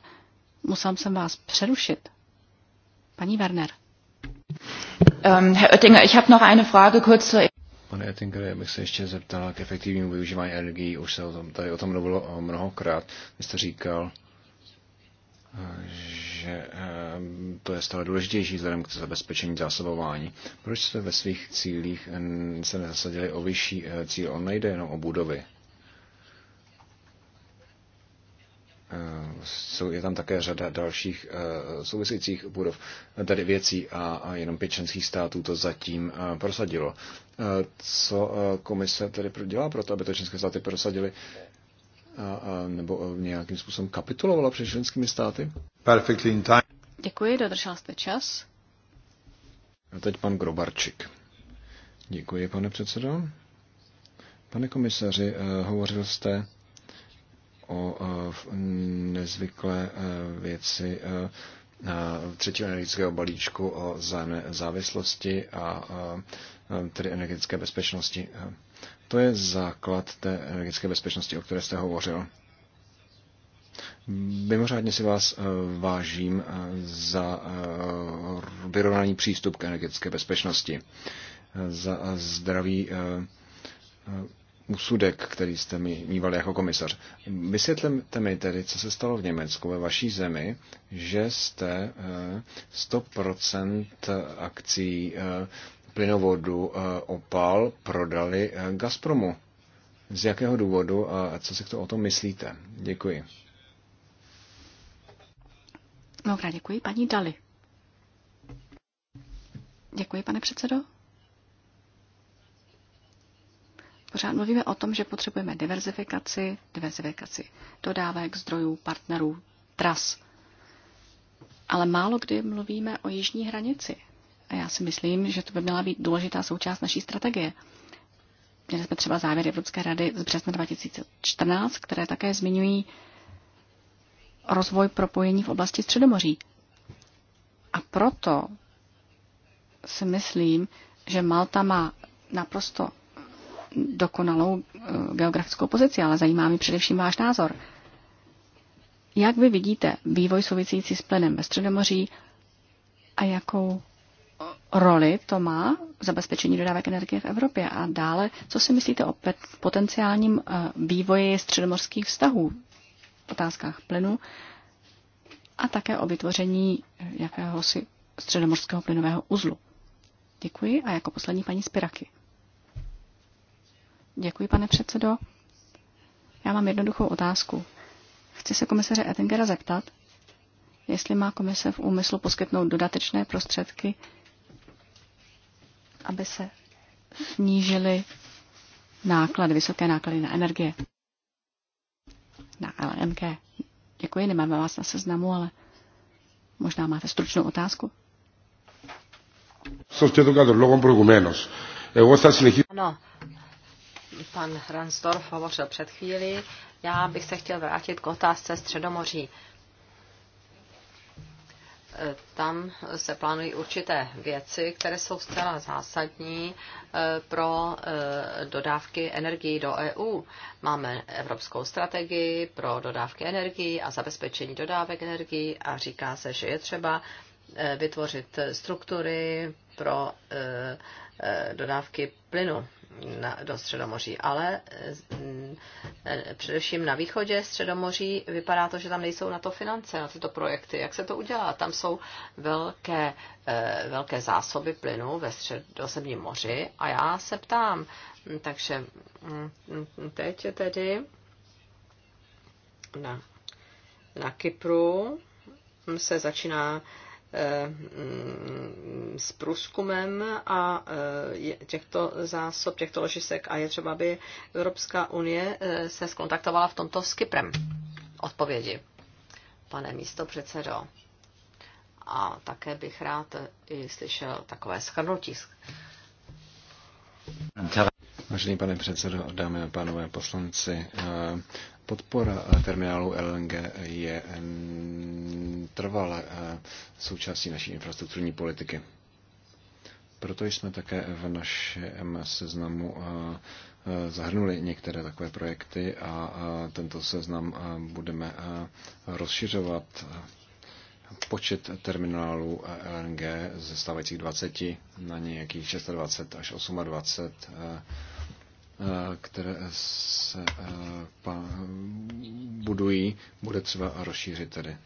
musel jsem vás přerušit. Paní Werner. Um, Herr Oettinger, ich habe noch eine Frage kurz zur Pane Ettinger, já bych se ještě zeptal k efektivnímu využívání energií. Už se o tom, tady o tom mluvilo eh, mnohokrát. Vy jste říkal, eh, že eh, to je stále důležitější vzhledem k zabezpečení zásobování. Proč jste ve svých cílích se nezasadili o vyšší cíl? On nejde jenom o budovy. Eh, je tam také řada dalších eh, souvisejících budov, tedy věcí a jenom pět členských států to zatím eh, prosadilo. Co komise tedy dělá pro to, aby to členské státy prosadili? nebo nějakým způsobem kapitulovala před členskými státy? Perfectly in time. Děkuji, dodržel jste čas. A teď pan Grobarčik. Děkuji, pane předsedo. Pane komisaři, hovořil jste o nezvyklé e, věci e, třetího energetického balíčku o zájemné závislosti a e, tedy energetické bezpečnosti. To je základ té energetické bezpečnosti, o které jste hovořil. Mimořádně si vás vážím za vyrovnaný přístup k energetické bezpečnosti, za zdravý úsudek, který jste mi mýval jako komisař. Vysvětlete mi tedy, co se stalo v Německu, ve vaší zemi, že jste 100% eh, akcí eh, plynovodu eh, Opal prodali Gazpromu. Z jakého důvodu a co si to o tom myslíte? Děkuji. Mnohokrát děkuji. Paní Dali. Děkuji, pane předsedo. Pořád mluvíme o tom, že potřebujeme diverzifikaci, diverzifikaci dodávek, zdrojů, partnerů, tras. Ale málo kdy mluvíme o jižní hranici. A já si myslím, že to by měla být důležitá součást naší strategie. Měli jsme třeba závěr Evropské rady z března 2014, které také zmiňují rozvoj propojení v oblasti Středomoří. A proto si myslím, že Malta má naprosto dokonalou eh, geografickou pozici, ale zajímá mě především váš názor. Jak vy vidíte vývoj související s plynem ve Středomoří a jakou roli to má v zabezpečení dodávek energie v Evropě? A dále, co si myslíte o potenciálním eh, vývoji středomorských vztahů v otázkách plynu a také o vytvoření eh, jakéhosi středomorského plynového uzlu? Děkuji a jako poslední paní Spiraky. Děkuji, pane předsedo. Já mám jednoduchou otázku. Chci se komisaře Ettingera zeptat, jestli má komise v úmyslu poskytnout dodatečné prostředky, aby se snížily náklady, vysoké náklady na energie. Na LNG. Děkuji, nemáme vás na seznamu, ale možná máte stručnou otázku. E, ano, pan Ransdorf hovořil před chvíli. Já bych se chtěl vrátit k otázce Středomoří. Tam se plánují určité věci, které jsou zcela zásadní eh, pro eh, dodávky energií do EU. Máme evropskou strategii pro dodávky energií a zabezpečení dodávek energií a říká se, že je třeba eh, vytvořit struktury pro dodávky plynu na, do Středomoří, ale eh, především na východě Středomoří vypadá to, že tam nejsou na to finance, na tyto projekty. Jak se to udělá? Tam jsou velké, eh, velké zásoby plynu ve Středozemním moři a já se ptám, takže mm, teď tedy na, na Kypru mm, se začíná Eh, mm, s průzkumem a eh, těchto zásob, těchto ložisek a je třeba, aby Evropská unie eh, se skontaktovala v tomto s Kyprem. Odpovědi, pane místo předsedo. A také bych rád i slyšel takové schrnutí. Vážený pane předsedo, dámy a pánové poslanci, eh, podpora terminálu LNG je trvalá eh, součástí naší infrastrukturní politiky. Proto jsme také v našem seznamu eh, zahrnuli některé takové projekty a tento seznam budeme rozšiřovat počet terminálů LNG ze stávajících 20 na nějakých 26 až 28 Eh, které se eh, budují, bude třeba rozšířit tedy.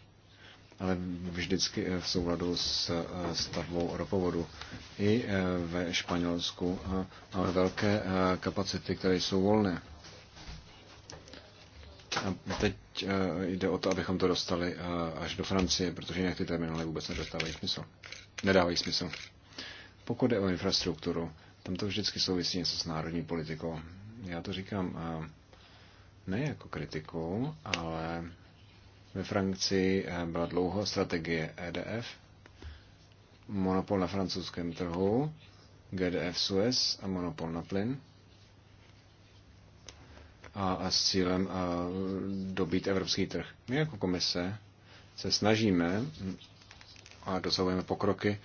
Ale vždycky eh, v souladu s stavbou ropovodu. I ve Španělsku máme velké kapacity, které jsou volné. A teď jde o to, abychom to dostali až do Francie, protože jinak ty terminály vůbec nedostávají smysl. Nedávají smysl. Pokud jde o infrastrukturu, tam to vždycky souvisí něco s národní politikou. Já to říkám eh, ne jako kritiku, ale ve Francii eh, byla dlouho strategie EDF, monopol na francouzském trhu, GDF Suez a monopol na plyn a, a s cílem a, eh, dobít evropský trh. My jako komise se snažíme a dosahujeme pokroky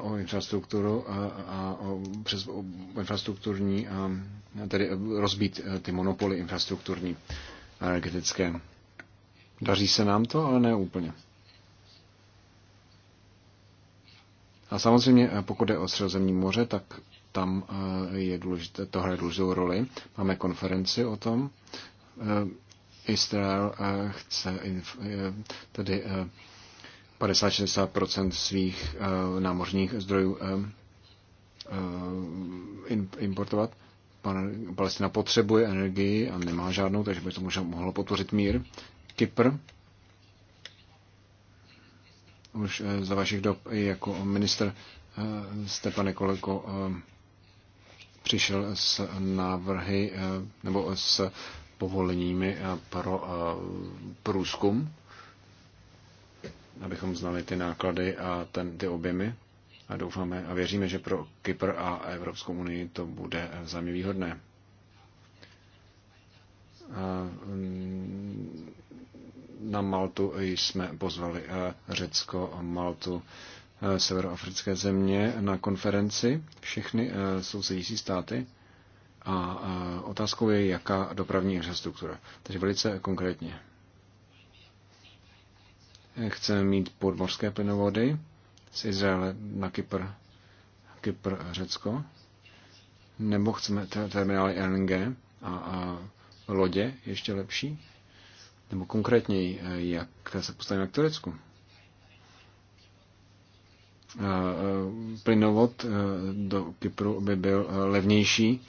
o infrastrukturu a, a o, přes o infrastrukturní, a, tedy rozbít eh, ty monopoly infrastrukturní a energetické. Daří se nám to, ale ne úplně. A samozřejmě, eh, pokud je o Středozemní moře, tak tam eh, je důležité, to hraje důležitou roli. Máme konferenci o tom. Israel chce tedy 50-60 svých eh, námořních zdrojů eh, eh, importovat. Palestina potřebuje energii a nemá žádnou, takže by to možná mohlo potvořit mír. Kypr už za vašich dob i jako minister Stepane Koleko přišel s návrhy nebo s povoleními pro průzkum abychom znali ty náklady a ten, ty objemy. A doufáme a věříme, že pro Kypr a Evropskou unii to bude vzájemně výhodné. A mm, na Maltu jsme pozvali Řecko, Maltu, severoafrické země na konferenci, všechny sousedící státy. A otázkou je, jaká dopravní infrastruktura. Takže velice konkrétně. Chceme mít podmořské plynovody z Izraele na Kypr, Kypr Řecko, nebo chceme terminály LNG a, a lodě ještě lepší, nebo konkrétněji, eh, jak se postavíme k Turecku. Eh, eh, plynovod do Kypru by byl levnější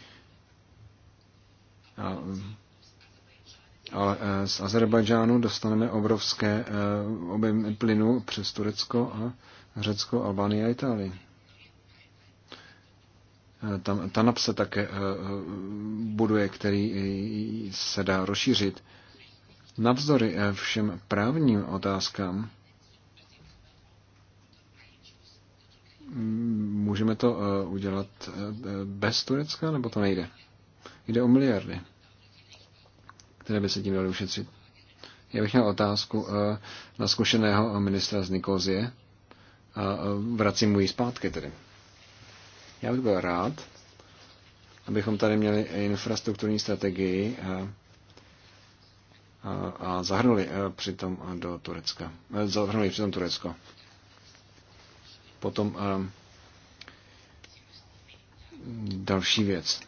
ale eh, z Azerbajdžánu dostaneme obrovské eh, objemy plynu přes Turecko a Řecko, Albánii a Itálii. Eh, tam, TANAP se také buduje, který se dá rozšířit. Navzdory všem právním otázkám, můžeme to udělat bez Turecka, nebo to nejde? Jde o miliardy které by se tím daly ušetřit. Já bych měl otázku eh, na zkušeného ministra z Nikozie a eh, vracím mu ji zpátky tedy. Já bych byl rád, abychom tady měli infrastrukturní strategii a, eh, a, a zahrnuli přitom do Turecka. Zahrnuli přitom Turecko. Potom a, další věc.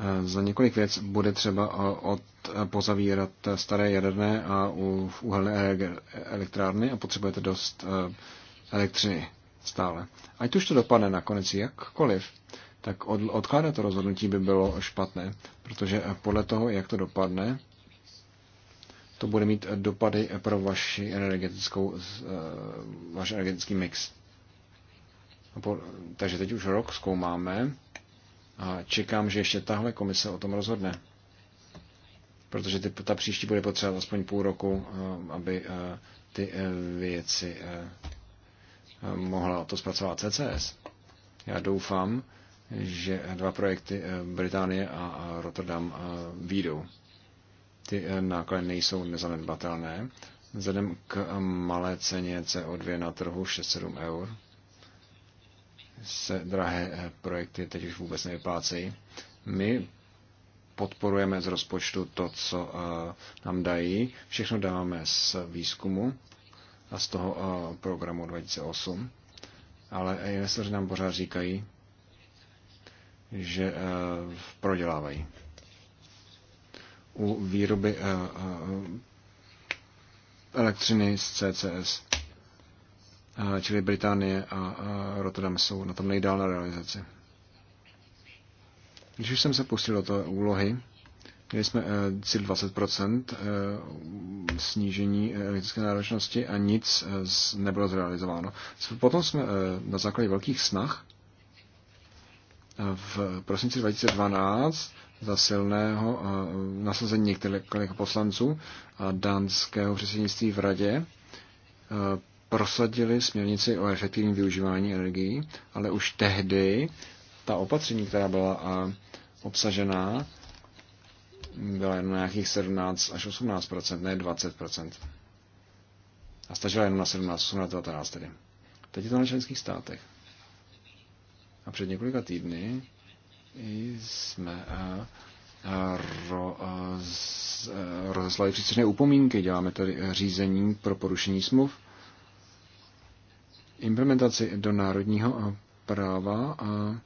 Eh, za několik věc bude třeba eh, od, eh, pozavírat staré jaderné a uhelné elektrárny a potřebujete dost elektřiny stále. Ať už to dopadne nakonec jakkoliv, tak od, odkládat to rozhodnutí by bylo špatné, protože podle toho, jak to dopadne, to bude mít dopady pro vaši energetickou, vaš energetický mix. Takže teď už rok zkoumáme, a čekám, že ještě tahle komise o tom rozhodne. Protože ty, ta příští bude potřebovat aspoň půl roku, eh, aby eh, ty eh, věci mohla to zpracovat CCS. Já doufám, že dva projekty Británie a Rotterdam výjdou. Ty náklady nejsou nezanedbatelné. Vzhledem k malé ceně CO2 na trhu 6-7 eur se drahé eh, projekty teď už vůbec nevyplácejí. My podporujeme z rozpočtu to, co eh, nám dají. Všechno dáváme z výzkumu a z toho eh, programu 2008. Ale investoři nám pořád říkají, že prodělávají. U výroby elektřiny z CCS čili Británie a Rotterdam jsou na tom nejdál na realizaci. Když už jsem se pustil do té úlohy, měli jsme eh, cíl 20% eh, snížení elektrické náročnosti a nic eh, nebylo zrealizováno. Potom jsme na základě velkých snah v prosinci 2012 za silného nasazení některých poslanců a dánského předsednictví v radě prosadili směrnici o efektivním využívání energií, ale už tehdy ta opatření, která byla obsažená, byla jen na nějakých 17 až 18 ne 20 A stačila jen na 17, 18, 19 tedy. Teď je to na členských státech. A před několika týdny jsme ro, rozeslali příslušné upomínky. Děláme tady řízení pro porušení smluv implementaci do národního práva a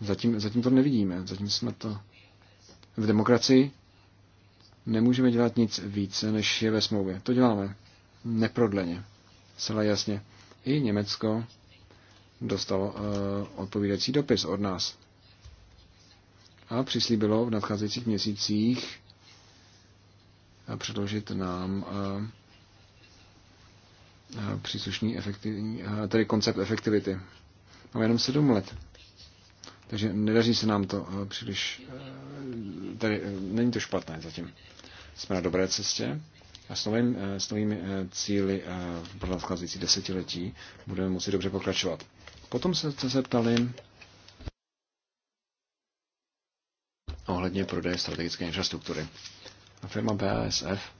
zatím, zatím to nevidíme. Zatím jsme to v demokracii nemůžeme dělat nic více, než je ve smlouvě. To děláme neprodleně, celé jasně. I Německo dostalo uh, odpovídající dopis od nás a přislíbilo v nadcházejících měsících eh, předložit nám uh, příslušný efektivní, tedy koncept efektivity. Máme jenom sedm let. Takže nedaří se nám to příliš, tedy e, není to špatné zatím. Jsme na dobré cestě a s, novým, e, s novými e, cíly pro nadcházející desetiletí budeme moci dobře pokračovat. Potom se, se, zeptali ohledně prodeje strategické infrastruktury. Firma BASF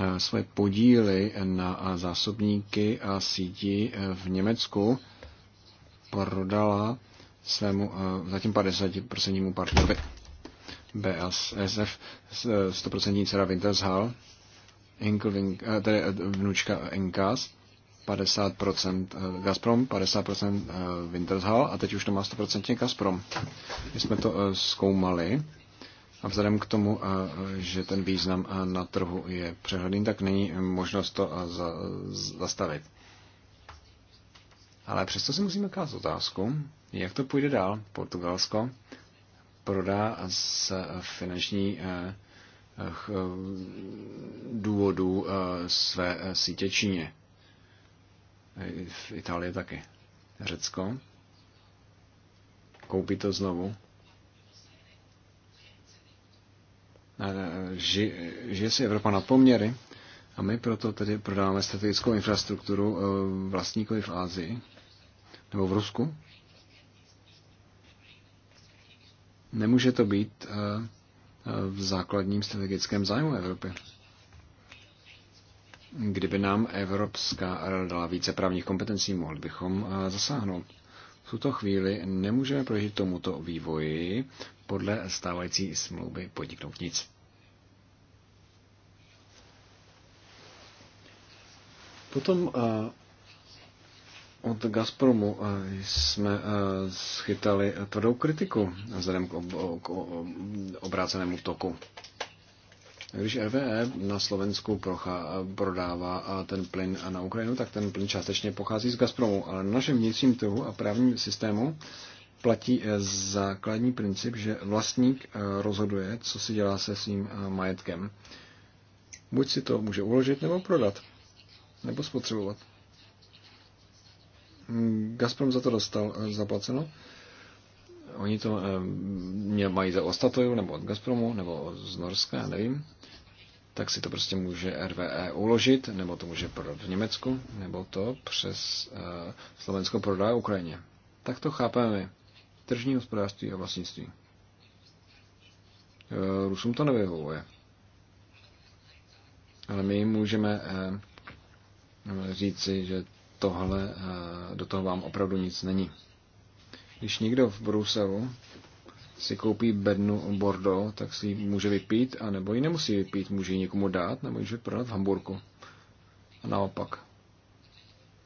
Eh, své podíly na eh, zásobníky a eh, síti v Německu prodala svému zatím 50% partnerovi BASF, 100% dcera Wintershall, tedy vnučka Enkas, 50% Gazprom, 50% Wintershall a teď už to má 100% Gazprom. My jsme to zkoumali a vzhledem k tomu, eh, že ten význam eh, na trhu je přehledný, tak není možnost to eh, zastavit. Ale přesto si musíme klást otázku, jak to půjde dál. Portugalsko prodá z finanční důvodů své sítě Číně. V Itálii taky. Řecko. Koupí to znovu E, žije si Evropa na poměry a my proto tedy prodáváme strategickou infrastrukturu e, vlastníkovi v Ázii nebo v Rusku. Nemůže to být e, v základním strategickém zájmu Evropy. Kdyby nám Evropská rada dala více právních kompetencí, mohli bychom zasáhnout. V tuto chvíli nemůžeme prožít tomuto vývoji, podle stávající smlouvy podniknout nic. Potom eh, od Gazpromu eh, jsme eh, schytali tvrdou kritiku vzhledem k, obrácenému toku. Když RVE na Slovensku procha- prodává ten plyn na Ukrajinu, tak ten plyn částečně pochází z Gazpromu, ale na našem vnitřním trhu a právním systému platí eh, základní princip, že vlastník eh, rozhoduje, co si dělá se svým eh, majetkem. Buď si to může uložit, nebo prodat, nebo spotřebovat. Hmm, Gazprom za to dostal zaplaceno. Oni to mě mají za Ostatoju, nebo od Gazpromu, nebo z Norska, já nevím. Tak si to prostě může RVE uložit, nebo to může prodat v Německu, nebo to přes Slovensko prodá Ukrajině. Tak to chápeme my tržní hospodářství a vlastnictví. E, Rusům to nevyhovuje. Ale my e, můžeme říci, že tohle, e, do toho vám opravdu nic není. Když někdo v Bruselu si koupí bednu Bordeaux, tak si ji může vypít, a nebo ji nemusí vypít, může ji někomu dát, nebo může prodat v Hamburku. A naopak.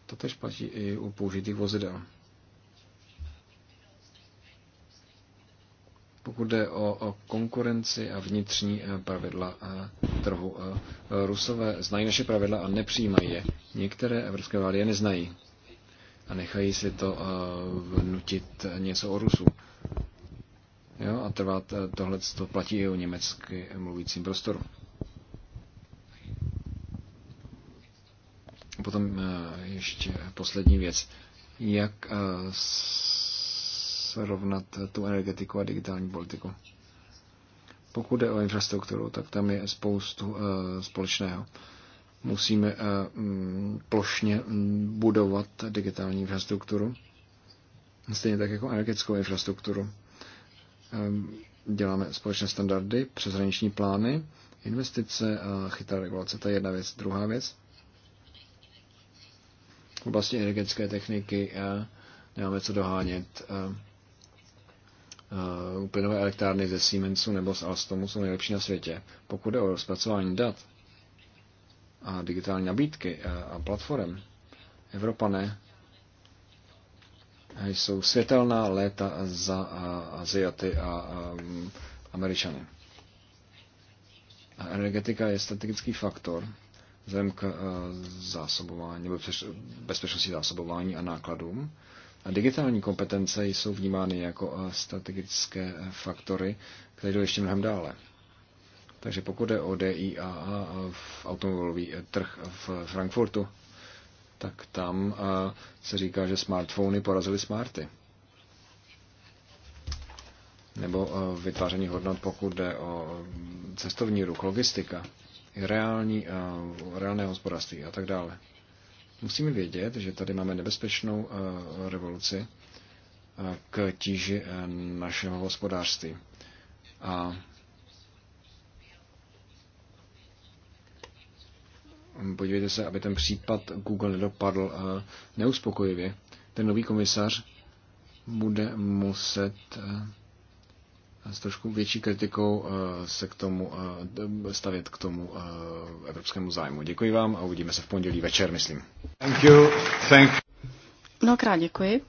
To tež platí i u použitých vozidel. Pokud jde o, o konkurenci a vnitřní eh, pravidla a eh, trhu, eh, Rusové znají naše pravidla a nepřijímají je. Některé evropské vlády je neznají a nechají si to vnutit něco o Rusu. Jo, a trvá tohle to platí i o německy mluvícím prostoru. Potom ještě poslední věc. Jak srovnat tu energetiku a digitální politiku. Pokud jde o infrastrukturu, tak tam je spoustu eh, společného. Musíme eh, mm, plošně mm, budovat digitální infrastrukturu, stejně tak jako energetickou infrastrukturu. Ehm, děláme společné standardy, přeshraniční plány, investice a chytrá regulace. To je jedna věc. Druhá věc. V oblasti energetické techniky eh, nemáme co dohánět. Eh, plynové elektrárny ze Siemensu nebo z Alstomu jsou nejlepší na světě. Pokud jde o zpracování dat a digitální nabídky eh, a platform, Evropané eh, jsou světelná léta za Aziaty a Američany. A energetika je strategický faktor vzhledem k zásobování nebo bezpečnosti zásobování a nákladům a digitální kompetence jsou vnímány jako eh, strategické eh, faktory, které jdou ještě mnohem dále. Takže pokud je o DIA eh, v automobilový trh v Frankfurtu, tak tam se říká, že smartfony porazily smarty. Nebo vytváření hodnot, pokud jde o cestovní ruch, logistika, reální, reálné hospodářství a tak dále. Musíme vědět, že tady máme nebezpečnou eh, revoluci eh, k tíži eh, našeho hospodářství. A podívejte se, aby ten případ Google nedopadl neuspokojivě. Ten nový komisař bude muset s trošku větší kritikou eh, se k tomu, eh, stavět k tomu eh, evropskému zájmu. Děkuji vám a uvidíme se v pondělí večer, myslím. Thank you. Thank you. Mnohokrát děkuji.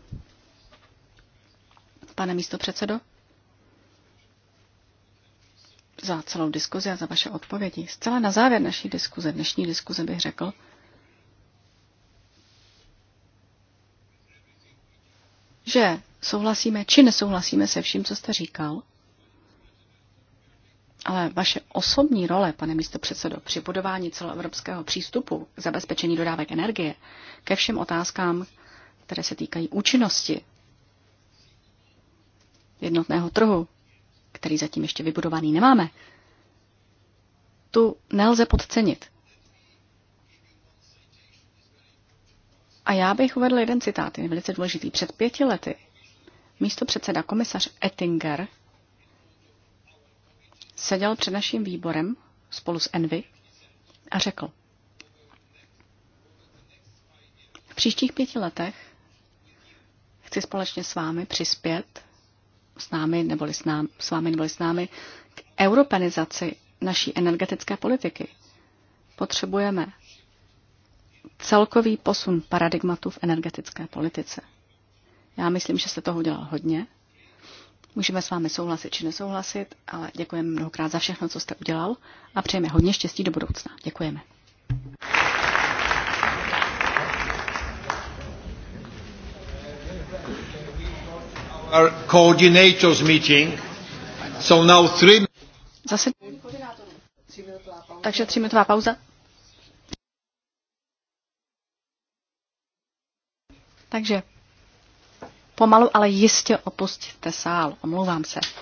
Pane místo předsedo, za celou diskuzi a za vaše odpovědi. Zcela na závěr naší diskuze, dnešní diskuze bych řekl, že souhlasíme či nesouhlasíme se vším, co jste říkal, ale vaše osobní role, pane místo předsedo, při budování celoevropského přístupu k zabezpečení dodávek energie ke všem otázkám, které se týkají účinnosti jednotného trhu, který zatím ještě vybudovaný nemáme, tu nelze podcenit. A já bych uvedl jeden citát, je velice důležitý. Před pěti lety místo předseda komisař Ettinger seděl před naším výborem spolu s Envy a řekl, v příštích pěti letech chci společně s vámi přispět, s námi neboli s, nám, s vámi neboli s námi, k europenizaci naší energetické politiky. Potřebujeme celkový posun paradigmatu v energetické politice. Já myslím, že se toho udělal hodně Můžeme s vámi souhlasit či nesouhlasit, ale děkujeme mnohokrát za všechno, co jste udělal a přejeme hodně štěstí do budoucna. Děkujeme. Our coordinators meeting. So now three... Zase... Takže tříminutová pauza. Takže Pomalu, ale jistě opustíte sál. Omlouvám se.